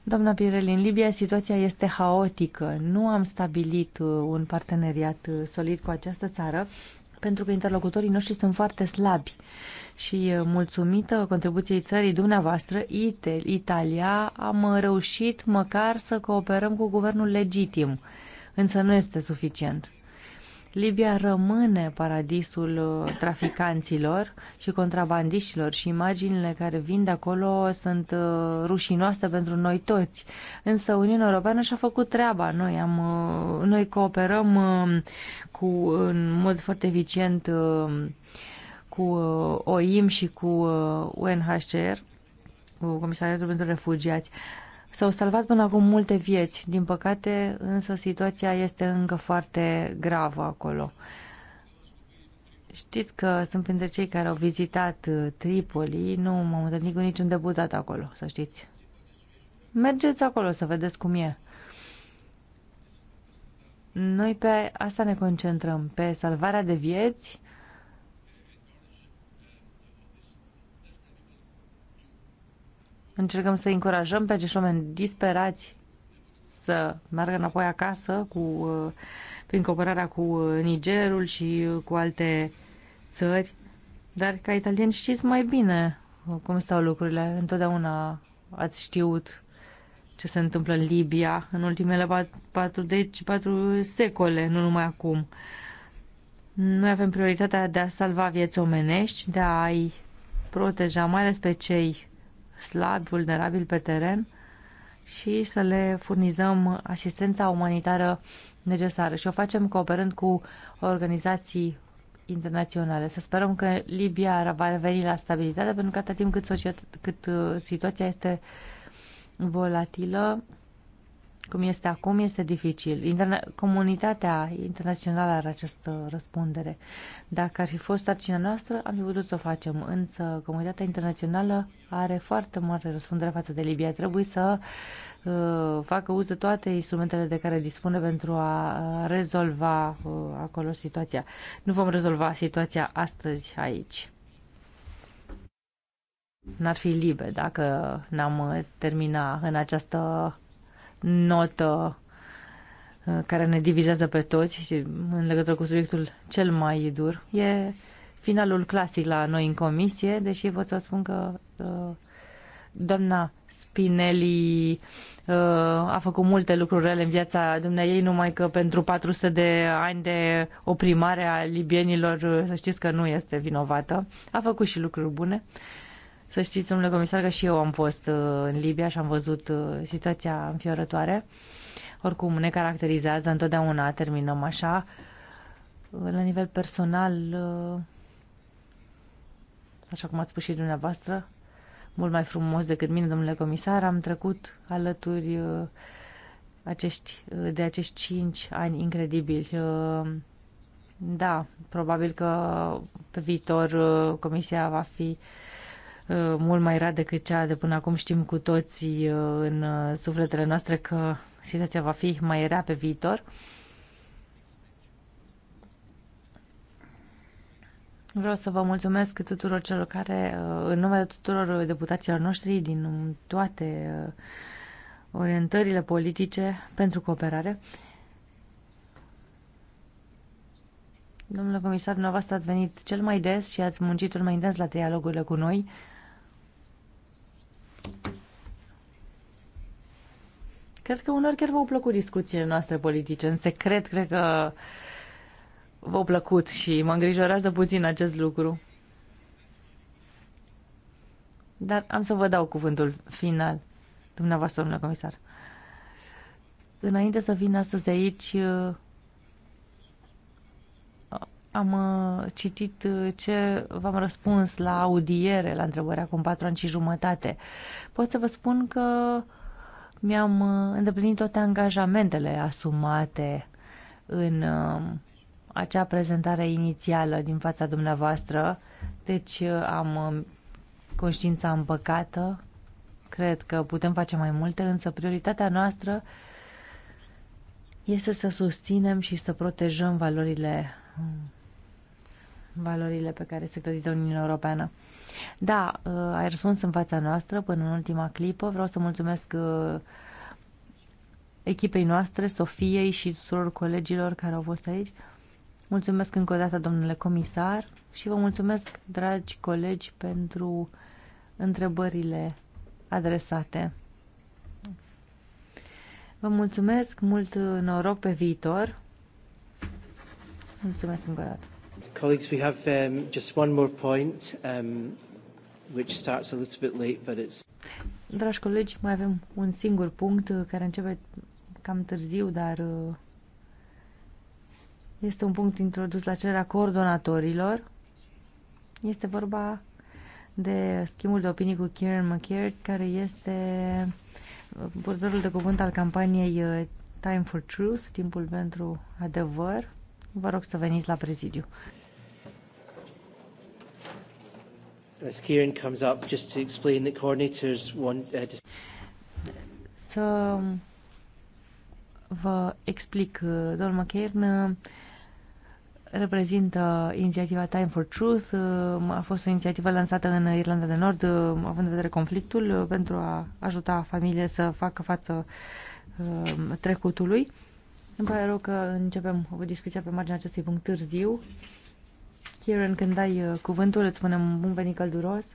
Doamna Pirelin, Libia situația este haotică. Nu am stabilit uh, un parteneriat uh, solid cu această țară, pentru că interlocutorii noștri sunt foarte slabi. Și mulțumită contribuției țării dumneavoastră, Italia, am reușit măcar să cooperăm cu guvernul legitim. Însă nu este suficient. Libia rămâne paradisul uh, traficanților și contrabandiștilor și imaginile care vin de acolo sunt uh, rușinoase pentru noi toți. Însă Uniunea Europeană și-a făcut treaba. Noi, am, uh, noi cooperăm cu, în mod foarte eficient cu OIM și cu UNHCR, cu Comisariatul pentru Refugiați. S-au salvat până acum multe vieți, din păcate, însă situația este încă foarte gravă acolo. Știți că sunt printre cei care au vizitat uh, Tripoli, nu m-am întâlnit cu niciun deputat acolo, să știți. Mergeți acolo să vedeți cum e. Noi pe asta ne concentrăm, pe salvarea de vieți Încercăm să încurajăm pe acești oameni disperați să meargă înapoi acasă cu, uh, prin cooperarea cu uh, Nigerul și uh, cu alte țări. Dar ca italieni știți mai bine cum stau lucrurile. Întotdeauna ați știut ce se întâmplă în Libia în ultimele 4, deci 4 secole, nu numai acum. Noi avem prioritatea de a salva vieți omenești, de a-i proteja, mai ales pe cei slabi, vulnerabili pe teren și să le furnizăm asistența umanitară necesară și o facem cooperând cu organizații internaționale. Să sperăm că Libia va reveni la stabilitate, pentru că atât timp cât, societ- cât uh, situația este volatilă, cum este acum, este dificil. Interna- comunitatea internațională are această răspundere. Dacă ar fi fost sarcina noastră, am fi putut să o facem, însă comunitatea internațională are foarte mare răspundere față de Libia. Trebuie să uh, facă uz de toate instrumentele de care dispune pentru a uh, rezolva uh, acolo situația. Nu vom rezolva situația astăzi aici n-ar fi libe dacă n-am uh, termina în această notă uh, care ne divizează pe toți și în legătură cu subiectul cel mai dur. E finalul clasic la noi în comisie, deși pot să spun că uh, doamna Spinelli uh, a făcut multe lucruri rele în viața ei, numai că pentru 400 de ani de oprimare a libienilor, să știți că nu este vinovată. A făcut și lucruri bune. Să știți, domnule comisar, că și eu am fost uh, în Libia și am văzut uh, situația înfiorătoare. Oricum, ne caracterizează, întotdeauna terminăm așa. La nivel personal, uh, așa cum ați spus și dumneavoastră, mult mai frumos decât mine, domnule comisar, am trecut alături acești, de acești cinci ani incredibili. Da, probabil că pe viitor comisia va fi Uh, mult mai rar decât cea de până acum. Știm cu toții uh, în uh, sufletele noastre că situația va fi mai rea pe viitor. Vreau să vă mulțumesc tuturor celor care, în numele tuturor deputaților noștri din toate orientările politice pentru cooperare. Domnule comisar, dumneavoastră ați venit cel mai des și ați muncit cel mai intens la dialogurile cu noi. Cred că unor chiar v-au plăcut discuțiile noastre politice, în secret cred că v-au plăcut și mă îngrijorează puțin acest lucru. Dar am să vă dau cuvântul final, dumneavoastră, domnule comisar. Înainte să vin astăzi aici, am uh, citit uh, ce v-am răspuns la audiere, la întrebarea acum patru ani și jumătate. Pot să vă spun că mi-am uh, îndeplinit toate angajamentele asumate în um, acea prezentare inițială din fața dumneavoastră, deci uh, am um, conștiința împăcată, cred că putem face mai multe, însă prioritatea noastră este să susținem și să protejăm valorile, um, valorile pe care se credită Uniunea Europeană. Da, uh, ai răspuns în fața noastră până în ultima clipă. Vreau să mulțumesc uh, echipei noastre, Sofiei și tuturor colegilor care au fost aici. Mulțumesc încă o dată, domnule comisar, și vă mulțumesc, dragi colegi, pentru întrebările adresate. Vă mulțumesc, mult noroc pe viitor. Mulțumesc încă o dată. Colleagues, we have um, just one more point, um, which starts a little bit late, but it's... Dragi colegi, mai avem un singur punct uh, care începe cam târziu, dar uh, este un punct introdus la cererea coordonatorilor. Este vorba de schimbul de opinii cu Kieran McCart, care este uh, purtătorul de cuvânt al campaniei Time for Truth, timpul pentru adevăr, Vă rog să veniți la prezidiu. Kieran Să vă explic, uh, domnul McCain uh, reprezintă inițiativa Time for Truth. Uh, a fost o inițiativă lansată în Irlanda de Nord, având în vedere conflictul, pentru a ajuta familiile să facă față trecutului. Îmi pare rău că începem o discuție pe marginea acestui punct târziu. Kieran, când dai uh, cuvântul, îți spunem bun venit călduros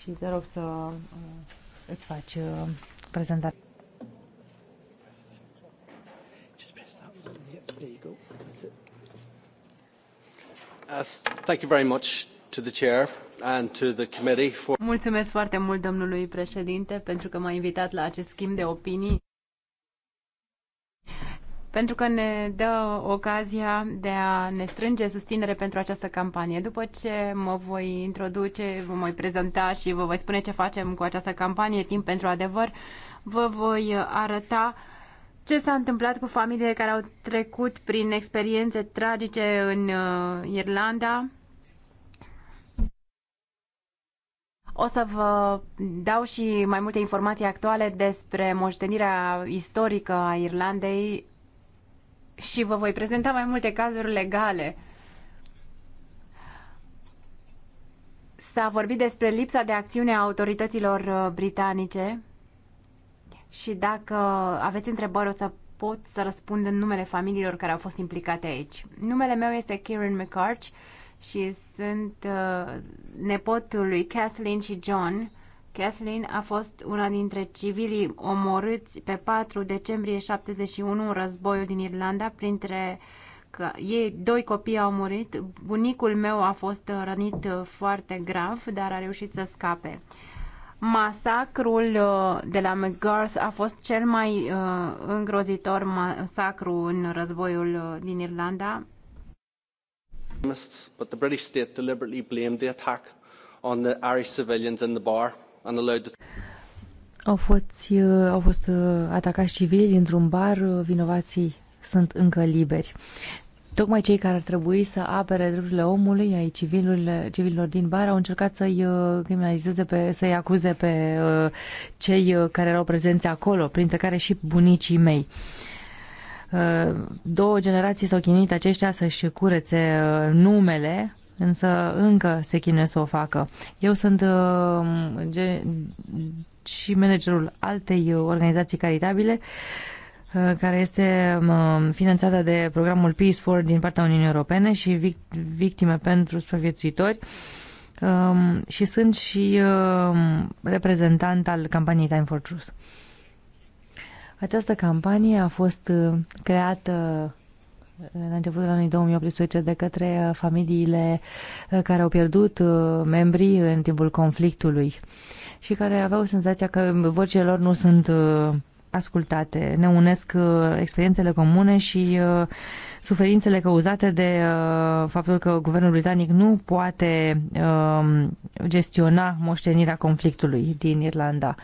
și te rog să uh, îți faci uh, prezentarea. Thank you very much to the chair and to the committee for... Mulțumesc foarte mult domnului președinte pentru că m-a invitat la acest schimb de opinii pentru că ne dă ocazia de a ne strânge susținere pentru această campanie. După ce mă voi introduce, vă voi prezenta și vă voi spune ce facem cu această campanie, timp pentru adevăr, vă voi arăta ce s-a întâmplat cu familiile care au trecut prin experiențe tragice în uh, Irlanda, O să vă dau și mai multe informații actuale despre moștenirea istorică a Irlandei și vă voi prezenta mai multe cazuri legale. S-a vorbit despre lipsa de acțiune a autorităților uh, britanice și dacă aveți întrebări o să pot să răspund în numele familiilor care au fost implicate aici. Numele meu este Kieran McCarch și sunt uh, nepotul lui Kathleen și John Kathleen a fost una dintre civilii omorâți pe 4 decembrie 71 în războiul din Irlanda, printre că ei doi copii au murit. Bunicul meu a fost rănit uh, foarte grav, dar a reușit să scape. Masacrul uh, de la McGirls a fost cel mai uh, îngrozitor masacru în războiul din Irlanda. But the British state deliberately blamed the attack on the Irish civilians in the bar au fost, uh, au fost uh, atacați civili într un bar, uh, vinovații sunt încă liberi. Tocmai cei care ar trebui să apere drepturile omului, ai civililor, civililor din bar, au încercat să-i criminalizeze, pe, să-i acuze pe cei care erau prezenți acolo, printre care și bunicii mei. Două generații s-au chinuit aceștia să-și curețe numele însă încă se chine să o facă. Eu sunt uh, și managerul altei organizații caritabile uh, care este um, finanțată de programul Peace for din partea Uniunii Europene și victime pentru supraviețuitori um, și sunt și um, reprezentant al campaniei Time for Truth. Această campanie a fost uh, creată la începutul anului 2018 de către uh, familiile uh, care au pierdut uh, membrii în timpul conflictului și care aveau senzația că vocile lor nu sunt ascultate. Ne unesc experiențele comune și suferințele cauzate de faptul că guvernul britanic nu poate um, gestiona moștenirea conflictului din Irlanda.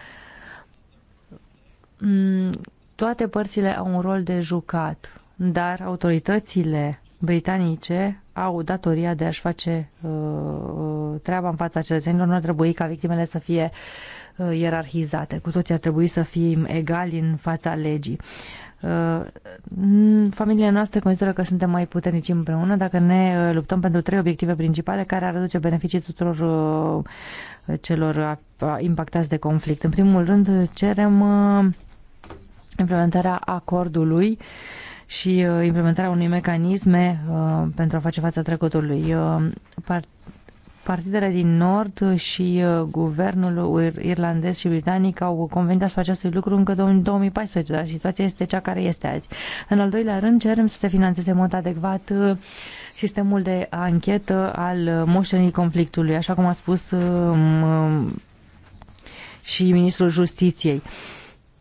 Mm, toate părțile au un rol de jucat dar autoritățile britanice au datoria de a-și face uh, uh, treaba în fața cetățenilor. Nu ar trebui ca victimele să fie uh, ierarhizate. Cu toții ar trebui să fim egali în fața legii. Uh, familia noastră consideră că suntem mai puternici împreună dacă ne uh, luptăm pentru trei obiective principale care ar aduce beneficii tuturor uh, celor impactați de conflict. În primul rând, cerem uh, implementarea acordului uh, și uh, implementarea unui mecanisme uh, pentru a face față trecutului. Uh, partidele din Nord și guvernul irlandez și britanic au convenit asupra acestui lucru încă în 2014, dar situația este cea care este azi. În al doilea rând, cerem să se financeze în mod adecvat sistemul de anchetă al moștenii conflictului, așa cum a spus și ministrul justiției.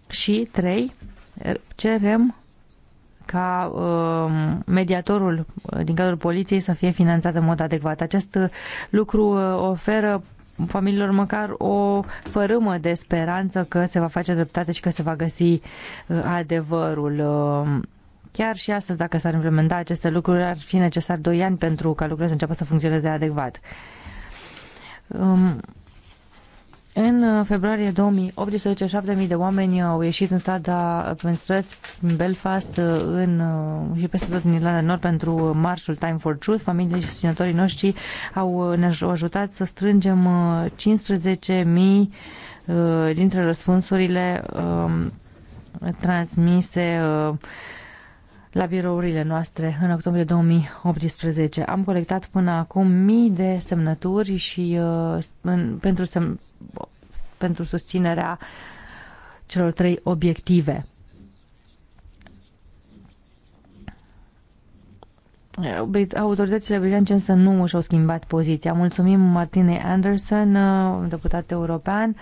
Și, trei, cerem ca um, mediatorul uh, din cadrul poliției să fie finanțat în mod adecvat. Acest uh, lucru uh, oferă familiilor măcar o fărâmă de speranță că se va face dreptate și că se va găsi adevărul. Um, chiar și astăzi, dacă s-ar implementa aceste lucruri, ar fi necesar 2 ani pentru ca lucrurile să înceapă să funcționeze adecvat. Um, în februarie 2018, 7.000 de oameni au ieșit în strada, în străzi, în Belfast în, uh, și peste tot în Irlanda Nord pentru marșul Time for Truth. Familiile și susținătorii noștri au, uh, ne-au ajutat să strângem 15.000 uh, dintre răspunsurile um, transmise la birourile noastre în octombrie 2018. Am colectat până acum mii de semnături și uh, în, pentru sem- pentru susținerea celor trei obiective. Autoritățile britanice însă nu și-au schimbat poziția. Mulțumim Martinei Anderson, uh, deputat european.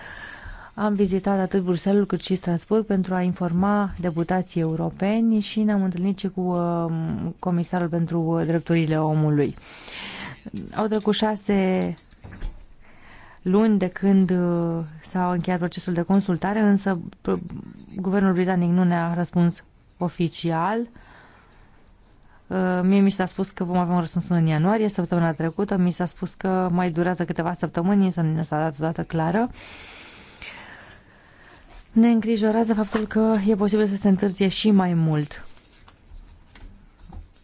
Am vizitat atât Bruxelles cât și Strasburg pentru a informa deputații europeni și ne-am întâlnit și cu uh, comisarul pentru drepturile omului. Au trecut șase luni de când uh, s-a încheiat procesul de consultare, însă guvernul britanic nu ne-a răspuns oficial. Uh, mie mi s-a spus că vom avea un răspuns în ianuarie, săptămâna trecută. Mi s-a spus că mai durează câteva săptămâni, însă nu s-a dat o dată clară. Ne îngrijorează faptul că e posibil să se întârzie și mai mult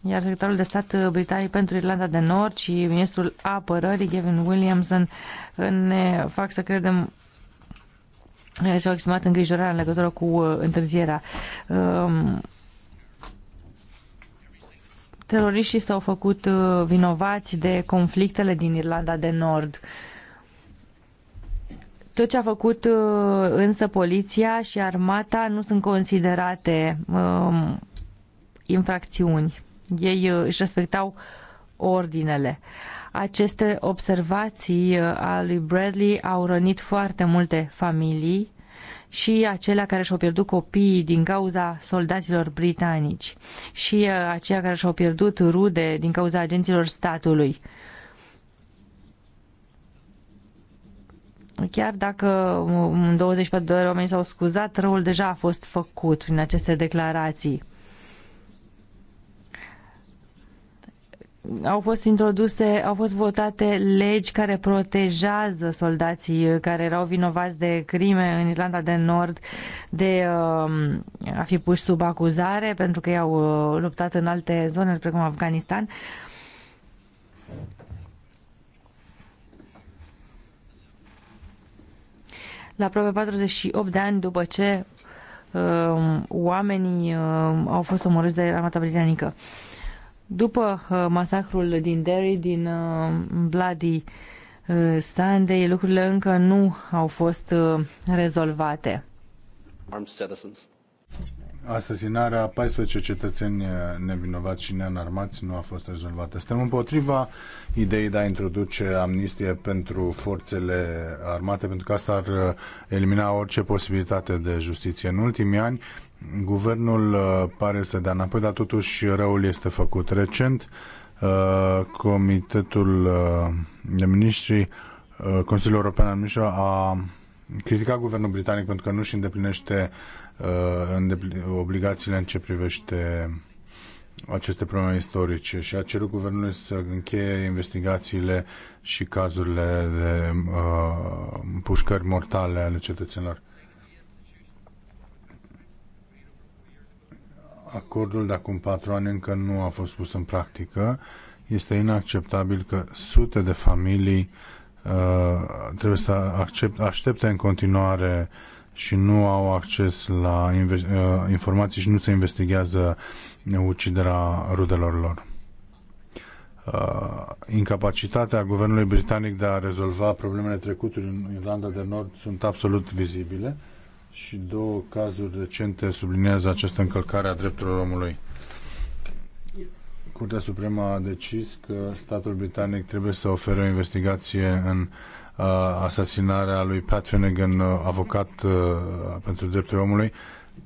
iar secretarul de stat uh, britanic pentru Irlanda de Nord și ministrul apărării, Gavin Williamson, uh, ne fac să credem și-au exprimat îngrijorarea în legătură cu uh, întârzierea. Um, teroriștii s-au făcut vinovați de conflictele din Irlanda de Nord. Tot ce a făcut însă poliția și armata nu sunt considerate um, infracțiuni ei uh, își respectau ordinele. Aceste observații uh, a lui Bradley au rănit foarte multe familii și acelea care și-au pierdut copiii din cauza soldaților britanici și uh, aceia care și-au pierdut rude din cauza agenților statului. Chiar dacă în 24 de ore oamenii s-au scuzat, răul deja a fost făcut prin aceste declarații. au fost introduse, au fost votate legi care protejează soldații uh, care erau vinovați de crime în Irlanda de Nord de um, a fi puși sub acuzare pentru că i-au uh, luptat în alte zone, precum Afganistan. La aproape 48 de ani după ce um, oamenii um, au fost omorâți de armata britanică. Uh, după uh, masacrul din Derry, din uh, Bloody uh, Sunday, lucrurile încă nu au fost rezolvate. Asasinarea 14 cetățeni nevinovați și neanarmați nu a fost rezolvată. Suntem împotriva ideii de a introduce amnistie pentru forțele armate, pentru că asta ar elimina orice posibilitate de justiție. În ultimii ani, Guvernul uh, pare să dea înapoi, dar totuși răul este făcut. Recent, uh, Comitetul uh, de Ministri, Consiliul European al Ministrilor a criticat guvernul britanic pentru că nu își îndeplinește obligațiile în ce privește aceste probleme istorice și a cerut guvernului să încheie investigațiile și cazurile de uh, pușcări mortale ale cetățenilor. acordul de acum patru ani încă nu a fost pus în practică. Este inacceptabil că sute de familii uh, trebuie să accept, aștepte în continuare și nu au acces la uh, informații și nu se investigează uciderea rudelor lor. Uh, incapacitatea guvernului britanic de a rezolva problemele trecutului în Irlanda de Nord sunt absolut vizibile. Uh, și două cazuri recente sublinează această încălcare a drepturilor omului. Curtea Supremă a decis că statul britanic trebuie să ofere o investigație în uh, asasinarea lui Pat Finnegan, uh, avocat uh, pentru drepturile omului.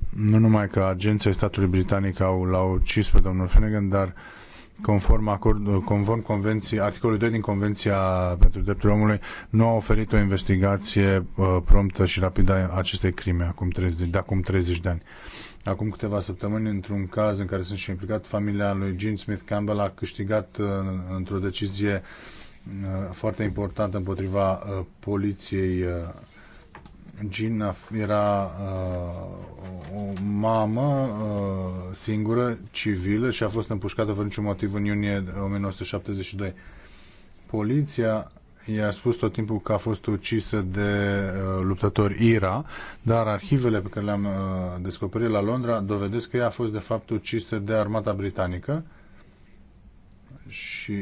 Nu numai că agenții statului britanic au, l-au ucis pe domnul Finnegan, dar conform, acord, conform convenții, articolul 2 din Convenția pentru Drepturile Omului, nu a oferit o investigație uh, promptă și rapidă a acestei crime acum 30, de acum 30 de ani. Acum câteva săptămâni, într-un caz în care sunt și implicat, familia lui Gene Smith Campbell a câștigat uh, într-o decizie uh, foarte importantă împotriva uh, poliției uh, Gina era uh, o mamă uh, singură, civilă și a fost împușcată fără niciun motiv în iunie 1972. Poliția i-a spus tot timpul că a fost ucisă de uh, luptători IRA, dar arhivele pe care le-am uh, descoperit la Londra dovedesc că ea a fost de fapt ucisă de armata britanică și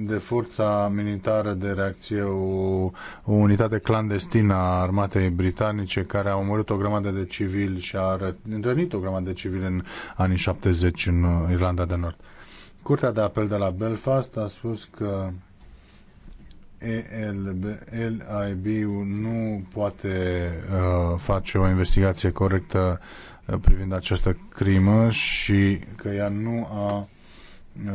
de forța militară de reacție, o, o unitate clandestină a armatei britanice care a omorât o grămadă de civili și a rănit o grămadă de civili în anii 70 în uh, Irlanda de Nord. Curtea de apel de la Belfast a spus că ELB, LIB nu poate uh, face o investigație corectă uh, privind această crimă și că ea nu a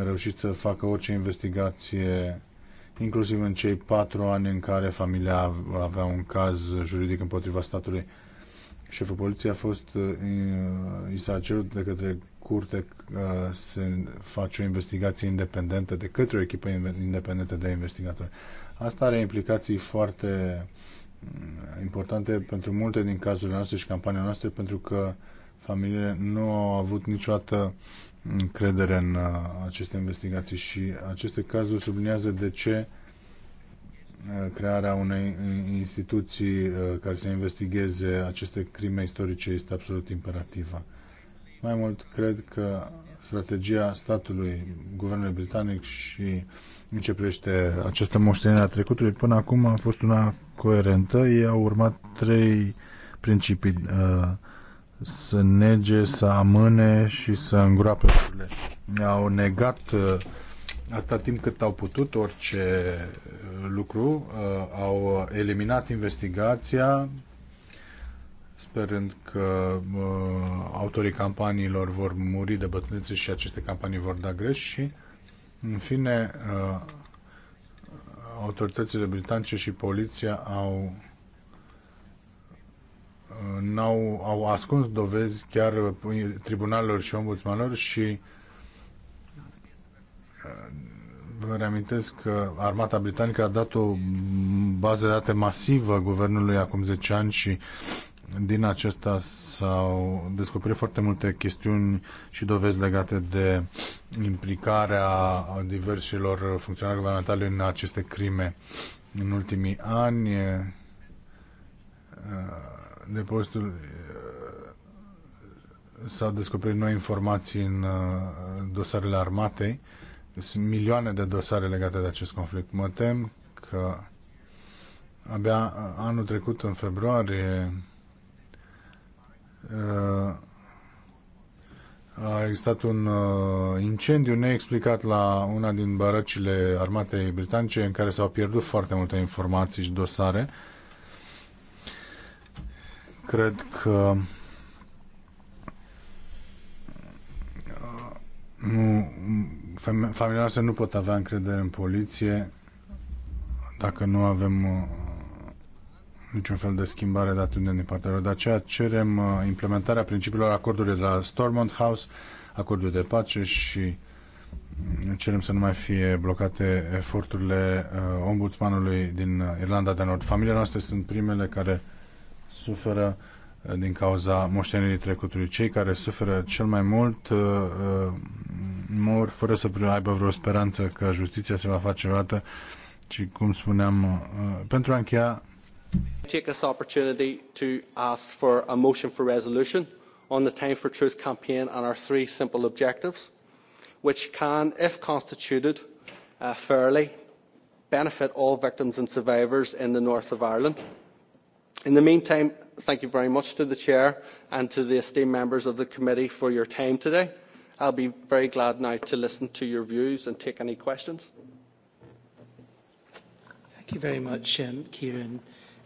reușit să facă orice investigație, inclusiv în cei patru ani în care familia avea un caz juridic împotriva statului. Șeful poliției a fost, uh, i s-a cerut de către curte uh, să face o investigație independentă de către o echipă independentă de investigatori. Asta are implicații foarte mm, importante pentru multe din cazurile noastre și campania noastră, pentru că familiile nu au avut niciodată încredere în uh, aceste investigații și aceste cazuri subliniază de ce uh, crearea unei uh, instituții care să investigheze aceste crime istorice este absolut imperativă. Mai mult, cred că strategia statului, guvernului britanic și începește această moștenire a trecutului, până acum a fost una coerentă. Ei au urmat trei principii. Uh, să nege, să amâne și să îngroape lucrurile. Au negat uh, atâta timp cât au putut orice uh, lucru, uh, au eliminat investigația, sperând că autorii campaniilor vor muri de bătrânețe și aceste campanii vor da greș și, în fine, autoritățile britanice și poliția au n-au au ascuns dovezi chiar tribunalelor și ombudsmanilor și uh, vă reamintesc că armata britanică a dat o bază de date masivă guvernului acum 10 ani și din acesta s-au descoperit foarte multe chestiuni și dovezi legate de implicarea diversilor funcționari guvernamentali în aceste crime în ultimii ani uh, depozitul s-au descoperit noi informații în dosarele armatei. Sunt milioane de dosare legate de acest conflict. Mă tem că abia anul trecut, în februarie, a existat un incendiu neexplicat la una din bărăcile armatei britanice în care s-au pierdut foarte multe informații și dosare. Uh, Cred că uh, nu, familia noastră nu pot avea încredere în poliție dacă nu avem uh, niciun fel de schimbare dată unde din partea lor. De aceea cerem uh, implementarea principiilor acordului de la Stormont House, acordul de pace și cerem să nu mai fie blocate eforturile ombudsmanului din Irlanda de Nord. Familiile noastre sunt primele care suferă uh, din cauza moștenirii trecutului. Cei care suferă cel mai mult uh, uh mor fără să aibă vreo speranță că justiția se va face vreodată și, cum spuneam, uh, pentru a încheia... Take this opportunity to ask for a motion for resolution on the Time for Truth campaign and our three simple objectives, which can, if constituted uh, fairly, benefit all victims and survivors in the north of Ireland. In the meantime, thank you very much to the Chair and to the esteemed members of the committee for your time today. I'll be very glad now to listen to your views and take any questions. Thank you very much, um, Kieran.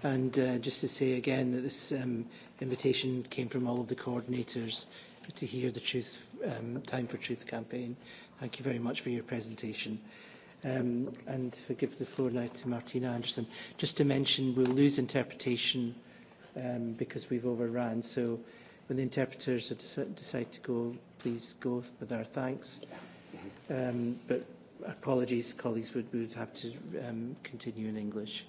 And uh, just to say again that this um, invitation came from all of the coordinators to hear the Truth, um, Time for Truth campaign. Thank you very much for your presentation um, and forgive the floor now to Martina Anderson. Just to mention, we'll lose interpretation um, because we've overrun. So when the interpreters deci-, decide to go, please go with our thanks. Um, but apologies, colleagues, we would have to um, continue in English,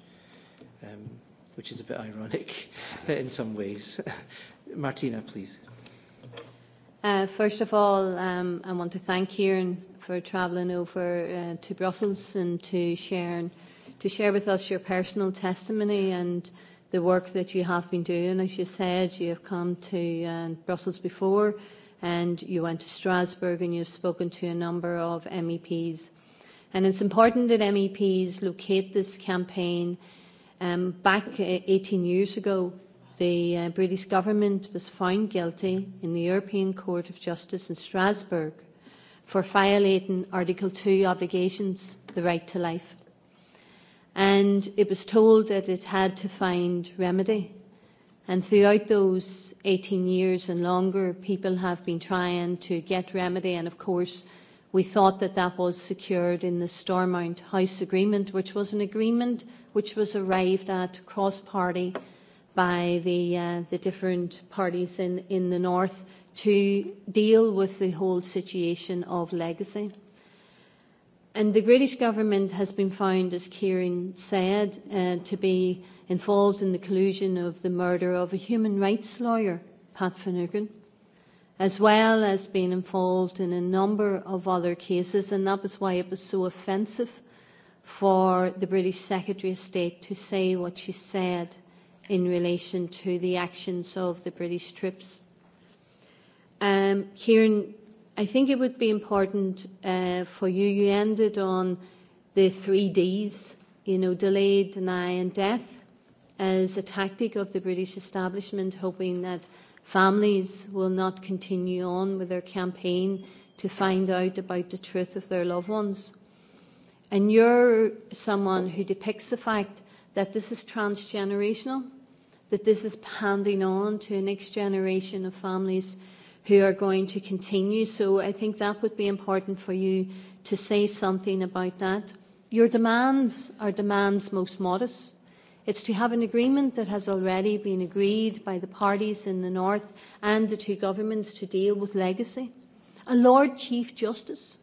um, which is a bit ironic in some ways. Martina, please. Uh, first of all, um, I want to thank Kieran for travelling over uh, to Brussels and to share, to share with us your personal testimony and the work that you have been doing. As you said, you have come to uh, Brussels before and you went to Strasbourg and you've spoken to a number of MEPs. And it's important that MEPs locate this campaign. Um, back 18 uh, years ago, the uh, British government was found guilty in the European Court of Justice in Strasbourg for violating Article 2 obligations, the right to life. And it was told that it had to find remedy. And throughout those 18 years and longer, people have been trying to get remedy. And of course, we thought that that was secured in the Stormont House Agreement, which was an agreement which was arrived at cross-party by the, uh, the different parties in, in the north to deal with the whole situation of legacy. And the British government has been found, as Kieran said, uh, to be involved in the collusion of the murder of a human rights lawyer, Pat Finnegan, as well as being involved in a number of other cases, and that was why it was so offensive for the British Secretary of State to say what she said in relation to the actions of the British troops. Um, Kieran, I think it would be important uh, for you. You ended on the three Ds, you know, delay, deny, and death, as a tactic of the British establishment, hoping that families will not continue on with their campaign to find out about the truth of their loved ones. And you're someone who depicts the fact that this is transgenerational, that this is handing on to a next generation of families who are going to continue. So I think that would be important for you to say something about that. Your demands are demands most modest. It's to have an agreement that has already been agreed by the parties in the North and the two governments to deal with legacy. A Lord Chief Justice.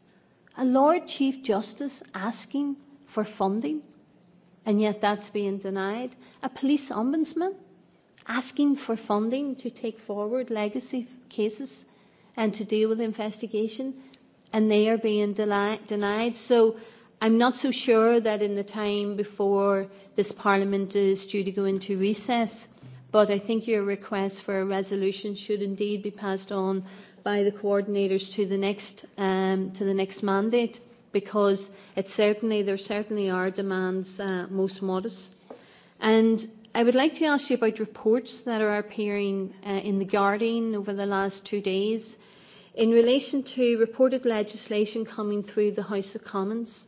A Lord Chief Justice asking for funding, and yet that's being denied. A police ombudsman asking for funding to take forward legacy cases and to deal with investigation, and they are being denied. So I'm not so sure that in the time before this Parliament is due to go into recess, but I think your request for a resolution should indeed be passed on by the coordinators to the next um, to the next mandate because it certainly there certainly are demands uh, most modest. And I would like to ask you about reports that are appearing uh, in The Guardian over the last two days in relation to reported legislation coming through the House of Commons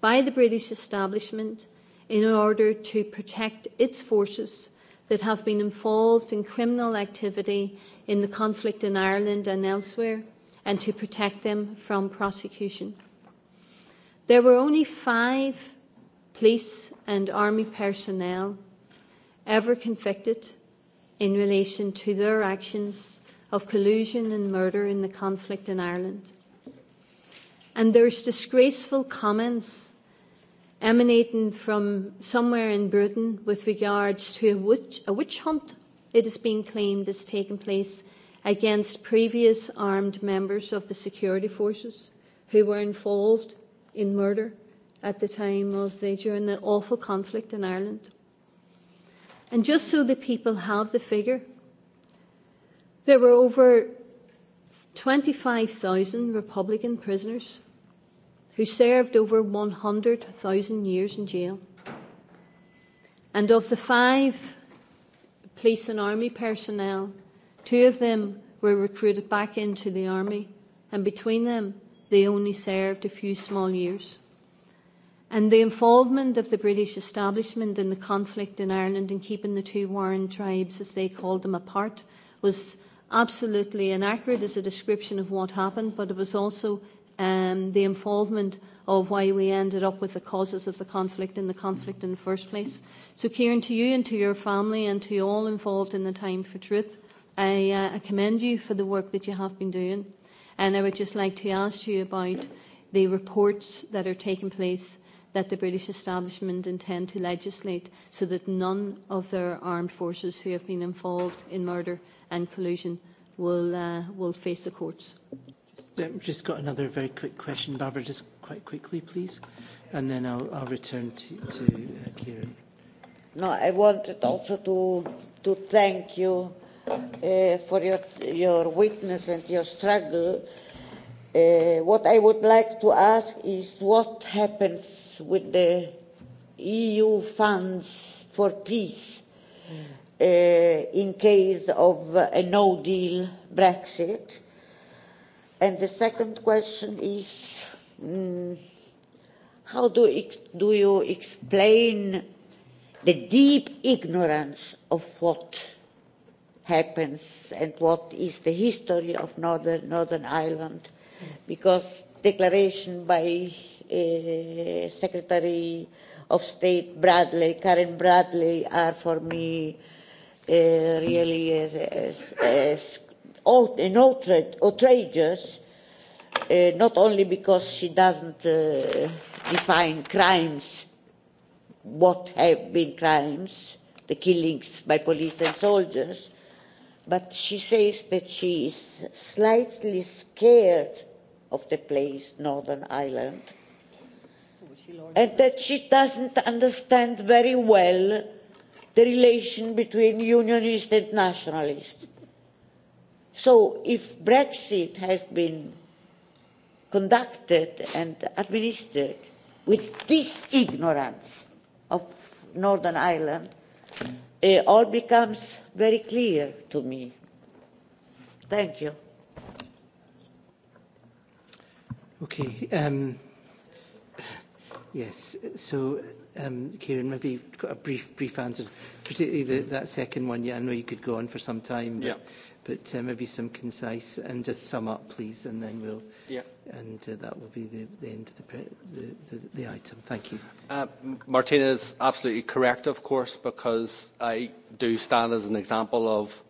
by the British establishment in order to protect its forces that have been involved in criminal activity in the conflict in Ireland and elsewhere and to protect them from prosecution. There were only five police and army personnel ever convicted in relation to their actions of collusion and murder in the conflict in Ireland. And there's disgraceful comments emanating from somewhere in Britain with regards to a witch, a witch hunt, it is being claimed, has taken place against previous armed members of the security forces who were involved in murder at the time of the during the awful conflict in Ireland. And just so the people have the figure, there were over 25,000 Republican prisoners who served over 100,000 years in jail. And of the five police and army personnel, two of them were recruited back into the army, and between them, they only served a few small years and the involvement of the British establishment in the conflict in Ireland and keeping the two warring tribes, as they called them, apart was absolutely inaccurate as a description of what happened, but it was also um, the involvement of why we ended up with the causes of the conflict and the conflict in the first place. So, Kieran, to you and to your family and to all involved in the Time for Truth, I, uh, I commend you for the work that you have been doing. And I would just like to ask you about the reports that are taking place that the British establishment intend to legislate so that none of their armed forces who have been involved in murder and collusion will, uh, will face the courts. Just, um, just got another very quick question, Barbara, just quite quickly, please, and then I'll, I'll return to, to uh, Kieran. No, I wanted also to, to thank you uh, for your, your witness and your struggle Uh, what I would like to ask is what happens with the EU funds for peace uh, in case of a no-deal Brexit? And the second question is, um, how do, do you explain the deep ignorance of what happens and what is the history of Northern, Northern Ireland because declaration by uh, Secretary of State Bradley, Karen Bradley, are for me uh, really as, as, as out, an outrageous, uh, not only because she doesn't uh, define crimes, what have been crimes, the killings by police and soldiers, but she says that she is slightly scared of the place, Northern Ireland, oh, and that she doesn't understand very well the relation between unionists and nationalists. So if Brexit has been conducted and administered with this ignorance of Northern Ireland, it all becomes very clear to me. Thank you. Okay. Um, yes. So, um, Kieran, maybe you've got a brief, brief answers, particularly the, that second one. Yeah, I know you could go on for some time, but, yeah. but uh, maybe some concise and just sum up, please, and then we'll. Yeah. And uh, that will be the, the end of the, the, the, the item. Thank you. Uh, Martina is absolutely correct, of course, because I do stand as an example of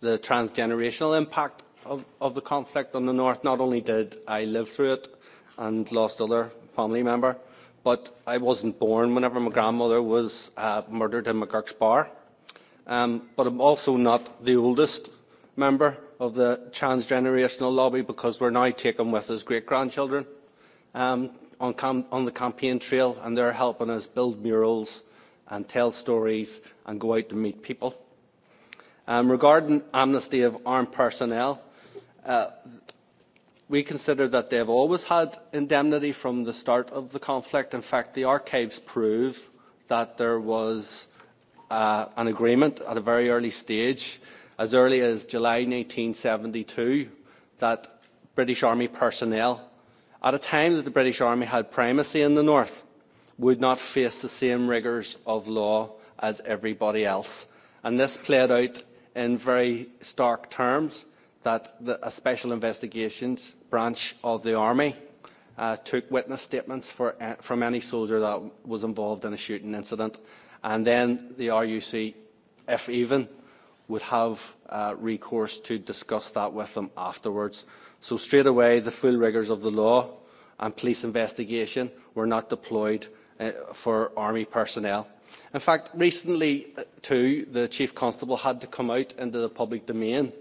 the transgenerational impact of, of the conflict on the north. Not only did I live through it, and lost other family member. But I wasn't born whenever my grandmother was uh, murdered in McGurk's Bar. Um, but I'm also not the oldest member of the transgenerational lobby because we're now taken with as great-grandchildren um, on, cam- on the campaign trail and they're helping us build murals and tell stories and go out to meet people. Um, regarding amnesty of armed personnel, uh, we consider that they have always had indemnity from the start of the conflict. In fact, the archives prove that there was uh, an agreement at a very early stage, as early as July 1972, that British Army personnel, at a time that the British Army had primacy in the north, would not face the same rigours of law as everybody else. And this played out in very stark terms that the, a special investigations branch of the army uh, took witness statements for, uh, from any soldier that was involved in a shooting incident, and then the RUC, if even, would have uh, recourse to discuss that with them afterwards. So straight away, the full rigours of the law and police investigation were not deployed uh, for army personnel. In fact, recently uh, too, the chief constable had to come out into the public domain uh,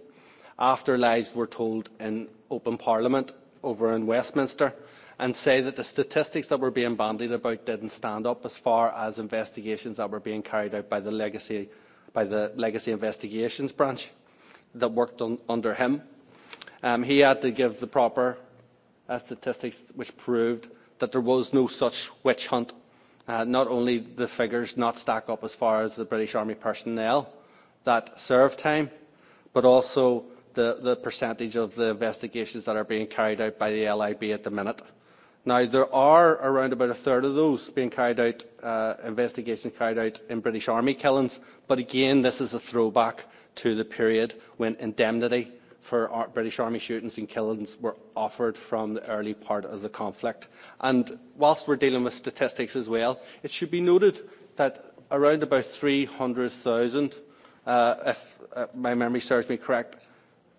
after lies were told in open parliament over in Westminster and say that the statistics that were being bandied about didn't stand up as far as investigations that were being carried out by the legacy, by the legacy investigations branch that worked on, under him. Um, he had to give the proper uh, statistics which proved that there was no such witch hunt. Uh, not only the figures not stack up as far as the British Army personnel that served time, but also the, the percentage of the investigations that are being carried out by the LIB at the minute. Now, there are around about a third of those being carried out, uh, investigations carried out in British Army killings, but again, this is a throwback to the period when indemnity for our British Army shootings and killings were offered from the early part of the conflict. And whilst we're dealing with statistics as well, it should be noted that around about 300,000, uh, if uh, my memory serves me correct,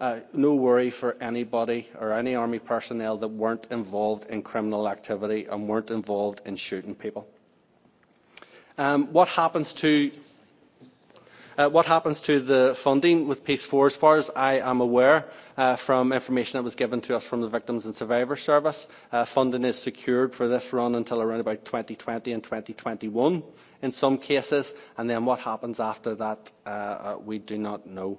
Uh, no worry for anybody or any army personnel that weren't involved in criminal activity and weren't involved in shooting people. Um, what happens to uh, what happens to the funding with Peace Four? As far as I am aware, uh, from information that was given to us from the Victims and Survivors Service, uh, funding is secured for this run until around about 2020 and 2021 in some cases, and then what happens after that, uh, uh we do not know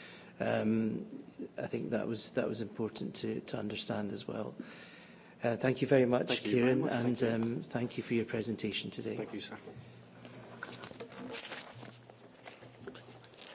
Um, I think that was that was important to, to understand as well. Uh, thank you very much, thank Kieran, you very much. and thank you. Um, thank you for your presentation today. Thank you, sir.